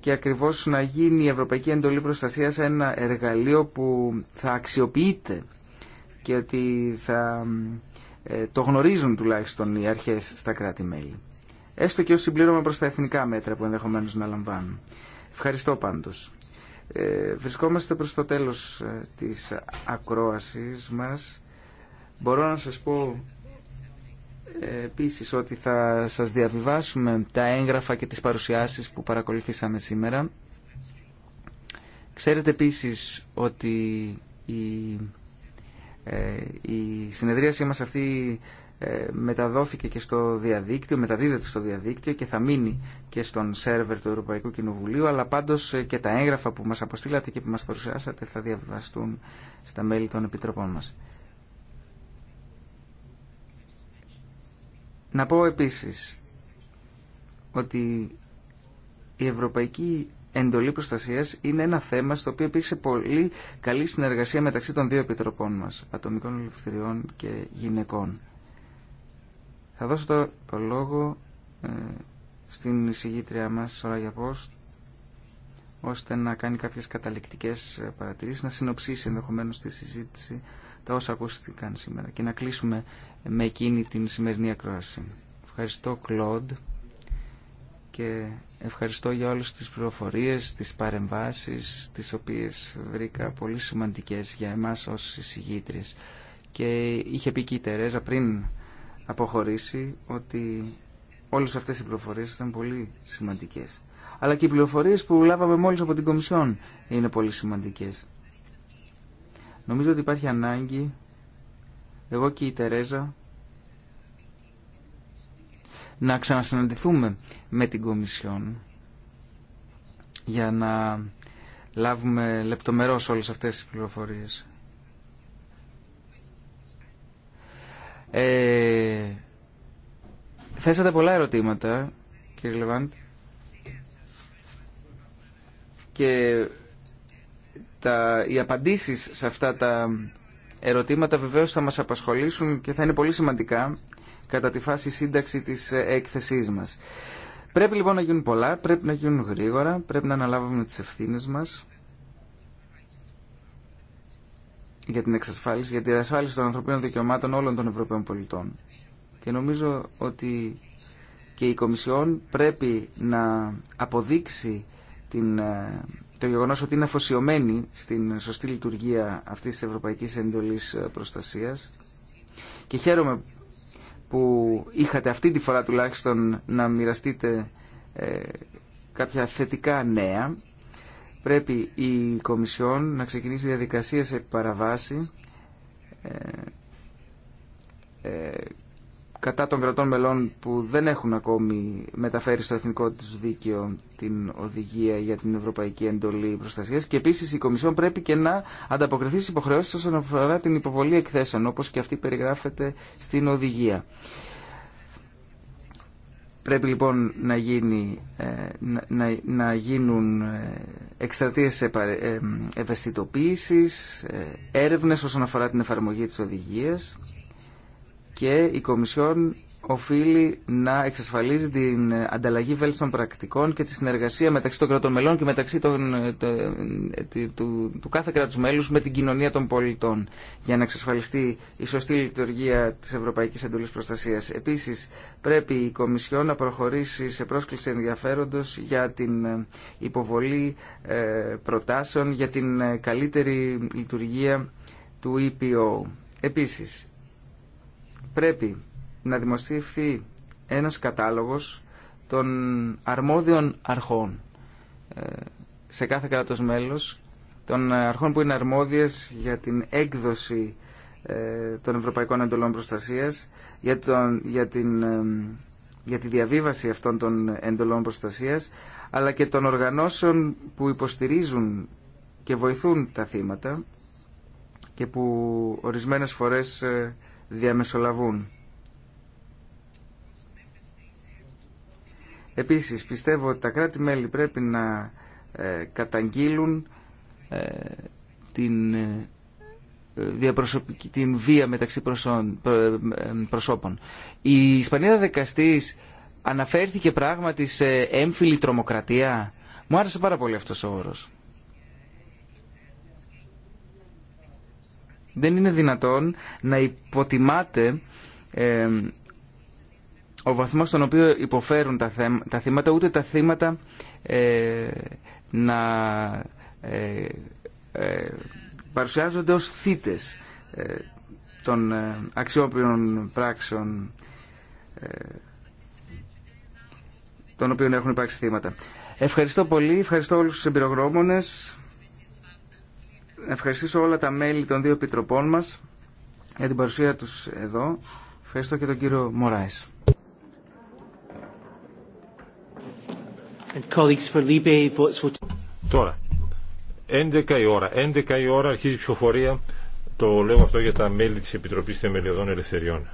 και ακριβώς να γίνει η Ευρωπαϊκή Εντολή Προστασίας ένα εργαλείο που θα αξιοποιείται και ότι θα ε, το γνωρίζουν τουλάχιστον οι αρχές στα κράτη-μέλη. Έστω και ως συμπλήρωμα προς τα εθνικά μέτρα που ενδεχομένως να λαμβάνουν. Ευχαριστώ πάντως. Ε, βρισκόμαστε προς το τέλος ε, της ακρόασης μας. Μπορώ να σας πω επίσης ότι θα σας διαβιβάσουμε τα έγγραφα και τις παρουσιάσεις που παρακολουθήσαμε σήμερα. Ξέρετε επίσης ότι η ε, η συνεδρίασή μας αυτή ε, μεταδόθηκε και στο διαδίκτυο, μεταδίδεται στο διαδίκτυο και θα μείνει και στον σερβερ του Ευρωπαϊκού Κοινοβουλίου, αλλά πάντως ε, και τα έγγραφα που μας αποστήλατε και που μας παρουσιάσατε θα διαβαστούν στα μέλη των επιτροπών μας. Να πω επίσης ότι η Ευρωπαϊκή εντολή προστασία είναι ένα θέμα στο οποίο υπήρξε πολύ καλή συνεργασία μεταξύ των δύο επιτροπών μα, ατομικών ελευθεριών και γυναικών. Θα δώσω τώρα το λόγο ε, στην εισηγήτρια μα, Σωράγια Πόστ, ώστε να κάνει κάποιε καταληκτικέ παρατηρήσει, να συνοψίσει ενδεχομένω τη συζήτηση τα όσα ακούστηκαν σήμερα και να κλείσουμε με εκείνη την σημερινή ακρόαση. Ευχαριστώ, Κλοντ και ευχαριστώ για όλες τις πληροφορίες, τις παρεμβάσεις, τις οποίες βρήκα πολύ σημαντικές για εμάς ως εισηγήτριες. Και είχε πει και η Τερέζα πριν αποχωρήσει ότι όλες αυτές οι πληροφορίες ήταν πολύ σημαντικές. Αλλά και οι πληροφορίες που λάβαμε μόλις από την Κομισιόν είναι πολύ σημαντικές. Νομίζω ότι υπάρχει ανάγκη, εγώ και η Τερέζα, να ξανασυναντηθούμε με την Κομισιόν για να λάβουμε λεπτομερώς όλες αυτές τις πληροφορίες. Ε, θέσατε πολλά ερωτήματα, κύριε Λεβάντ, και τα, οι απαντήσεις σε αυτά τα ερωτήματα βεβαίως θα μας απασχολήσουν και θα είναι πολύ σημαντικά κατά τη φάση σύνταξη της ε, έκθεσής μας. Πρέπει λοιπόν να γίνουν πολλά, πρέπει να γίνουν γρήγορα, πρέπει να αναλάβουμε τις ευθύνες μας για την εξασφάλιση, για την ασφάλιση των ανθρωπίνων δικαιωμάτων όλων των Ευρωπαίων πολιτών. Και νομίζω ότι και η Κομισιόν πρέπει να αποδείξει την, ε, το γεγονός ότι είναι αφοσιωμένη στην σωστή λειτουργία αυτής της Ευρωπαϊκής Εντολής ε, Προστασίας και χαίρομαι που είχατε αυτή τη φορά τουλάχιστον να μοιραστείτε ε, κάποια θετικά νέα. Πρέπει η Κομισιόν να ξεκινήσει διαδικασία σε παραβάση ε, ε κατά των κρατών μελών που δεν έχουν ακόμη μεταφέρει στο εθνικό τους δίκαιο την οδηγία για την Ευρωπαϊκή Εντολή Προστασίας και επίσης η Κομισιόν πρέπει και να ανταποκριθεί στις υποχρεώσεις όσον αφορά την υποβολή εκθέσεων όπως και αυτή περιγράφεται στην οδηγία. Πρέπει λοιπόν να, ε, γίνουν ε, εκστρατείες ε, ευαισθητοποίησης, έρευνες όσον αφορά την εφαρμογή της οδηγίας και η Κομισιόν οφείλει να εξασφαλίζει την ανταλλαγή βέλτιστων πρακτικών και τη συνεργασία μεταξύ των κρατών μελών και μεταξύ των, του, κάθε κράτους μέλους με την κοινωνία των πολιτών για να εξασφαλιστεί η σωστή λειτουργία της Ευρωπαϊκής Εντολής Προστασίας. Επίσης, πρέπει η Κομισιόν να προχωρήσει σε πρόσκληση ενδιαφέροντος για την υποβολή ε, προτάσεων για την ε, καλύτερη λειτουργία του EPO. Επίσης, πρέπει να δημοσιευθεί ένας κατάλογος των αρμόδιων αρχών ε, σε κάθε κράτος μέλος, των αρχών που είναι αρμόδιες για την έκδοση ε, των Ευρωπαϊκών Εντολών Προστασίας, για, για, την, ε, για τη διαβίβαση αυτών των εντολών προστασίας, αλλά και των οργανώσεων που υποστηρίζουν και βοηθούν τα θύματα και που ορισμένες φορές διαμεσολαβούν. Επίσης πιστεύω ότι τα κράτη-μέλη πρέπει να ε, καταγγείλουν ε, την, ε, διαπροσωπική, την βία μεταξύ προσώπων. Η Ισπανία δικαστής αναφέρθηκε πράγματι σε έμφυλη τρομοκρατία. Μου άρεσε πάρα πολύ αυτός ο όρος. Δεν είναι δυνατόν να υποτιμάται ε, ο βαθμός στον οποίο υποφέρουν τα, θέ, τα θύματα, ούτε τα θύματα ε, να ε, ε παρουσιάζονται ως θύτες ε, των ε, αξιόπινων πράξεων των οποίων έχουν υπάρξει θύματα. Ευχαριστώ πολύ, ευχαριστώ όλους τους εμπειρογνώμονες Ευχαριστήσω όλα τα μέλη των δύο επιτροπών μας για την παρουσία τους εδώ. Ευχαριστώ και τον κύριο Μωράης. Τώρα, 11 η ώρα. 11 η ώρα αρχίζει η ψηφοφορία. Το λέω αυτό για τα μέλη της Επιτροπής Θεμελιωδών Ελευθεριών.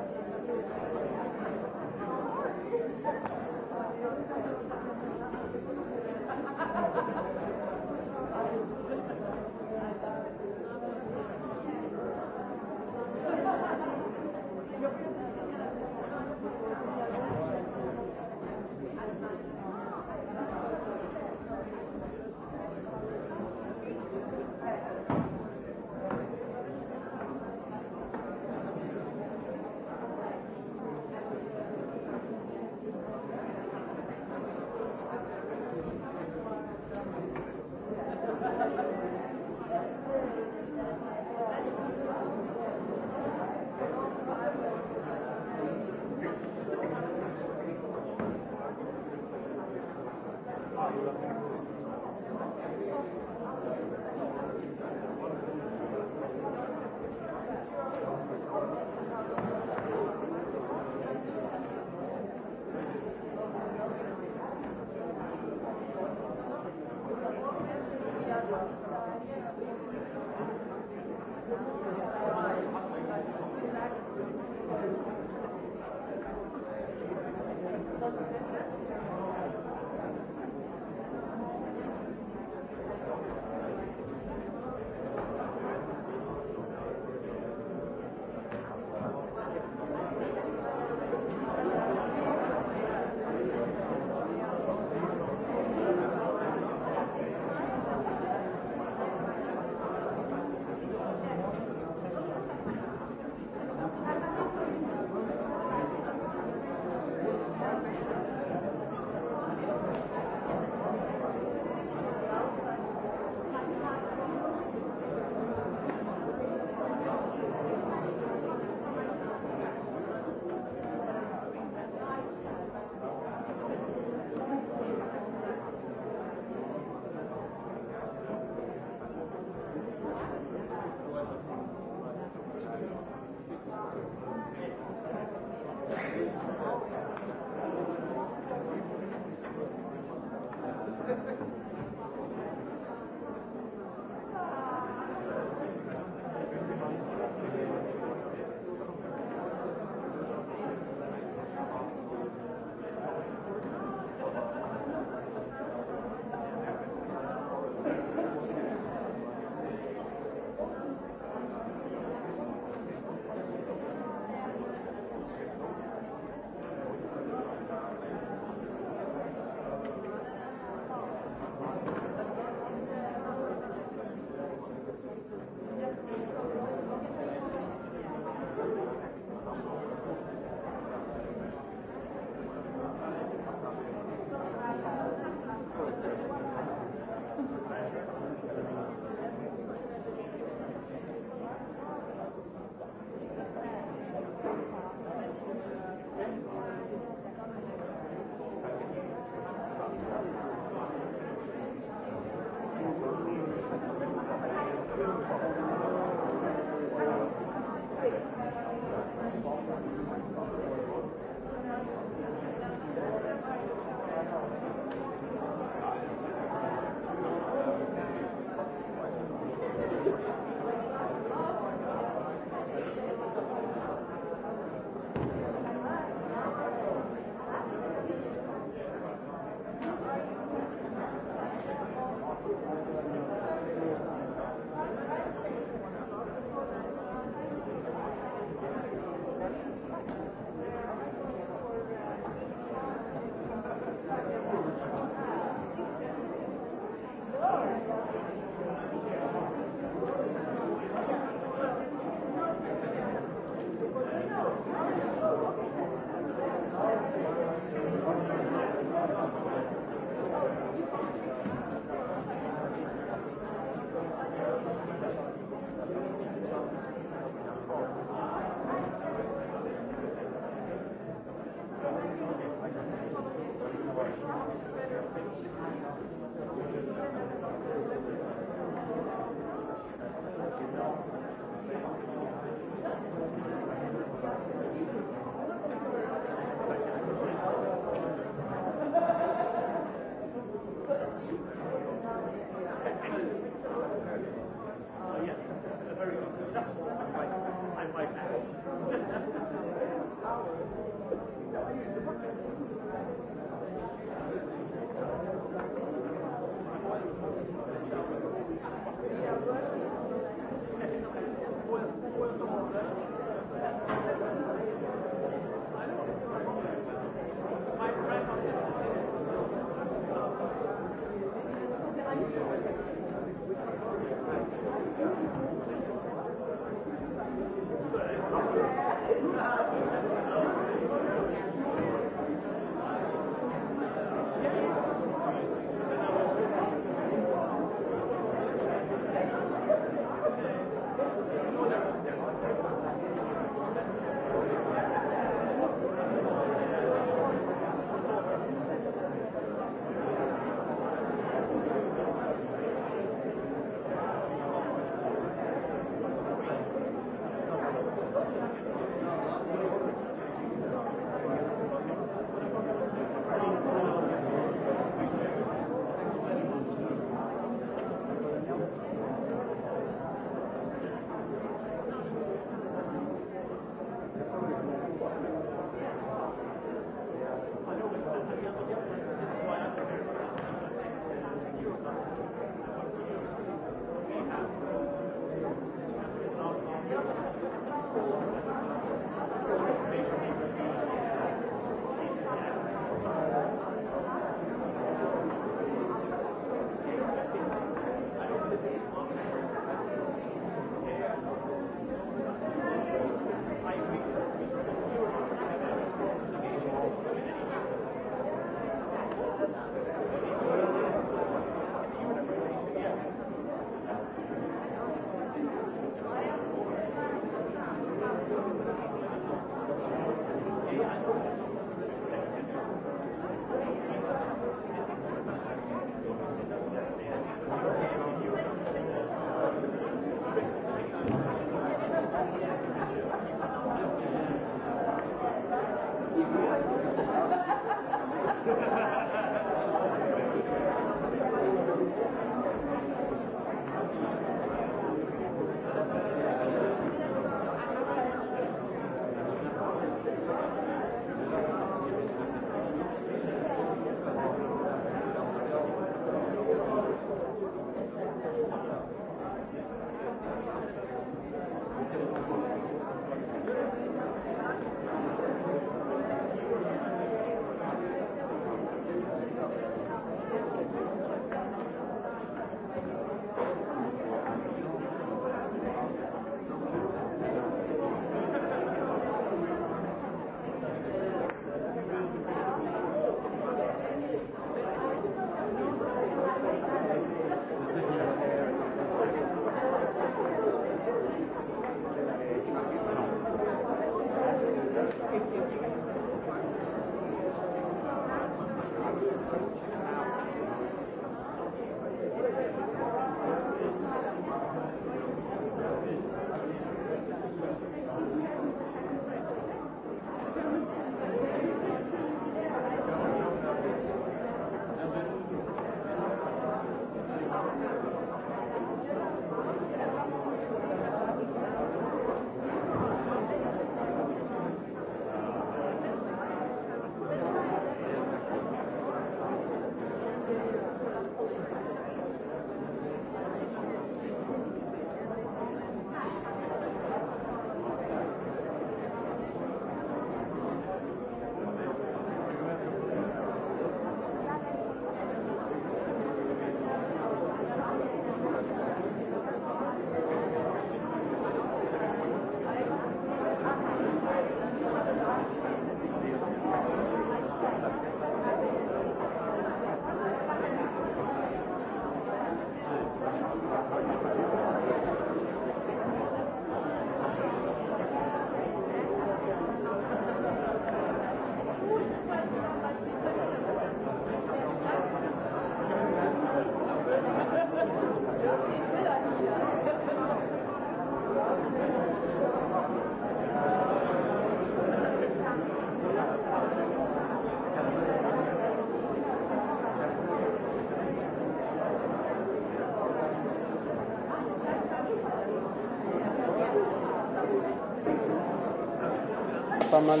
pas mal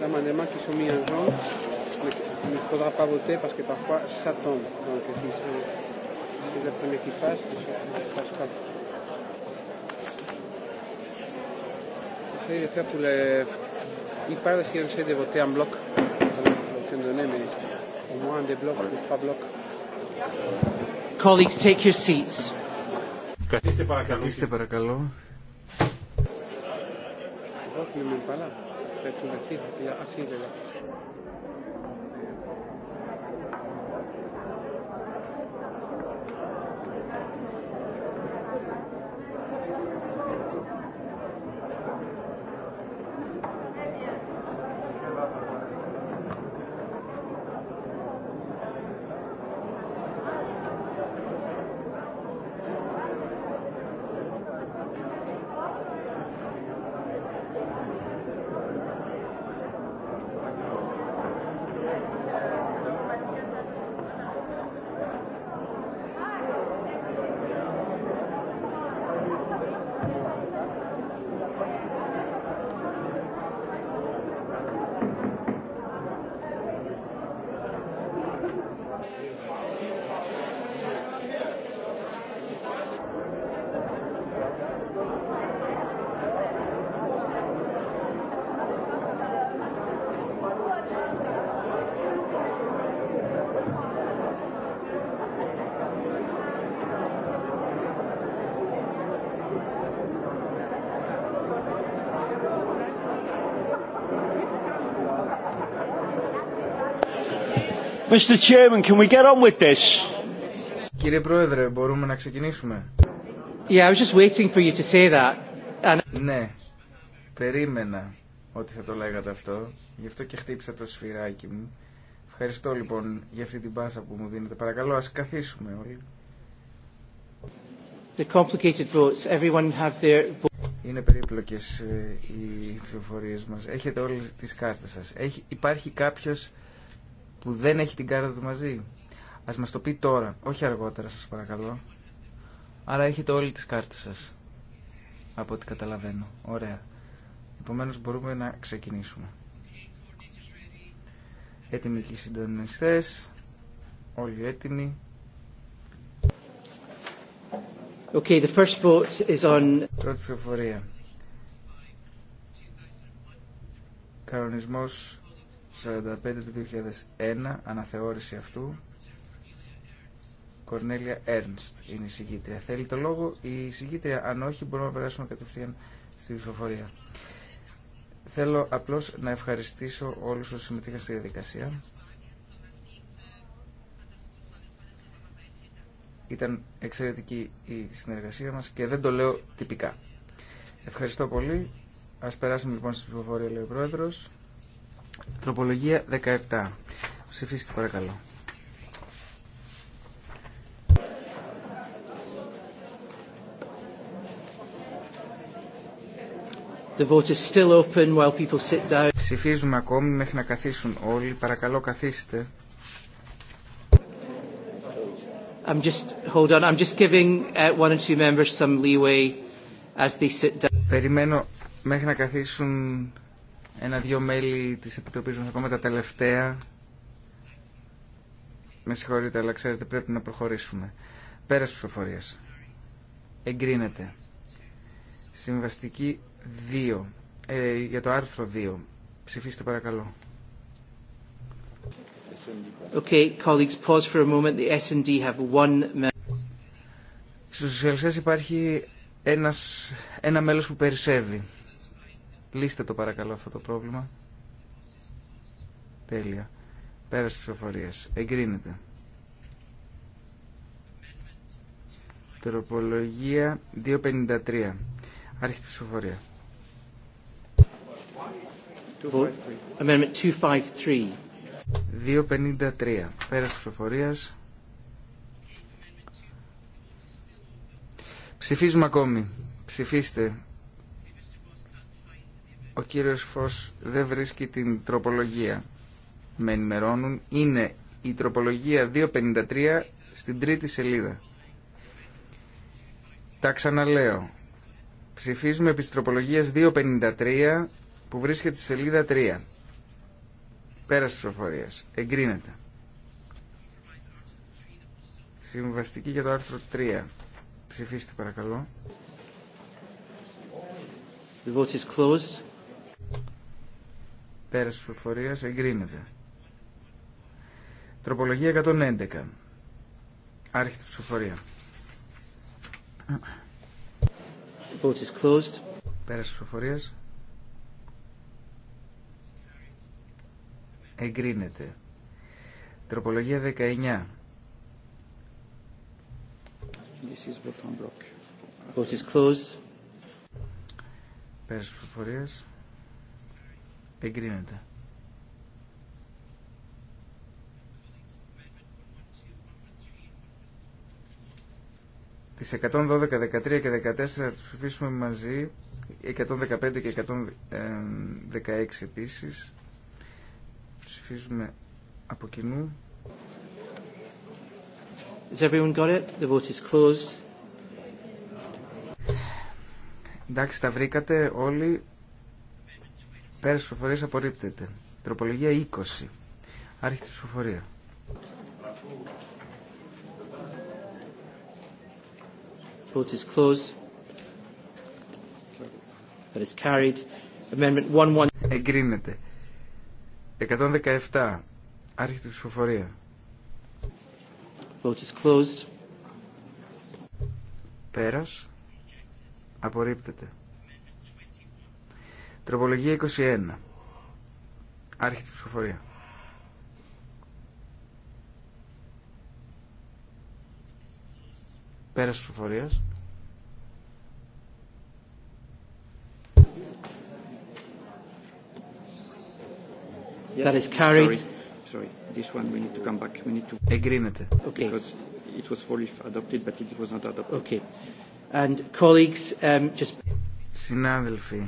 d'amendements qui sont mis en jeu, mais il ne faudra pas voter parce que parfois ça tombe. Donc si c'est le premier qui passe, ne pas. Il parle si on sait de voter en bloc, Colleagues, take your seats. Σοφή Λιμπαλά, του να σύγχρονα, ασύλληλα. Mr. Chairman, can we get on with this? Κύριε Πρόεδρε, μπορούμε να ξεκινήσουμε. Yeah, I was just waiting for you to say that. Ναι, περίμενα ότι θα το λέγατε αυτό. Γι' αυτό και χτύπησα το σφυράκι μου. Ευχαριστώ λοιπόν για αυτή την πάσα που μου δίνετε. Παρακαλώ, ας καθίσουμε όλοι. The complicated Everyone have their... Είναι περίπλοκες ε, οι ψηφοφορίες μας. Έχετε όλες τις κάρτες σας. Έχει... Υπάρχει κάποιος που δεν έχει την κάρτα του μαζί. Ας μας το πει τώρα, όχι αργότερα σας παρακαλώ. Άρα έχετε όλοι τις κάρτες σας, από ό,τι καταλαβαίνω. Ωραία. Επομένω μπορούμε να ξεκινήσουμε. Έτοιμοι και οι συντονιστέ. όλοι έτοιμοι. Okay, the first vote is on... Πρώτη ψηφοφορία. Κανονισμός 45 του 2001, αναθεώρηση αυτού. Κορνέλια Έρνστ είναι η συγγήτρια. Θέλει το λόγο η συγγήτρια. Αν όχι, μπορούμε να περάσουμε κατευθείαν στη ψηφοφορία. Θέλω απλώς να ευχαριστήσω όλους όσους συμμετείχαν στη διαδικασία. Ήταν εξαιρετική η συνεργασία μας και δεν το λέω τυπικά. Ευχαριστώ πολύ. Ας περάσουμε λοιπόν στη ψηφοφορία, λέει ο Πρόεδρος. Τροπολογία 17. Ψηφίστε παρακαλώ. The vote is still open while people sit down. Ψηφίζουμε ακόμη μέχρι να καθίσουν όλοι. Παρακαλώ καθίστε. I'm just hold on. I'm just giving one or two members some leeway as they sit down. Περιμένω μέχρι να καθίσουν ένα-δυο μέλη τη επιτροπή μα ακόμα τα τελευταία. Με συγχωρείτε, αλλά ξέρετε πρέπει να προχωρήσουμε. Πέρας ψηφοφορίας. Εγκρίνεται. Συμβαστική 2. Ε, για το άρθρο 2. Ψηφίστε παρακαλώ. Okay, colleagues, pause for a moment. The S&D have one... Στους σοσιαλιστές υπάρχει ένας, ένα μέλος που περισσεύει. Λύστε το παρακαλώ αυτό το πρόβλημα. Τέλεια. Πέρασε ψηφοφορίας. Εγκρίνεται. Τροπολογία 253. Άρχιτη ψηφοφορία. Amendment 253. 253. Πέρας ψηφοφορίας. Ψηφίζουμε ακόμη. Ψηφίστε ο κύριος Φως δεν βρίσκει την τροπολογία. Με ενημερώνουν, είναι η τροπολογία 253 στην τρίτη σελίδα. Τα ξαναλέω. Ψηφίζουμε επί της 253 που βρίσκεται στη σελίδα 3. Πέρασε της Εγκρίνεται. Συμβαστική για το άρθρο 3. Ψηφίστε παρακαλώ. The vote is closed. Πέρας ψηφοφορίας εγκρίνεται. Τροπολογία 111. Άρχεται ψηφοφορία. Vote is closed. ψηφοφορίας. Εγκρίνεται. Τροπολογία 19. This is block. closed εγκρίνεται. Τις 112, 13 και 14 θα τις ψηφίσουμε μαζί, 115 και 116 επίσης. Ψηφίζουμε από κοινού. got it? The vote is closed. Εντάξει, τα βρήκατε όλοι. Πέρας ψηφοφορίας απορρίπτεται. Τροπολογία 20. Άρχεται ψηφοφορία. Vote is Εγκρίνεται. 117. Άρχεται ψηφοφορία. Vote is closed. Πέρας. Απορρίπτεται. Τροπολογία 21. Άρχεται η ψηφοφορία. Πέρας της ψηφοφορίας. That is carried. Sorry, this one we need to come back. We need to. Εγκρίνεται. Okay. Because it was fully adopted, but it was not adopted. Okay. And colleagues, just. Συνάδελφοι,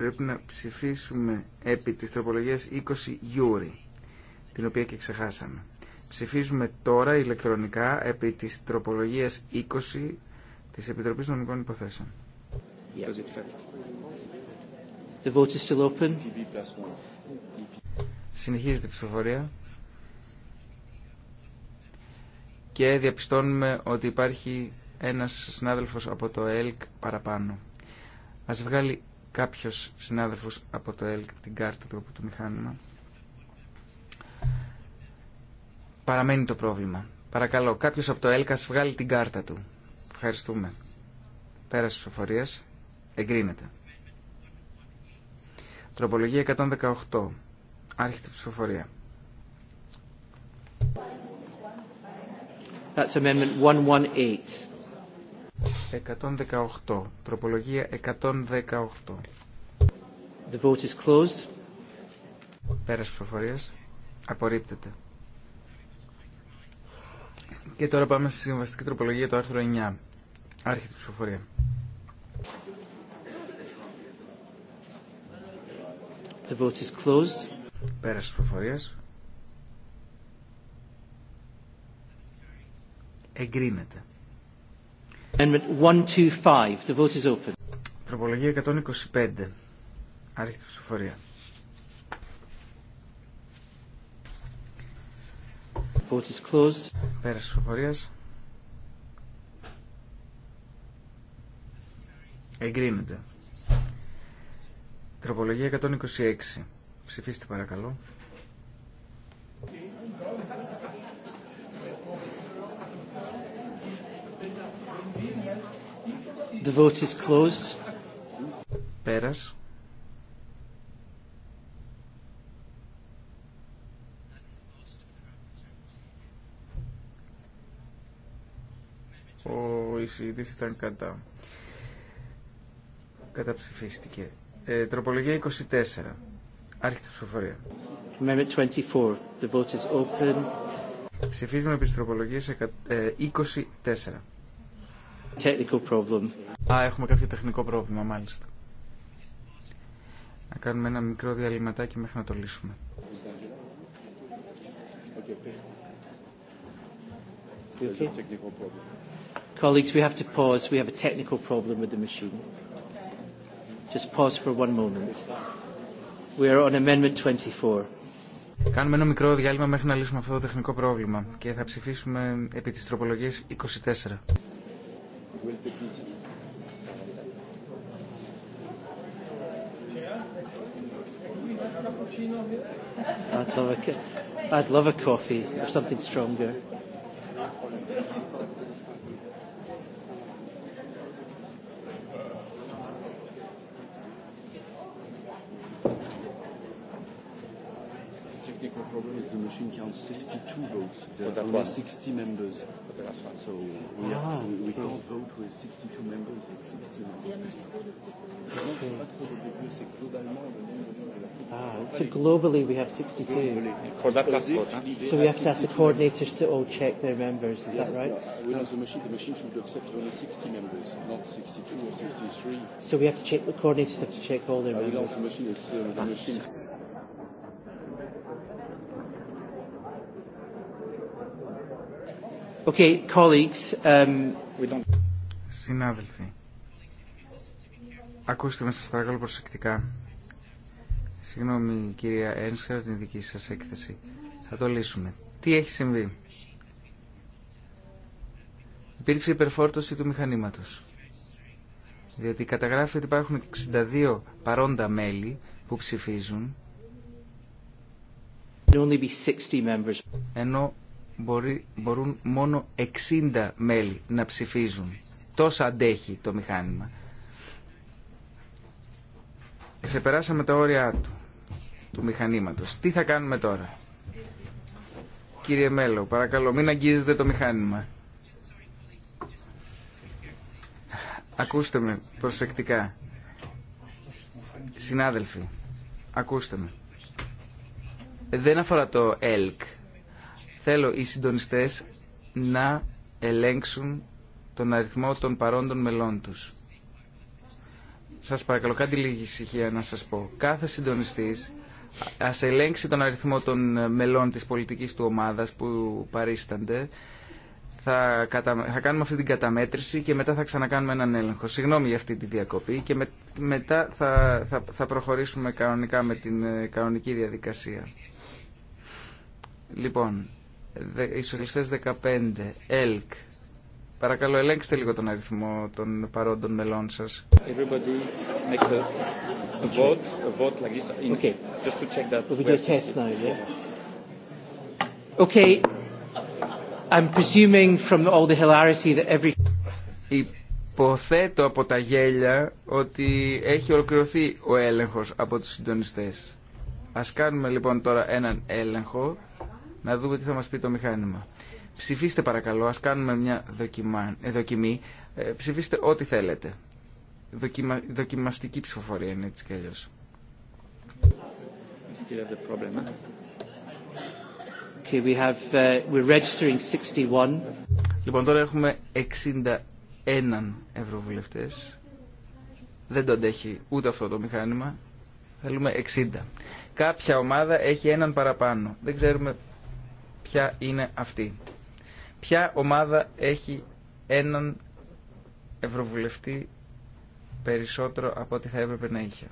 πρέπει να ψηφίσουμε επί της τροπολογίας 20 γιούρι, την οποία και ξεχάσαμε. Ψηφίζουμε τώρα ηλεκτρονικά επί της τροπολογίας 20 της Επιτροπής Νομικών Υποθέσεων. The vote is still open. Συνεχίζεται η ψηφοφορία. Και διαπιστώνουμε ότι υπάρχει ένας συνάδελφος από το ΕΛΚ παραπάνω. Ας βγάλει κάποιος συνάδελφος από το ΕΛΚ την κάρτα του από το μηχάνημα. Παραμένει το πρόβλημα. Παρακαλώ, κάποιος από το ΕΛΚ ας βγάλει την κάρτα του. Ευχαριστούμε. Πέρασε ψηφοφορία. ψηφοφορίας. Εγκρίνεται. Τροπολογία 118. Άρχεται η ψηφοφορία. That's amendment 118. 118. Τροπολογία 118. The vote is closed. ψηφοφορίας. Απορρίπτεται. Και τώρα πάμε στη συμβαστική τροπολογία του άρθρου 9. Άρχεται ψηφοφορία. The vote is closed. Πέρας ψηφοφορίας. Εγκρίνεται. Τροπολογία 125. Άρχεται ψηφοφορία. Vote is closed. Πέρασε ψηφοφορίας. Εγκρίνεται. Τροπολογία 126. Ψηφίστε παρακαλώ. The vote is closed. Πέρας. Ο εισηγητής ήταν κατά. Καταψηφίστηκε. Ε, τροπολογία 24. Άρχεται ψηφοφορία. Amendment 24. The vote is open. Ψηφίζουμε επί της τροπολογίας 24. Ε, Technical problem. Α, έχουμε κάποιο τεχνικό πρόβλημα, μάλιστα. Να κάνουμε ένα μικρό διαλυματάκι μέχρι να το λύσουμε. Okay. Colleagues, we have to pause. We have a technical problem with the machine. Just pause for one moment. We are on Amendment 24. Κάνουμε ένα μικρό διάλειμμα μέχρι να λύσουμε αυτό το τεχνικό πρόβλημα και θα ψηφίσουμε επί της τροπολογίας 24. I'd love a, coffee or something stronger. machine counts 62 votes. There are only 60 members. So we, ah, we, can't vote with 62 members, It's 60 members. Ah, so globally we have 62. For that last huh? So we have to ask the coordinators to all check their members, is that right? We know the machine, the machine should accept only 60 members, not 62 or 63. So we have to check, the coordinators have to check all their members. the machine machine. Okay, colleagues, um, we don't... Συνάδελφοι, ακούστε με σας παρακαλώ προσεκτικά. Συγγνώμη κυρία Ένσχα την δική σας έκθεση. Θα το λύσουμε. Τι έχει συμβεί. Υπήρξε υπερφόρτωση του μηχανήματος. Διότι καταγράφει ότι υπάρχουν 62 παρόντα μέλη που ψηφίζουν. Ενώ μπορεί, μπορούν μόνο 60 μέλη να ψηφίζουν. Τόσα αντέχει το μηχάνημα. Ξεπεράσαμε τα όρια του, του μηχανήματος. Τι θα κάνουμε τώρα. Κύριε Μέλο, παρακαλώ μην αγγίζετε το μηχάνημα. Ακούστε με προσεκτικά. Συνάδελφοι, ακούστε με. Δεν αφορά το ΕΛΚ Θέλω οι συντονιστές να ελέγξουν τον αριθμό των παρόντων μελών τους. Σας παρακαλώ κάτι λίγη ησυχία να σας πω. Κάθε συντονιστής ας ελέγξει τον αριθμό των ε, μελών της πολιτικής του ομάδας που παρίστανται. Θα, θα κάνουμε αυτή την καταμέτρηση και μετά θα ξανακάνουμε έναν έλεγχο. Συγγνώμη για αυτή τη διακοπή και μετά θα... θα προχωρήσουμε κανονικά με την ε, κανονική διαδικασία. Λοιπόν, οι 15, ΕΛΚ. Παρακαλώ ελέγξτε λίγο τον αριθμό των παρόντων μελών σας. Everybody makes a, a vote, a vote like this, in, okay. just to check that. We do a test now, yeah. Okay, I'm presuming from all the hilarity that every... Υποθέτω από τα γέλια ότι έχει ολοκληρωθεί ο έλεγχος από τους συντονιστές. Ας κάνουμε λοιπόν τώρα έναν έλεγχο να δούμε τι θα μας πει το μηχάνημα. Ψηφίστε παρακαλώ, ας κάνουμε μια δοκιμα... Ε, δοκιμή. Ε, ψηφίστε ό,τι θέλετε. Δοκιμαστική ψηφοφορία είναι έτσι κι αλλιώς. Λοιπόν, τώρα έχουμε 61 ευρωβουλευτές. Δεν το αντέχει ούτε αυτό το μηχάνημα. Θέλουμε 60. Κάποια ομάδα έχει έναν παραπάνω. Δεν ξέρουμε ποια είναι αυτή. Ποια ομάδα έχει έναν ευρωβουλευτή περισσότερο από ό,τι θα έπρεπε να είχε.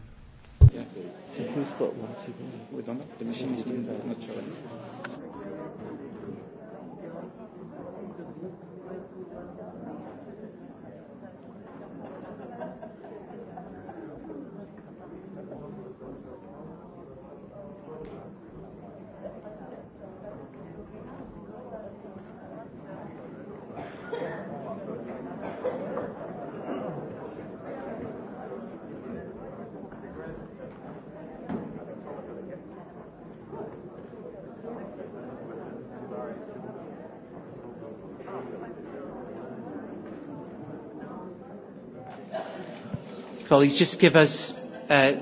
Uh,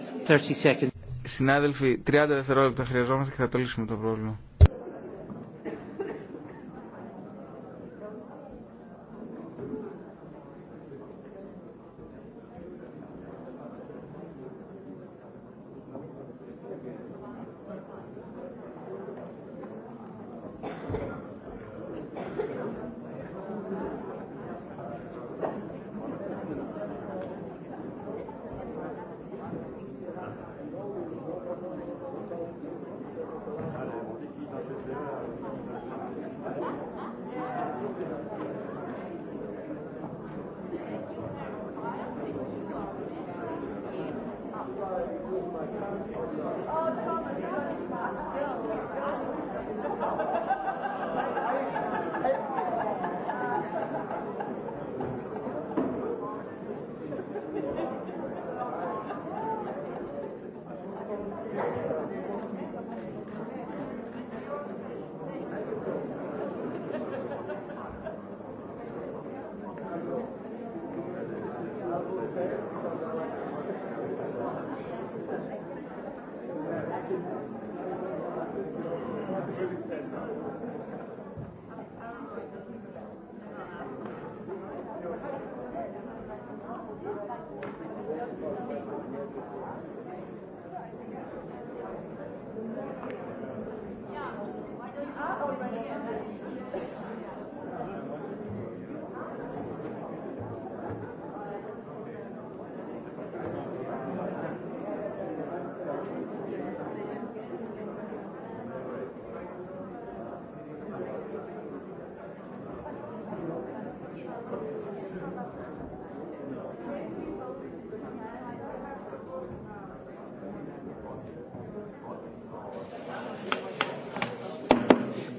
Συνάδελφοι, 30 δευτερόλεπτα χρειαζόμαστε και θα το λύσουμε το πρόβλημα.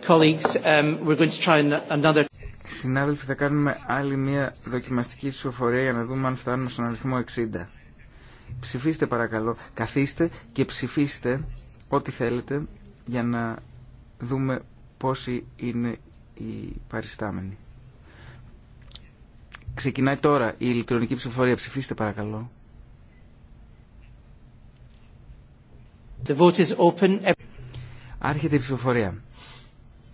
Um, Συνάδελφοι, θα κάνουμε άλλη μία δοκιμαστική ψηφοφορία για να δούμε αν φτάνουμε στον αριθμό 60. Ψηφίστε παρακαλώ, καθίστε και ψηφίστε ό,τι θέλετε για να δούμε πόσοι είναι οι παριστάμενοι. Ξεκινάει τώρα η ηλεκτρονική ψηφοφορία. Ψηφίστε παρακαλώ. The vote is open. Άρχεται η ψηφοφορία.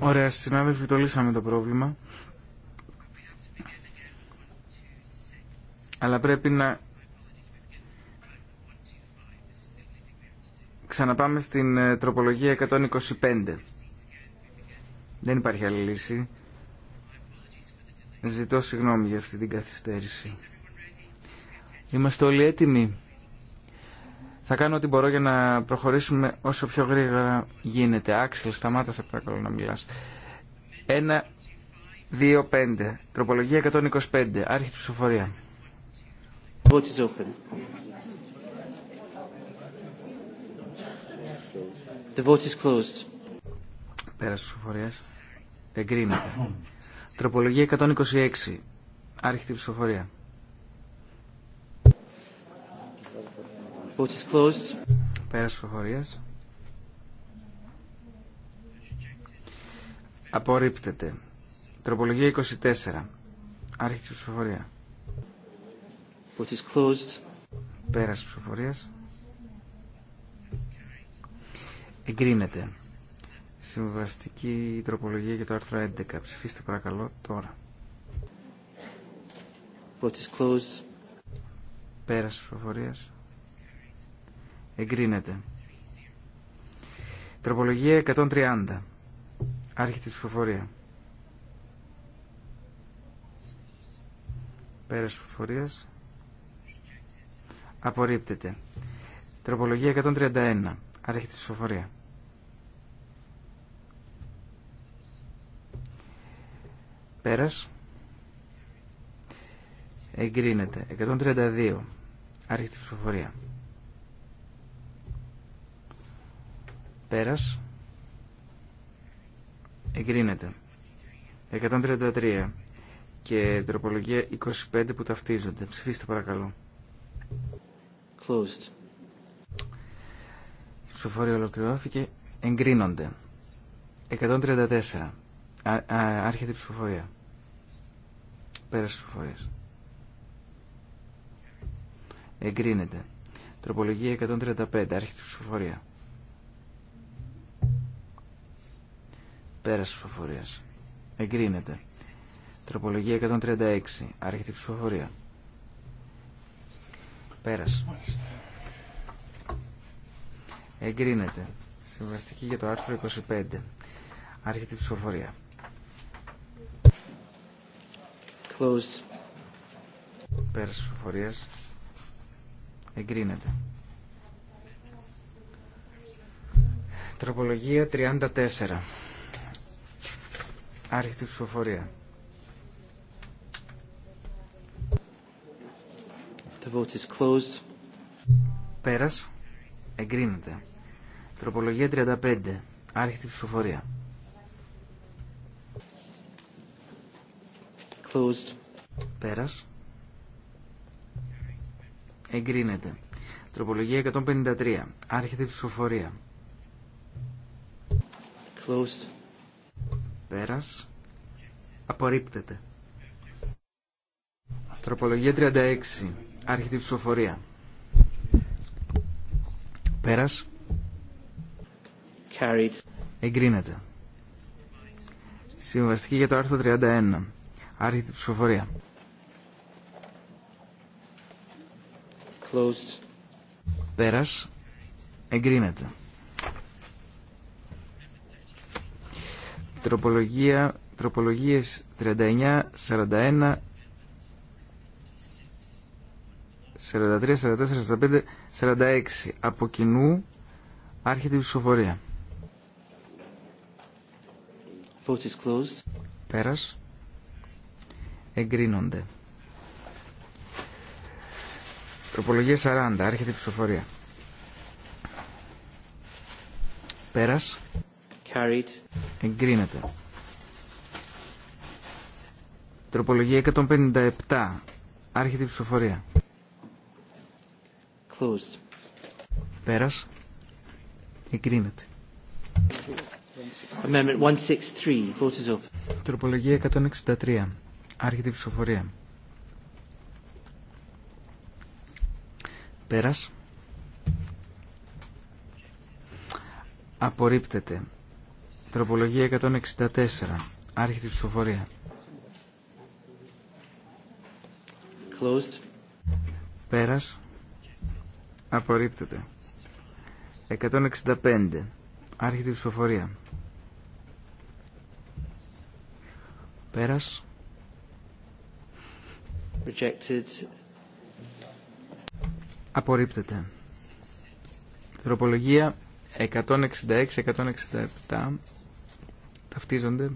Ωραία, συνάδελφοι, το λύσαμε το πρόβλημα. Αλλά πρέπει να ξαναπάμε στην ε, τροπολογία 125. Δεν υπάρχει άλλη λύση. Ζητώ συγγνώμη για αυτή την καθυστέρηση. Είμαστε όλοι έτοιμοι. Θα κάνω ό,τι μπορώ για να προχωρήσουμε όσο πιο γρήγορα γίνεται. Άξιλ, σταμάτα σε παρακαλώ να μιλά. 1, 2, 5. Τροπολογία 125. Άρχιτη ψηφοφορία. Vote is open. The vote is closed. Εγκρίνεται. Τροπολογία 126. Άρχιτη ψηφοφορία. Πέρας προφορίας. Απορρίπτεται. Τροπολογία 24. Άρχιτη ψηφοφορία. Vote Πέρας ψηφοφορίας. Εγκρίνεται. Συμβαστική τροπολογία για το άρθρο 11. Ψηφίστε παρακαλώ τώρα. Vote Πέρας ψηφοφορίας εγκρίνεται. Τροπολογία 130. Άρχιτη ψηφοφορία. Πέρας ψηφοφορίας. Απορρίπτεται. Τροπολογία 131. Άρχιτη ψηφοφορία. Πέρας. Εγκρίνεται. 132. Άρχιτη ψηφοφορία. Πέρας. Εγκρίνεται. 133 και τροπολογία 25 που ταυτίζονται. Ψηφίστε παρακαλώ. Closed. Η ολοκληρώθηκε. Εγκρίνονται. 134. άρχεται η ψηφοφορία. Πέρας, ψηφοφορία. Εγκρίνεται. Τροπολογία 135. Άρχεται η ψηφοφορία. Πέραση ψηφοφορία. Εγκρίνεται. Τροπολογία 136. Άρχεται η ψηφοφορία. Πέρασε. Εγκρίνεται. Συμβαστική για το άρθρο 25. Άρχεται η ψηφοφορία. Closed. Πέρασε ψηφοφορία. Εγκρίνεται. Τροπολογία 34. Άρχεται ψηφοφορία. The vote is closed. Πέρας. Εγκρίνεται. Τροπολογία 35. Άρχεται ψηφοφορία. Closed. Πέρας. Εγκρίνεται. Τροπολογία 153. Άρχεται ψηφοφορία. Closed. Πέρας. Απορρίπτεται. Τροπολογία 36. Άρχιτη ψηφοφορία. Πέρας. Carried. Εγκρίνεται. Συμβαστική για το άρθρο 31. Άρχιτη ψηφοφορία. Closed. Πέρας. Εγκρίνεται. Τροπολογία, τροπολογίες 39, 41, 43, 44, 45, 46. Από κοινού άρχεται η ψηφοφορία. Πέρα. Πέρας. Εγκρίνονται. Τροπολογία 40. Άρχεται η ψηφοφορία. Πέρας. Εγκρίνεται. Τροπολογία 157. Άρχεται η ψηφοφορία. Closed. Πέρας. Εγκρίνεται. Amendment 163. Vote open. Τροπολογία 163. Άρχεται η ψηφοφορία. Πέρας. Απορρίπτεται. Τροπολογία 164. Άρχεται ψηφοφορία. Closed. Πέρας. Απορρίπτεται. 165. Άρχεται ψηφοφορία. Πέρας. Rejected. Απορρίπτεται. Τροπολογία 166-167 ταυτίζονται.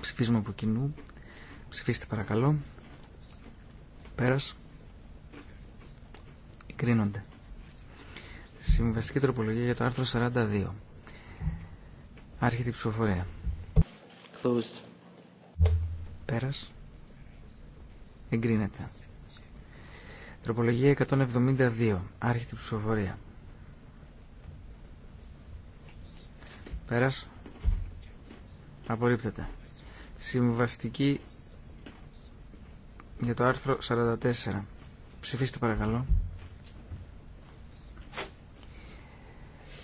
Ψηφίζουμε από κοινού. Ψηφίστε παρακαλώ. Πέρας. Εγκρίνονται. Συμβαστική τροπολογία για το άρθρο 42. Άρχεται ψηφοφορία. Closed. Πέρας. Εγκρίνεται. Τροπολογία 172. Άρχεται ψηφοφορία. Πέρας. Απορρίπτεται. Συμβαστική για το άρθρο 44. Ψηφίστε παρακαλώ.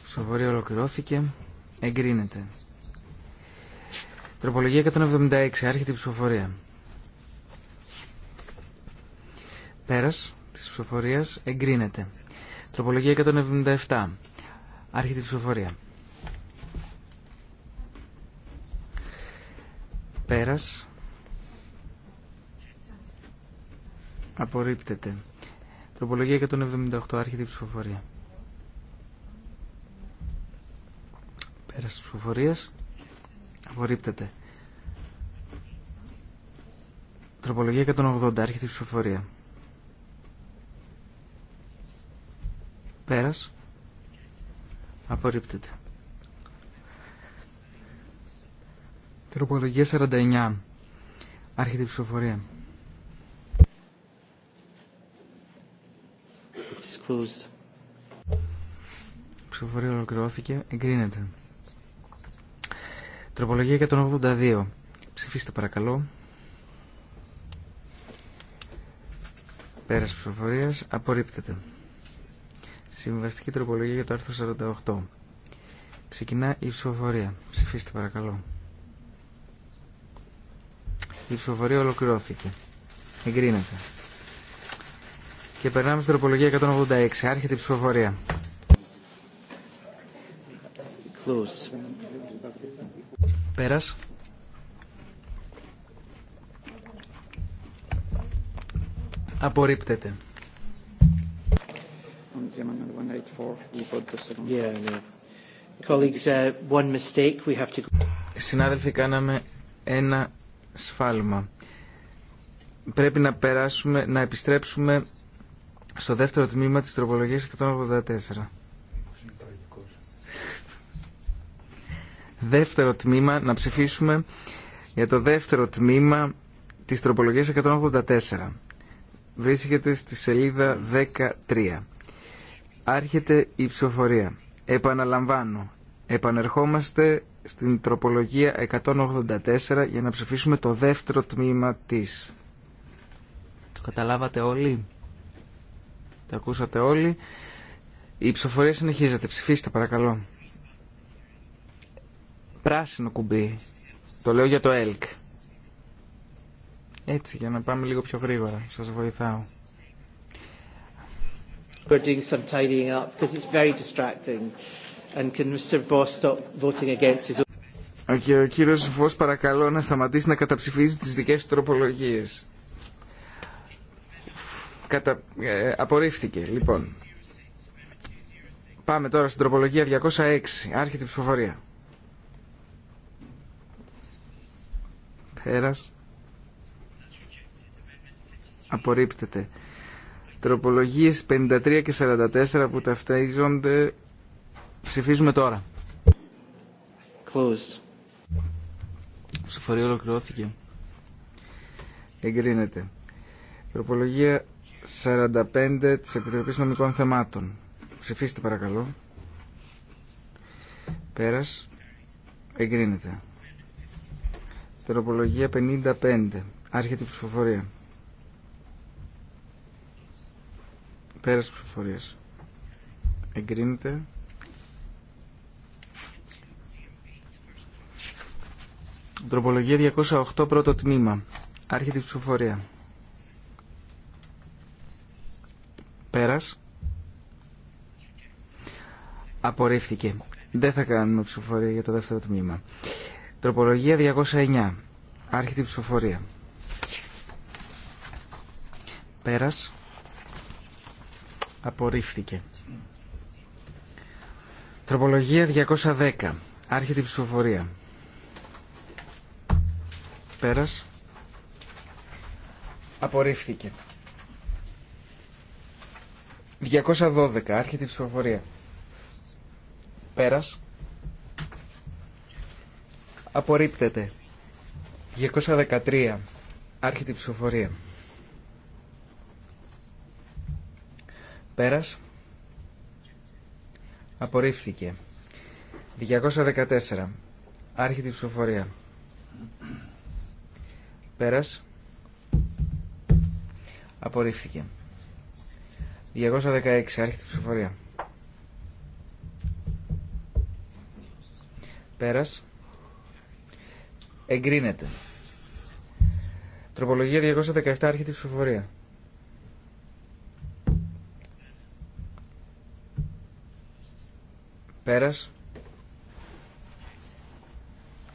Σοβαρή ολοκληρώθηκε. Εγκρίνεται. Τροπολογία 176. Άρχεται η ψηφοφορία. Πέρας της ψηφοφορίας εγκρίνεται. Τροπολογία 177. Άρχεται η ψηφοφορία. Πέρας. Απορρίπτεται. Τροπολογία 178. άρχιτη ψηφοφορία. Πέρας της ψηφοφορίας. Απορρίπτεται. Τροπολογία 180. άρχιτη ψηφοφορία. Πέρας. Απορρίπτεται. Τροπολογία 49. Άρχεται η ψηφοφορία. Η ψηφοφορία ολοκληρώθηκε. Εγκρίνεται. Τροπολογία 182. Ψηφίστε παρακαλώ. Πέρας ψηφοφορίας. Απορρίπτεται. Συμβαστική τροπολογία για το άρθρο 48. Ξεκινά η ψηφοφορία. Ψηφίστε παρακαλώ. Η ψηφοφορία ολοκληρώθηκε. Εγκρίνεται. Και περνάμε στην τροπολογία 186. Άρχεται η ψηφοφορία. Πέρα. Πέρας. Απορρίπτεται. Uh, Συνάδελφοι, κάναμε ένα σφάλμα. Πρέπει να περάσουμε, να επιστρέψουμε στο δεύτερο τμήμα της τροπολογίας 184. Δεύτερο τμήμα, να ψηφίσουμε για το δεύτερο τμήμα της τροπολογίας 184. Βρίσκεται στη σελίδα 13. Άρχεται η ψηφοφορία. Επαναλαμβάνω. Επανερχόμαστε στην τροπολογία 184 για να ψηφίσουμε το δεύτερο τμήμα της. Το καταλάβατε όλοι. Το ακούσατε όλοι. Η ψηφοφορία συνεχίζεται. Ψηφίστε παρακαλώ. Πράσινο κουμπί. Το λέω για το ΕΛΚ. Έτσι, για να πάμε λίγο πιο γρήγορα. Σας βοηθάω. We're some tidying up because it's very distracting. Και ο κύριος Βος παρακαλώ να σταματήσει να καταψηφίζει τις δικές του τροπολογίες. Κατα... Ε, απορρίφθηκε, λοιπόν. Πάμε τώρα στην τροπολογία 206. Άρχεται η ψηφοφορία. Πέρας. Απορρίπτεται. Τροπολογίες 53 και 44 που ταυτίζονται Ψηφίζουμε τώρα. Closed. Ψηφορία ολοκληρώθηκε. Εγκρίνεται. Τροπολογία 45 της Επιτροπής Νομικών Θεμάτων. Ψηφίστε παρακαλώ. Πέρας. Εγκρίνεται. Τροπολογία 55. Άρχεται η ψηφοφορία. Πέρας ψηφοφορίας. Εγκρίνεται. Τροπολογία 208 πρώτο τμήμα. Άρχεται η ψηφοφορία. Πέρας. Απορρίφθηκε. Δεν θα κάνουμε ψηφοφορία για το δεύτερο τμήμα. Τροπολογία 209. Άρχεται η ψηφοφορία. Πέρας. Απορρίφθηκε. Τροπολογία 210. Άρχεται η ψηφοφορία πέρας απορρίφθηκε 212 άρχεται η ψηφοφορία πέρας απορρίπτεται 213 άρχεται η ψηφοφορία πέρας απορρίφθηκε 214 άρχεται η ψηφοφορία Πέρας. Απορρίφθηκε. 216. Άρχεται ψηφοφορία. Πέρας. Εγκρίνεται. Τροπολογία 217. Άρχεται ψηφοφορία. Πέρας.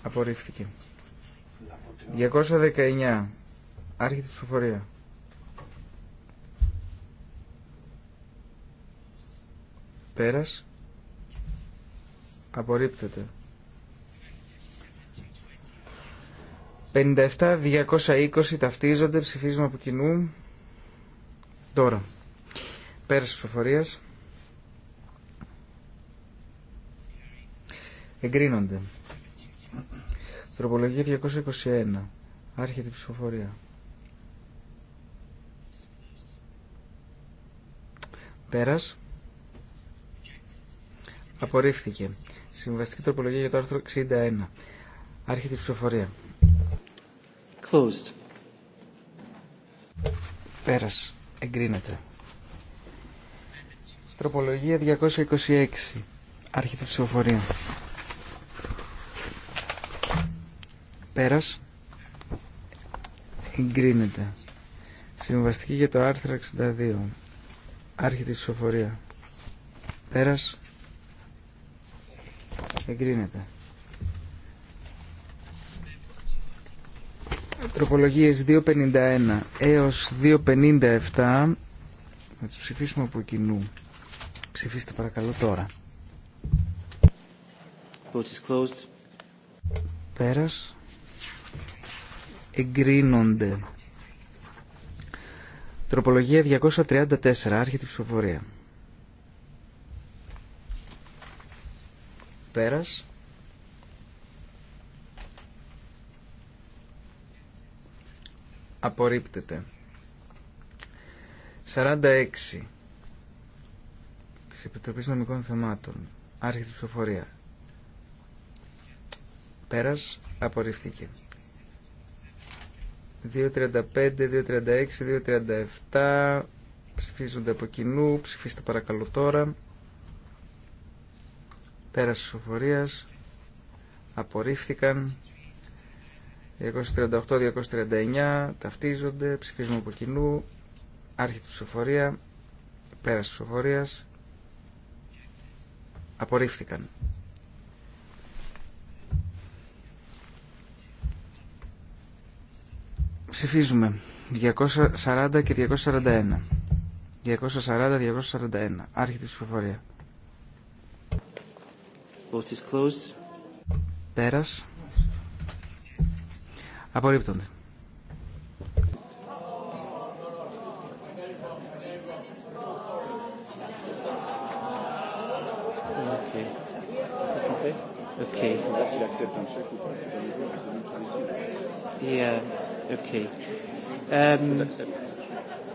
Απορρίφθηκε. 219. Άρχεται τη ψηφοφορία. Πέρας. Απορρίπτεται. 57-220 ταυτίζονται, ψηφίζουμε από κοινού. Τώρα. Πέρας ψηφοφορία. ψηφοφορίας. Εγκρίνονται. Τροπολογία 221. Άρχεται η ψηφοφορία. Πέρας. Απορρίφθηκε. Συμβαστική τροπολογία για το άρθρο 61. Άρχεται ψηφοφορία. Closed. Πέρας. Εγκρίνεται. Τροπολογία 226. Άρχεται η ψηφοφορία. Πέρας. Εγκρίνεται. Συμβαστική για το άρθρο 62. Άρχεται η ψηφοφορία. Πέρας. Εγκρίνεται. Τροπολογίες 2.51 έως 2.57. Θα τις ψηφίσουμε από κοινού. Ψηφίστε παρακαλώ τώρα. Vote closed. Πέρας εγκρίνονται. Τροπολογία 234, άρχεται ψηφοφορία. Πέρας. Απορρίπτεται. 46 της Επιτροπής Νομικών Θεμάτων. Άρχεται ψηφοφορία. Πέρας. Απορριφθήκε. 2.35, 2.36, 2.37 ψηφίζονται από κοινού. Ψηφίστε παρακαλώ τώρα. σοφορίας ψηφοφορίας. Απορρίφθηκαν. 238-239 ταυτίζονται. Ψηφίζουμε από κοινού. Άρχιτη ψηφοφορία. Πέραση οφορίας Απορρίφθηκαν. Ψηφίζουμε. 240 και 241. 240-241. Άρχεται η ψηφοφορία. Vote closed. Πέρας. Απορρίπτονται. Okay. Okay. Okay. Yeah. Okay. Um,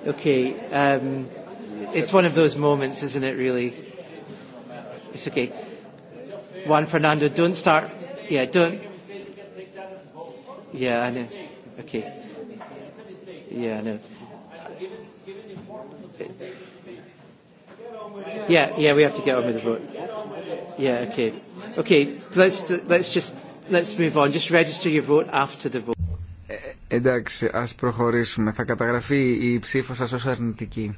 okay. Um, it's one of those moments, isn't it, really? It's okay. Juan Fernando, don't start. Yeah, don't. Yeah, I know. Okay. Yeah, I know. Yeah, yeah, we have to get on with the vote. Yeah, okay. Okay, let's, let's just, let's move on. Just register your vote after the vote. Εντάξει, ας προχωρήσουμε. Θα καταγραφεί η ψήφο σας ως αρνητική.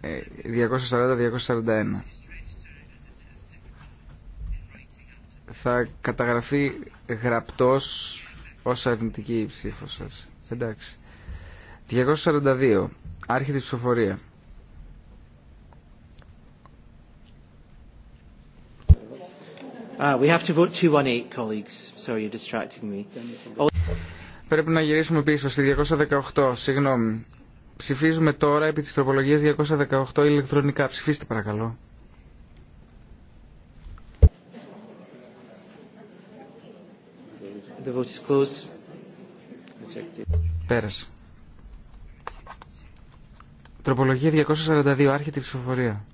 240-241. Ε, Θα καταγραφεί γραπτός ως αρνητική η ψήφο σας. Εντάξει. 242. Άρχεται η ψηφοφορία. Πρέπει να γυρίσουμε πίσω στη 218. Συγγνώμη. Ψηφίζουμε τώρα επί της τροπολογίας 218 ηλεκτρονικά. Ψηφίστε παρακαλώ. The vote is closed. Πέρασε. Τροπολογία 242. Άρχεται η ψηφοφορία.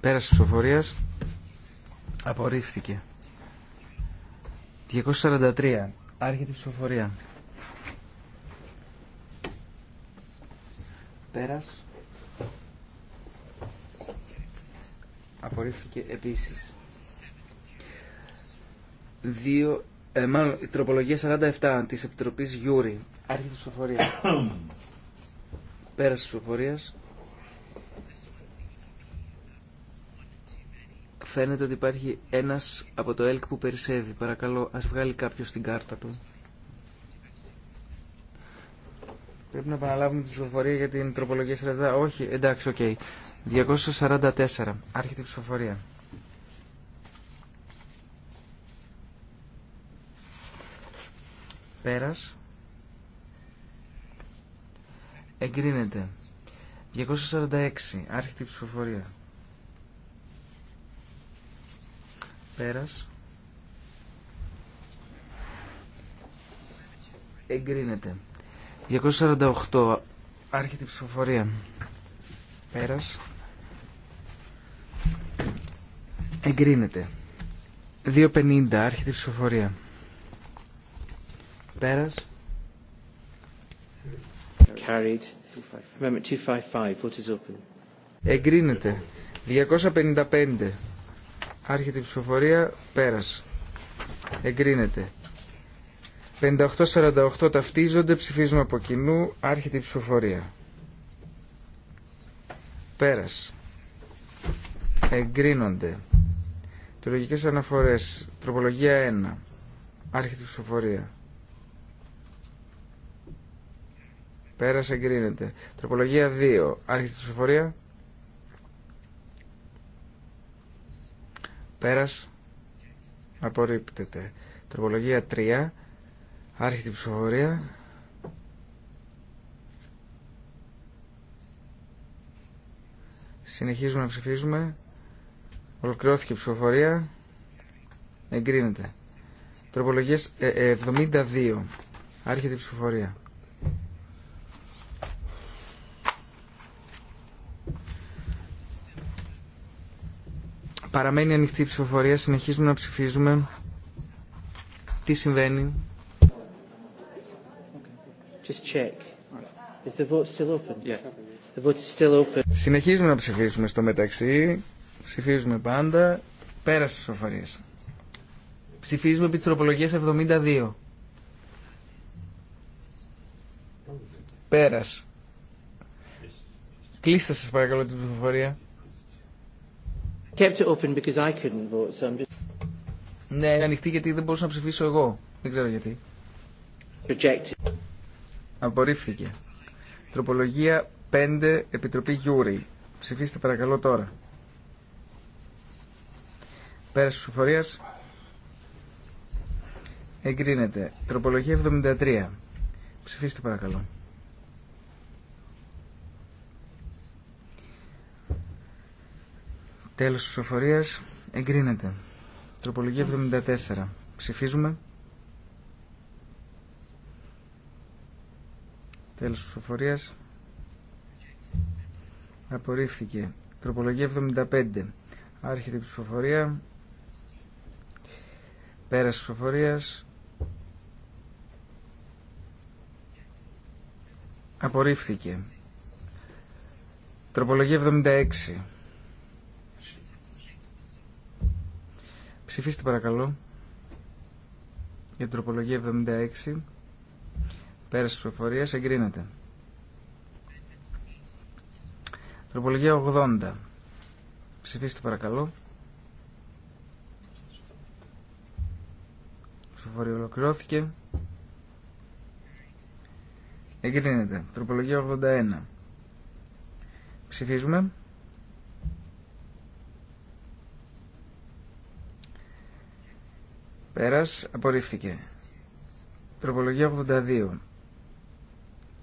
Πέραση ψηφοφορίας. Απορρίφθηκε. 243. Άρχεται ψηφοφορία. Πέρας. Απορρίφθηκε επίσης. 2 ε, η τροπολογία 47 της Επιτροπής Γιούρι. Άρχεται ψηφοφορία. Πέραση ψηφοφορίας. Φαίνεται ότι υπάρχει ένας από το ΕΛΚ που περισσεύει. Παρακαλώ, ας βγάλει κάποιος την κάρτα του. Πρέπει να επαναλάβουμε τη ψηφοφορία για την τροπολογία 40. Όχι, εντάξει, οκ. Okay. 244. Άρχεται η ψηφοφορία. Πέρας. Εγκρίνεται. 246. Άρχεται η ψηφοφορία. Πέρας. Εγκρίνεται. 248. Άρχεται ψηφοφορία. Πέρας. Εγκρίνεται. 2.50. Άρχεται ψηφοφορία. Πέρας. Carried. Amendment 255. What is open? Εγκρίνεται. 255. Άρχεται η ψηφοφορια πέρασε. Πέρας. Εγκρίνεται. 58-48 ταυτίζονται. Ψηφίζουμε από κοινού. Άρχεται η ψηφοφορία. Πέρασε. Εγκρίνονται. Τηλογικέ αναφορέ. Τροπολογία 1. Άρχεται η ψηφοφορία. Πέρας εγκρίνεται. Τροπολογία 2. Άρχεται η ψηφοφορία. Πέρας. Απορρίπτεται. Τροπολογία 3. Άρχιτη ψηφοφορία. Συνεχίζουμε να ψηφίζουμε. Ολοκληρώθηκε η ψηφοφορία. Εγκρίνεται. Τροπολογίες 72. Ε, ε, Άρχεται ψηφοφορία. Παραμένει ανοιχτή η ψηφοφορία. Συνεχίζουμε να ψηφίζουμε. Τι συμβαίνει. Just check. Is the vote still open? Yeah. The vote is still open. Συνεχίζουμε να ψηφίζουμε στο μεταξύ. Ψηφίζουμε πάντα. Πέρασε τις Ψηφίζουμε επί της τροπολογίας 72. Πέρασε. Κλείστε σας παρακαλώ την ψηφοφορία. Kept it open because I couldn't vote, Ναι, είναι ανοιχτή γιατί δεν μπορούσα να ψηφίσω εγώ. Δεν ξέρω γιατί. Rejected. Απορρίφθηκε. Τροπολογία 5, Επιτροπή Γιούρι. Ψηφίστε παρακαλώ τώρα. Πέρας της Εγκρίνεται. Τροπολογία 73. Ψηφίστε παρακαλώ. Τέλος της Εγκρίνεται. Τροπολογία 74. Ψηφίζουμε. Τέλος της Απορρίφθηκε. Τροπολογία 75. Άρχεται η ψηφοφορία. Πέρας της ψηφοφορίας. Απορρίφθηκε. Τροπολογία 76. Ψηφίστε παρακαλώ για τροπολογία 76. πέρα της ψηφοφορία. εγκρίνεται. Τροπολογία 80. Ψηφίστε παρακαλώ. Ψηφοφορία ολοκληρώθηκε. Εγκρίνεται. Τροπολογία 81. Ψηφίζουμε. Πέρας, απορρίφθηκε. Τροπολογία 82.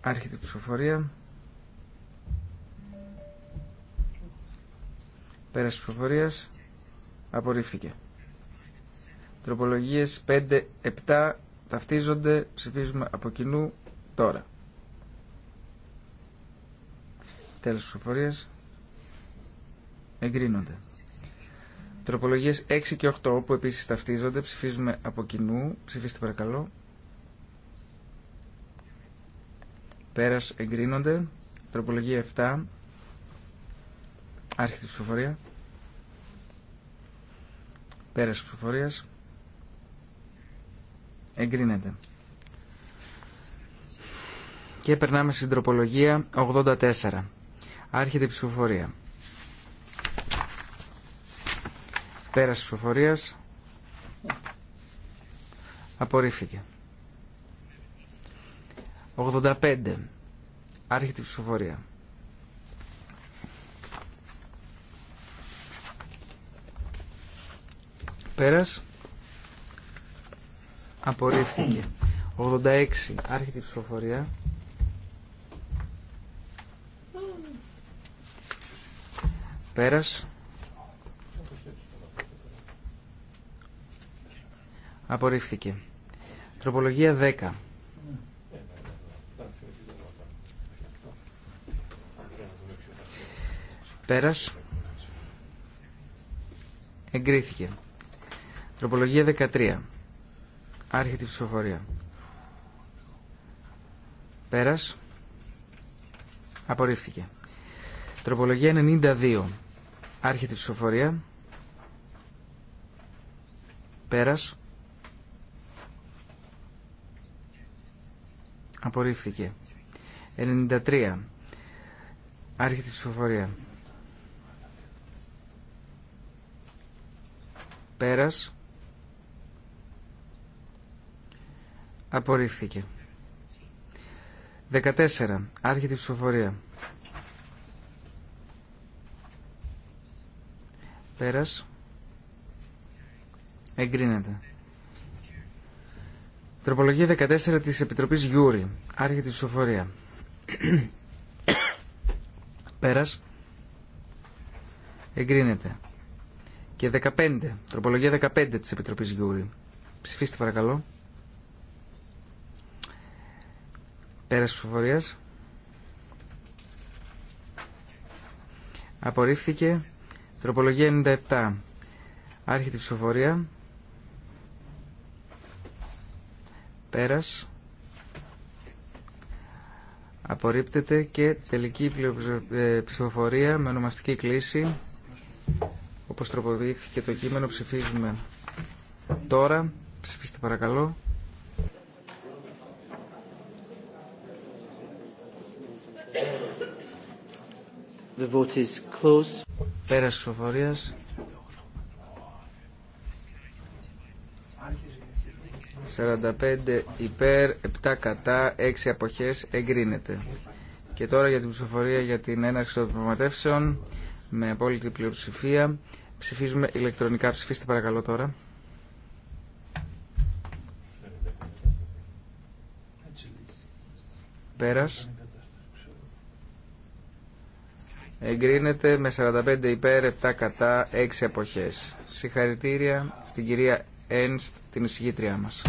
Άρχεται η ψηφοφορία. Πέρας ψηφοφορίας, απορρίφθηκε. Τροπολογίες 5, 7 ταυτίζονται, ψηφίζουμε από κοινού τώρα. Τέλος ψηφοφορίας, εγκρίνονται. Τροπολογίε 6 και 8 που επίση ταυτίζονται. Ψηφίζουμε από κοινού. Ψηφίστε παρακαλώ. Πέρας εγκρίνονται. Τροπολογία 7. Άρχιτε ψηφοφορία. Πέρας ψηφοφορία. Εγκρίνεται. Και περνάμε στην τροπολογία 84. Άρχεται η ψηφοφορία. Πέρας ψηφοφορία. Απορρίφθηκε. 85. Άρχιτη ψηφοφορία. Πέρας. Απορρίφθηκε. 86. Άρχιτη ψηφοφορία. Πέρας. Απορρίφθηκε. Τροπολογία 10. Πέρας. Εγκρίθηκε. Τροπολογία 13. Άρχεται ψηφοφορία. Πέρας. Απορρίφθηκε. Τροπολογία 92. Άρχεται ψηφοφορία. Πέρας. Απορρίφθηκε. 93. Άρχεται ψηφοφορία. Πέρας. Απορρίφθηκε. 14. Άρχεται η ψηφοφορία. Πέρας. Εγκρίνεται. Τροπολογία 14 της Επιτροπής Γιούρη. Άρχεται τη ψηφοφορία. Πέρας. Εγκρίνεται. Και 15. Τροπολογία 15 της Επιτροπής Γιούρη. Ψηφίστε παρακαλώ. Πέρας ψηφοφορίας. Απορρίφθηκε. Τροπολογία 97. Άρχεται τη ψηφοφορία. πέρας απορρίπτεται και τελική ε, ψηφοφορία με ονομαστική κλίση όπως τροποποιήθηκε το κείμενο ψηφίζουμε τώρα ψηφίστε παρακαλώ The vote is closed. ψηφοφορίας 45 υπέρ, 7 κατά, 6 αποχές εγκρίνεται. Και τώρα για την ψηφοφορία για την έναρξη των διαπραγματεύσεων με απόλυτη πλειοψηφία. Ψηφίζουμε ηλεκτρονικά. Ψηφίστε παρακαλώ τώρα. Πέρας. Εγκρίνεται με 45 υπέρ, 7 κατά, 6 αποχές. Συγχαρητήρια στην κυρία Ένστ, την εισηγήτριά μας.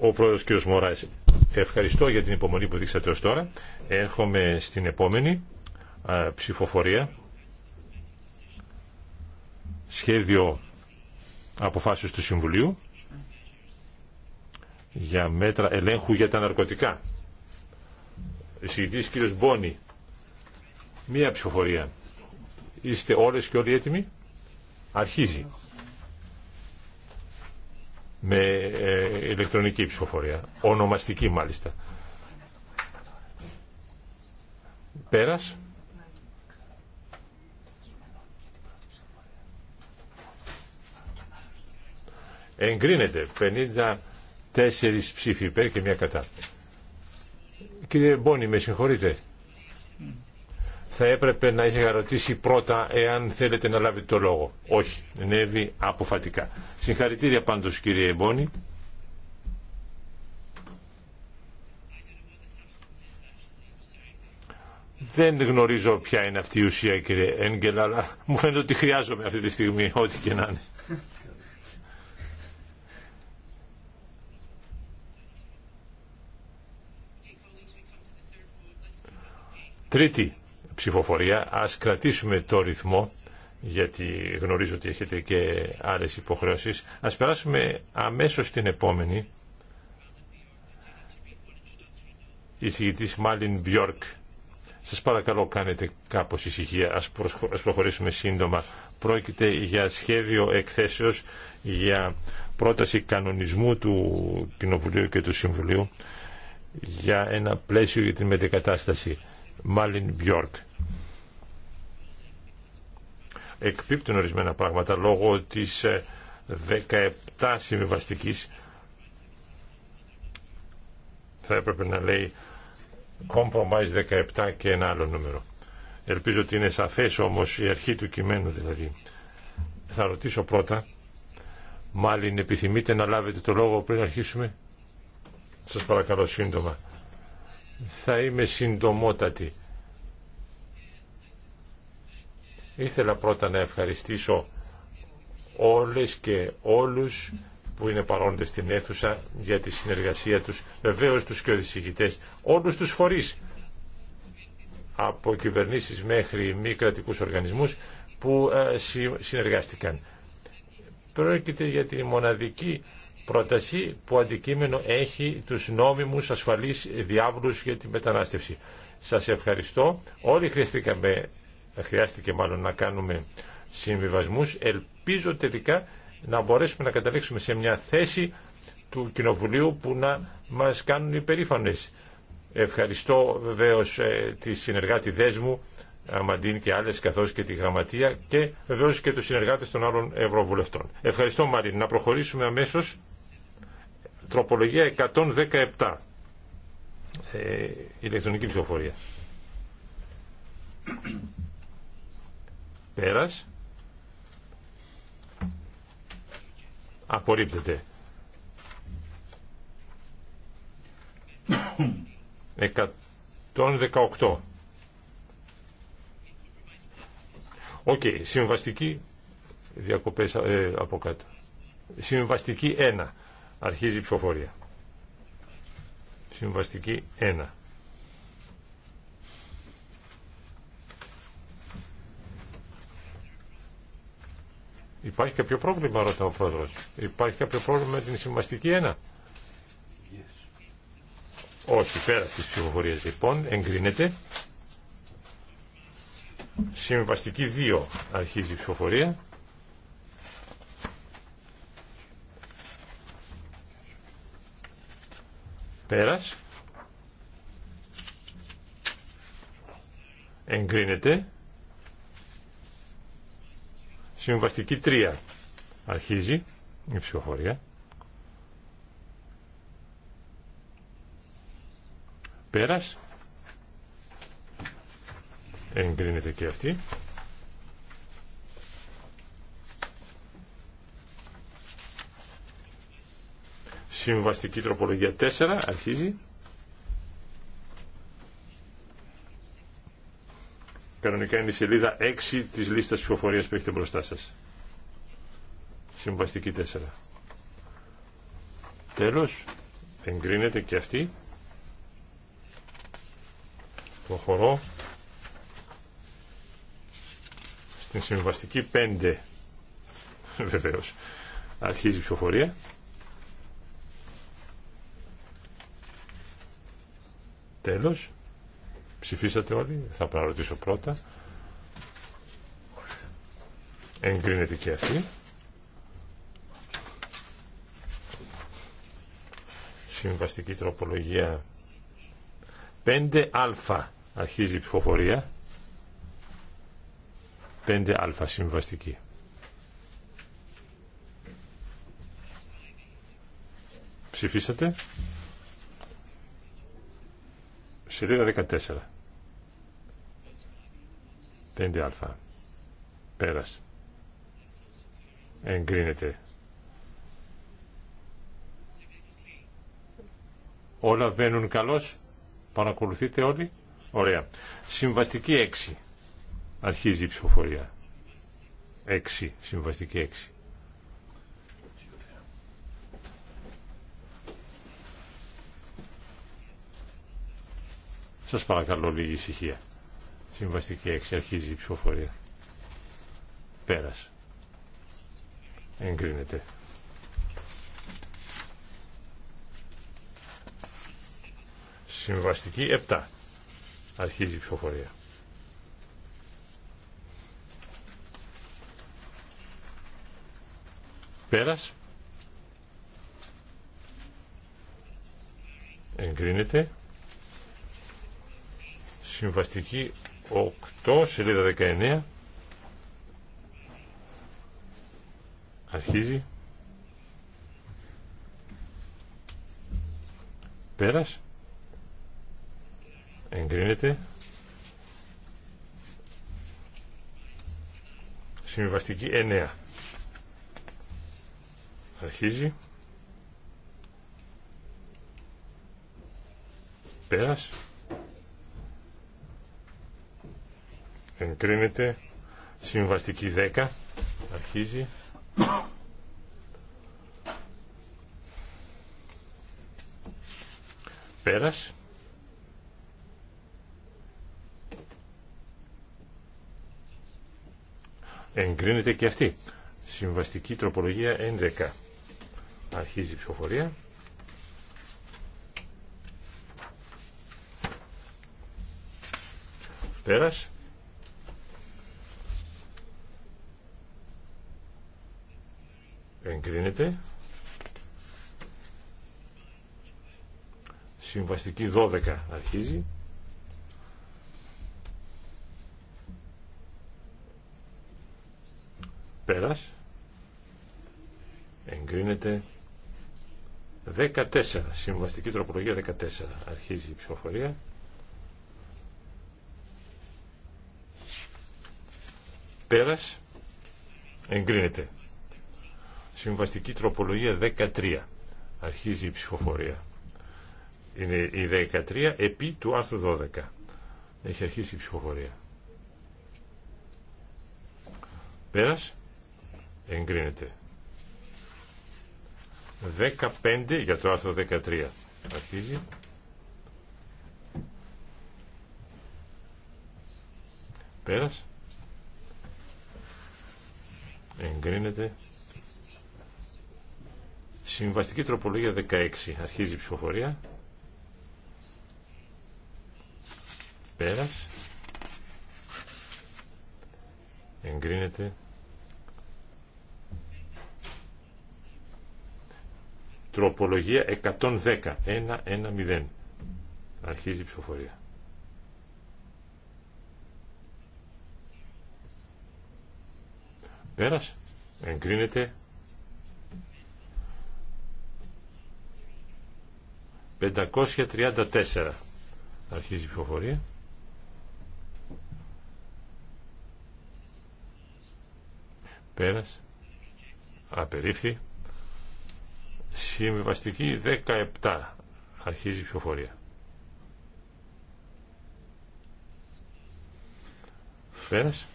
ο, πρόεδρος κ. Μωράης. Ευχαριστώ για την υπομονή που δείξατε ως τώρα. Έρχομαι στην επόμενη ψηφοφορία. Σχέδιο αποφάσεως του Συμβουλίου για μέτρα ελέγχου για τα ναρκωτικά εισηγητής κύριος Μπόνι. Μία ψηφοφορία. Είστε όλες και όλοι έτοιμοι. Αρχίζει. Με ε, ηλεκτρονική ψηφοφορία. Ονομαστική μάλιστα. Πέρας. Εγκρίνεται 54 ψήφοι υπέρ και μία κατά. Κύριε Μπόνι, με συγχωρείτε. Θα έπρεπε να είχε ρωτήσει πρώτα εάν θέλετε να λάβετε το λόγο. Όχι, νεύει αποφατικά. Συγχαρητήρια πάντως κύριε Μπόνι. Δεν γνωρίζω ποια είναι αυτή η ουσία κύριε Έγκελ, αλλά μου φαίνεται ότι χρειάζομαι αυτή τη στιγμή, ό,τι και να είναι. Τρίτη ψηφοφορία, ας κρατήσουμε το ρυθμό, γιατί γνωρίζω ότι έχετε και άλλες υποχρεώσεις. Ας περάσουμε αμέσως στην επόμενη. Η συγητής Μάλιν Μπιόρκ. Σας παρακαλώ κάνετε κάπως ησυχία, ας, προχωρήσουμε σύντομα. Πρόκειται για σχέδιο εκθέσεως για πρόταση κανονισμού του Κοινοβουλίου και του Συμβουλίου για ένα πλαίσιο για την μετεκατάσταση Μάλιν Μπιόρκ. Εκπίπτουν ορισμένα πράγματα λόγω της 17 ε, συμβιβαστική. Θα έπρεπε να λέει compromise 17 και ένα άλλο νούμερο. Ελπίζω ότι είναι σαφές όμως η αρχή του κειμένου δηλαδή. Θα ρωτήσω πρώτα, Μάλιν επιθυμείτε να λάβετε το λόγο πριν αρχίσουμε. Σας παρακαλώ σύντομα. Θα είμαι συντομότατη. Ήθελα πρώτα να ευχαριστήσω όλες και όλους που είναι παρόντες στην αίθουσα για τη συνεργασία τους, βεβαίως τους και οδησυγητές, όλους τους φορείς, από κυβερνήσεις μέχρι μη κρατικούς οργανισμούς που ε, συνεργάστηκαν. Πρόκειται για τη μοναδική πρόταση που αντικείμενο έχει τους νόμιμους ασφαλείς διάβλους για τη μετανάστευση. Σας ευχαριστώ. Όλοι χρειαστήκαμε, χρειάστηκε μάλλον να κάνουμε συμβιβασμούς. Ελπίζω τελικά να μπορέσουμε να καταλήξουμε σε μια θέση του Κοινοβουλίου που να μας κάνουν υπερήφανε. Ευχαριστώ βεβαίως ε, τη συνεργάτη δέσμου Αμαντίν και άλλες καθώς και τη Γραμματεία και βεβαίως και τους συνεργάτες των άλλων Ευρωβουλευτών. Ευχαριστώ Μαρίν. Να προχωρήσουμε αμέσως. Τροπολογία 117. Ε, ηλεκτρονική ψηφοφορία. Πέρας. Απορρίπτεται. 118. Οκ, συμβαστική διακοπές ε, από κάτω. Συμβαστική 1. Αρχίζει η ψηφοφορία. Συμβαστική 1. Υπάρχει κάποιο πρόβλημα, ρωτά ο πρόεδρο. Υπάρχει κάποιο πρόβλημα με την συμβαστική 1. Όχι, πέρα τη ψηφοφορία λοιπόν, εγκρίνεται. Συμβαστική 2 αρχίζει η ψηφοφορία. Πέρας. Εγκρίνεται. Συμβαστική τρία Αρχίζει η ψηφοφορία. Πέρας. Εγκρίνεται και αυτή. Συμβαστική τροπολογία 4 αρχίζει. Κανονικά είναι η σελίδα 6 της λίστας ψηφοφορίας που έχετε μπροστά σας. Συμβαστική 4. Τέλος, εγκρίνεται και αυτή. Προχωρώ στην συμβαστική 5. Βεβαίως. Αρχίζει η ψηφοφορία. Τέλος, ψηφίσατε όλοι, θα παραρωτήσω πρώτα. Εγκρίνεται και αυτή. Συμβαστική τροπολογία 5α αρχίζει η ψηφοφορία. 5α συμβαστική. Ψηφίσατε. Σελίδα 14. 5α. Πέρας. Εγκρίνεται. Όλα βαίνουν καλώς. Παρακολουθείτε όλοι. Ωραία. Συμβαστική 6. Αρχίζει η ψηφοφορία. 6. Συμβαστική 6. Σας παρακαλώ λίγη ησυχία. Συμβαστική 6 αρχίζει η ψηφοφορία. Πέρας. Εγκρίνεται. Συμβαστική 7 αρχίζει η ψηφοφορία. Πέρας. Εγκρίνεται. Συμβαστική 8, σελίδα 19. Αρχίζει. Πέρας. Εγκρίνεται. Συμβαστική 9. Αρχίζει. Πέρας. Εγκρίνεται. Συμβαστική 10. Αρχίζει. Πέρας. Εγκρίνεται και αυτή. Συμβαστική τροπολογία 11. Αρχίζει η ψηφοφορία. Πέρας. εγκρίνεται. Συμβαστική 12 αρχίζει. Πέρας. Εγκρίνεται. 14. Συμβαστική τροπολογία 14. Αρχίζει η ψηφοφορία. Πέρας. Εγκρίνεται. Συμβαστική τροπολογία 13. Αρχίζει η ψηφοφορία. Είναι η 13 επί του άρθρου 12. Έχει αρχίσει η ψηφοφορία. Πέρας. Εγκρίνεται. 15 για το άρθρο 13. Αρχίζει. Πέρας. Εγκρίνεται. Συμβαστική τροπολογία 16. Αρχίζει η ψηφοφορία. Πέρας. Εγκρίνεται. Τροπολογία 110. 1-1-0. Αρχίζει η ψηφοφορία. Πέρας. Εγκρίνεται. 534. Αρχίζει η ψηφοφορία. Πέρας. Απερίφθη. Συμβιβαστική 17. Αρχίζει η ψηφοφορία. Πέρας.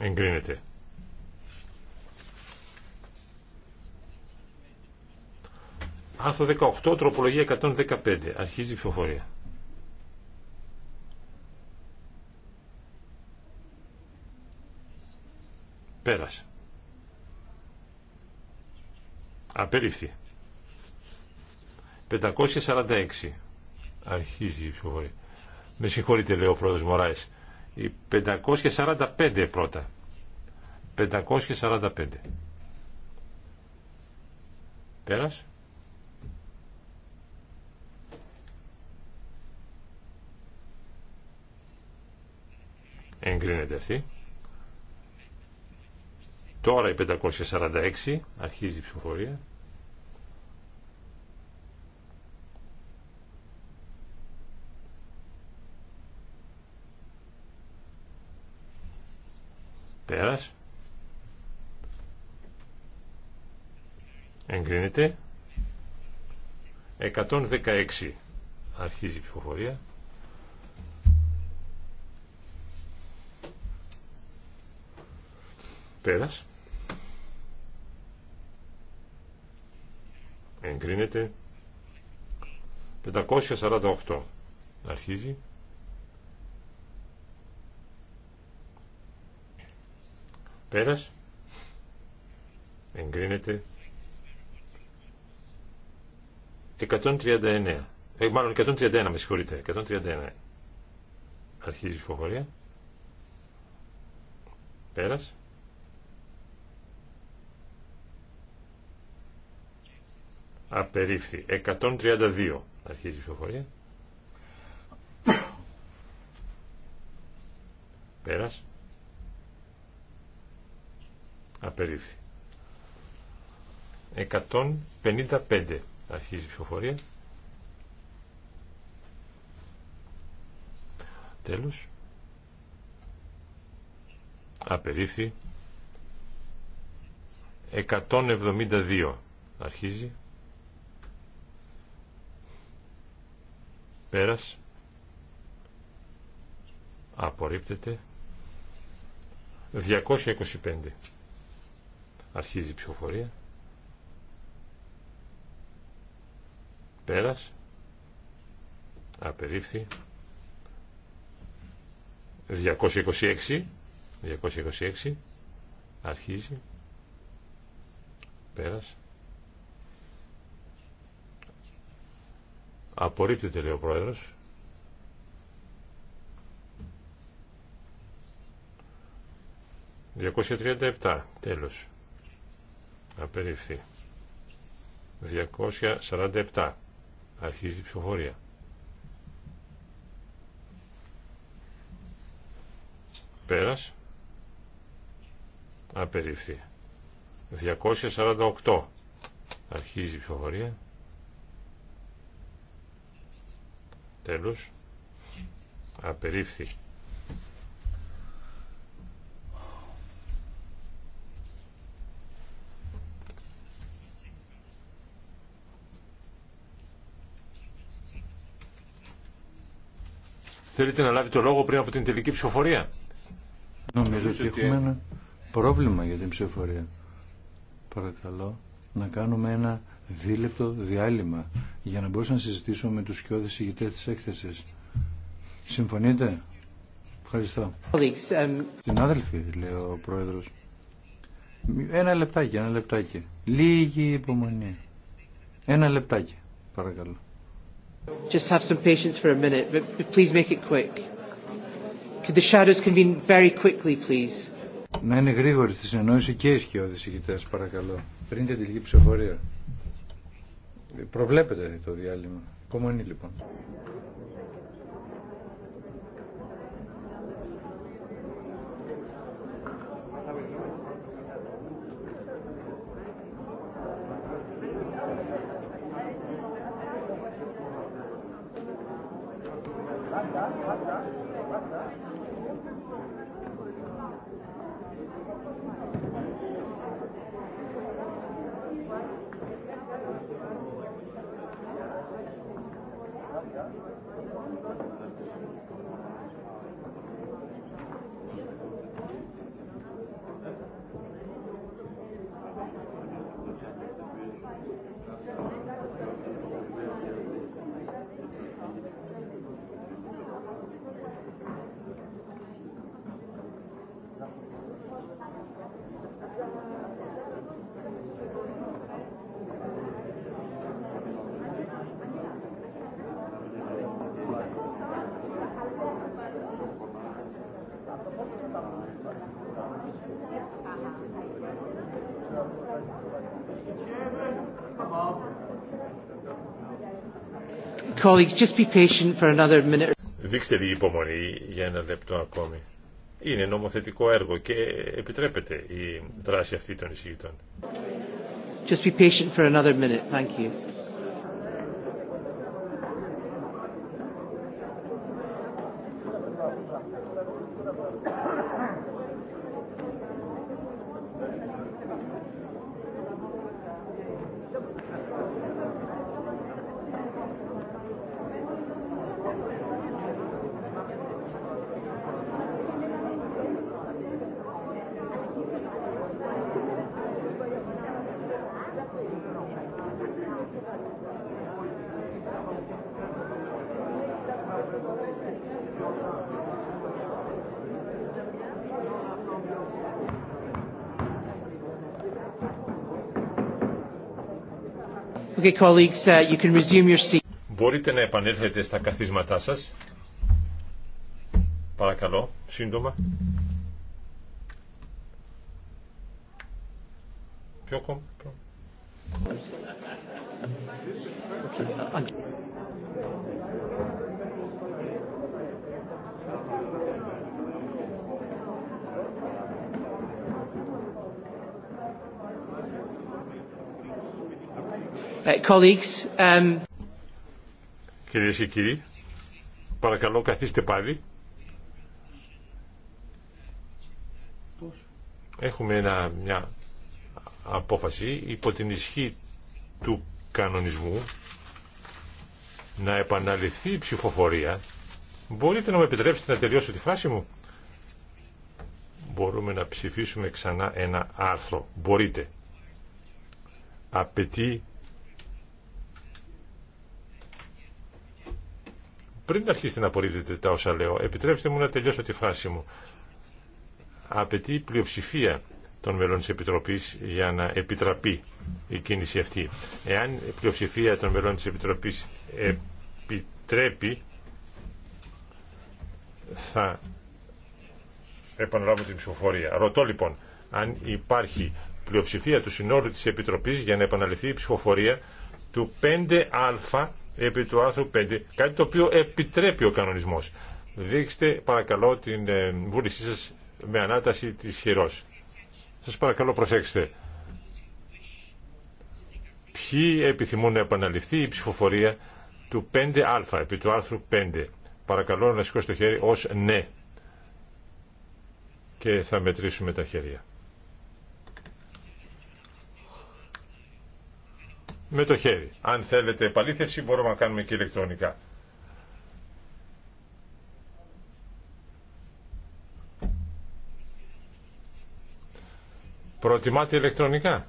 Εγκρίνεται. Άρθρο 18, τροπολογία 115. Αρχίζει η ψηφοφορία. Πέρασε. Απερίφθη. 546. Αρχίζει η ψηφοφορία. Με συγχωρείτε, λέει ο πρόεδρος Μωράης. Η 545 πρώτα. 545. Πέρασε. εγκρίνεται αυτή. Τώρα η 546 αρχίζει η ψηφοφορία. Πέρας. Εγκρίνεται. 116 αρχίζει η ψηφοφορία. Πέρας. Εγκρίνεται. 548. Αρχίζει. Πέρας. Εγκρίνεται. 139. Ε, μάλλον 131, με συγχωρείτε. 131. Αρχίζει η φοβορία Πέρας. απερίφθη 132 αρχίζει η ψηφοφορία πέρας απερίφθη 155 αρχίζει η ψηφοφορία τέλος απερίφθη 172 αρχίζει Πέρας. Απορρίπτεται. 225. Αρχίζει η ψηφοφορία. Πέρας. Απερίφθη. 226. 226. Αρχίζει. Πέρας. Απορρίπτεται λέει ο πρόεδρος. «237, τέλος, απερίφθη. 247, αρχίζει η ψηφοφορία. Πέρας, απερίφθη. 248, αρχίζει η ψηφοφορία. Τέλος. Απερίφθη. Θέλετε να λάβετε το λόγο πριν από την τελική ψηφοφορία. Νομίζω ότι έχουμε ε- ένα πρόβλημα για την ψηφοφορία. Παρακαλώ να κάνουμε ένα δίλεπτο διάλειμμα για να μπορούσα να συζητήσω με τους σκιώδες ηγητές της έκθεσης. Συμφωνείτε? Ευχαριστώ. αδελφή, um, λέει ο Πρόεδρος. Ένα λεπτάκι, ένα λεπτάκι. Λίγη υπομονή. Ένα λεπτάκι, παρακαλώ. Just have some patience for a minute, but please make it quick. Could the shadows convene very quickly, please? Να είναι γρήγοροι στη συνεννόηση και οι σκιώδεις ηγητές, παρακαλώ. Πριν την τελική ψηφορία. Προβλέπετε το διάλειμμα. Κομμονή λοιπόν. Colleagues, just be patient for another minute. Δείξτε λίγη υπομονή για ένα λεπτό ακόμη. Είναι νομοθετικό έργο και επιτρέπεται η δράση αυτή των εισηγητών. Just be patient for another minute. Thank you. Okay, colleagues, uh, you can resume your seat. Μπορείτε να επανέλθετε στα καθίσματά σας. Παρακαλώ, σύντομα. Πιο κομπ, Κυρίε um, Κυρίες και κύριοι, παρακαλώ καθίστε πάλι. Έχουμε ένα, μια απόφαση υπό την ισχύ του κανονισμού να επαναληφθεί η ψηφοφορία. Μπορείτε να με επιτρέψετε να τελειώσω τη φάση μου. Μπορούμε να ψηφίσουμε ξανά ένα άρθρο. Μπορείτε απαιτεί Πριν αρχίσετε να απορρίπτετε τα όσα λέω, επιτρέψτε μου να τελειώσω τη φράση μου. Απαιτεί πλειοψηφία των μελών της Επιτροπής για να επιτραπεί η κίνηση αυτή. Εάν η πλειοψηφία των μελών της Επιτροπής επιτρέπει, θα επαναλάβω την ψηφοφορία. Ρωτώ λοιπόν, αν υπάρχει πλειοψηφία του συνόλου της Επιτροπής για να επαναληφθεί η ψηφοφορία του 5α επί του άρθρου 5, κάτι το οποίο επιτρέπει ο κανονισμός. Δείξτε παρακαλώ την ε, βούλησή σας με ανάταση της χειρός. Σας παρακαλώ προσέξτε. Ποιοι επιθυμούν να επαναληφθεί η ψηφοφορία του 5α, επί του άρθρου 5. Παρακαλώ να σηκώσει το χέρι ως ναι. Και θα μετρήσουμε τα χέρια. με το χέρι. Αν θέλετε επαλήθευση μπορούμε να κάνουμε και ηλεκτρονικά. Προτιμάτε ηλεκτρονικά.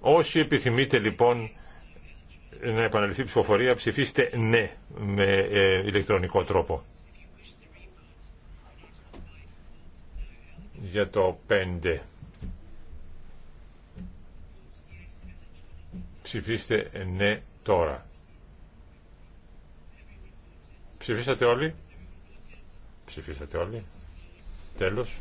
Όσοι επιθυμείτε λοιπόν να επαναληφθεί ψηφοφορία ψηφίστε ναι με ε, ηλεκτρονικό τρόπο. για το 5. Ψηφίστε ναι τώρα. Ψηφίσατε όλοι. Ψηφίσατε όλοι. Τέλος.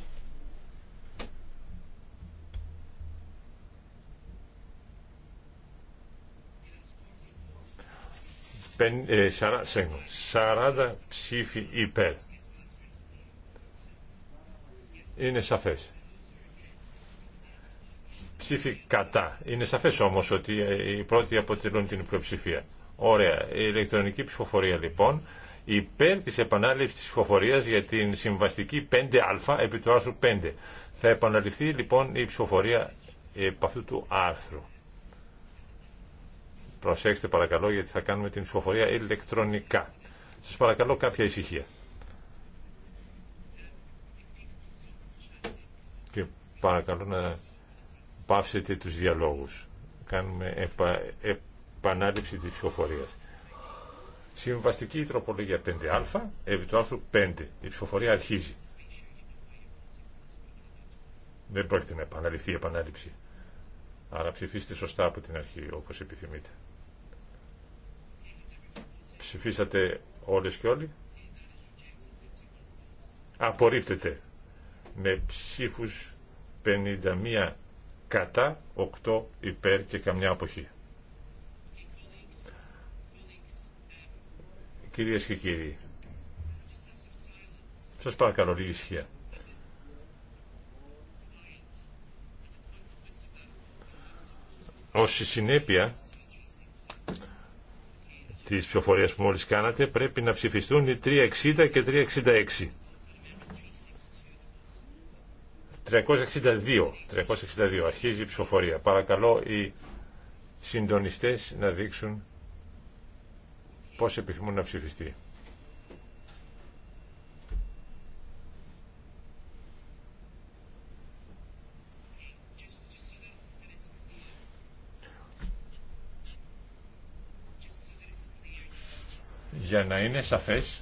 Πεν, ε, 40, 40 ψήφοι υπέρ είναι σαφές. Ψήφι κατά. Είναι σαφές όμως ότι οι πρώτοι αποτελούν την πλειοψηφία. Ωραία. Η ηλεκτρονική ψηφοφορία λοιπόν υπέρ της επανάληψης της ψηφοφορίας για την συμβαστική 5α επί του άρθρου 5. Θα επαναληφθεί λοιπόν η ψηφοφορία επ' αυτού του άρθρου. Προσέξτε παρακαλώ γιατί θα κάνουμε την ψηφοφορία ηλεκτρονικά. Σας παρακαλώ κάποια ησυχία. Παρακαλώ να πάυσετε τους διαλόγους. Κάνουμε επα, επανάληψη της ψηφοφορίας. Συμβαστική τροπολογία 5α, επί του άρθρου 5. Η ψηφοφορία αρχίζει. Δεν πρόκειται να επαναληφθεί η επανάληψη. Άρα ψηφίστε σωστά από την αρχή, όπως επιθυμείτε. Ψηφίσατε όλες και όλοι. Απορρίπτεται με ψήφους 51 κατά, 8 υπέρ και καμιά αποχή. Κυρίες και κύριοι, σας παρακαλώ λίγη ησυχία. Ως συνέπεια της ψηφοφορίας που μόλις κάνατε πρέπει να ψηφιστούν οι 360 και 366. 362, 362 αρχίζει η ψηφοφορία. Παρακαλώ οι συντονιστές να δείξουν πώς επιθυμούν να ψηφιστεί. Για να είναι σαφές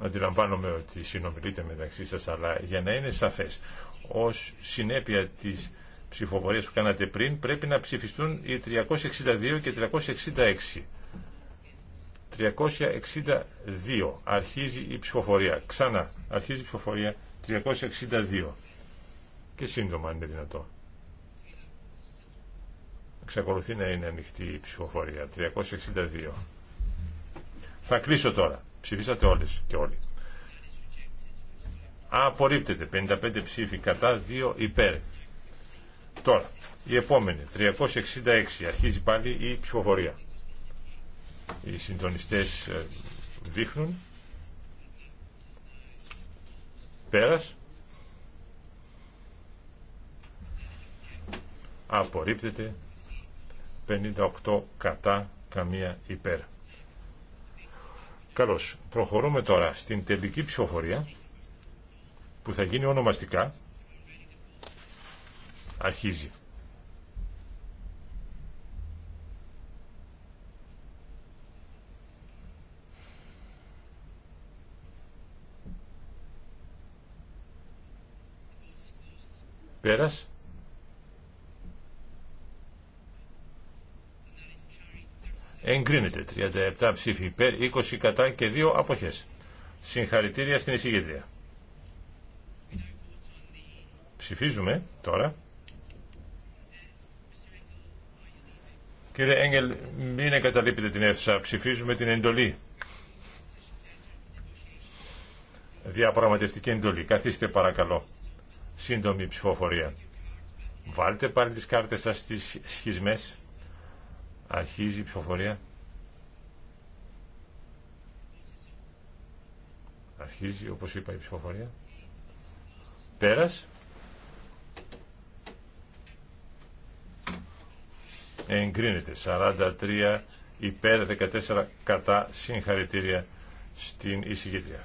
αντιλαμβάνομαι ότι συνομιλείτε μεταξύ σας, αλλά για να είναι σαφές, ως συνέπεια της ψηφοφορίας που κάνατε πριν, πρέπει να ψηφιστούν οι 362 και 366. 362 αρχίζει η ψηφοφορία. Ξανά αρχίζει η ψηφοφορία 362. Και σύντομα αν είναι δυνατό. Εξακολουθεί να είναι ανοιχτή η ψηφοφορία 362. Θα κλείσω τώρα. Ψηφίσατε όλες και όλοι. Απορρίπτεται. 55 ψήφοι κατά, 2 υπέρ. Τώρα, η επόμενη, 366, αρχίζει πάλι η ψηφοφορία. Οι συντονιστές ε, δείχνουν. Πέρας. Απορρίπτεται. 58 κατά, καμία υπέρ. Καλώς. Προχωρούμε τώρα στην τελική ψηφοφορία που θα γίνει ονομαστικά. Αρχίζει. Πέρας. Εγκρίνεται. 37 ψήφοι υπέρ, 20 κατά και 2 αποχές. Συγχαρητήρια στην εισηγήτρια. Ψηφίζουμε τώρα. Κύριε Έγγελ, μην εγκαταλείπετε την αίθουσα. Ψηφίζουμε την εντολή. Διαπραγματευτική εντολή. Καθίστε παρακαλώ. Σύντομη ψηφοφορία. Βάλτε πάλι τις κάρτες σας στις σχισμές. Αρχίζει η ψηφοφορία. Αρχίζει, όπως είπα, η ψηφοφορία. Πέρας. Εγκρίνεται. 43 υπέρ 14 κατά συγχαρητήρια στην εισηγήτρια.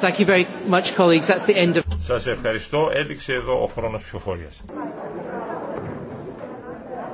Thank Σας ευχαριστώ. Έληξε εδώ ο χρόνος ψηφοφορίας.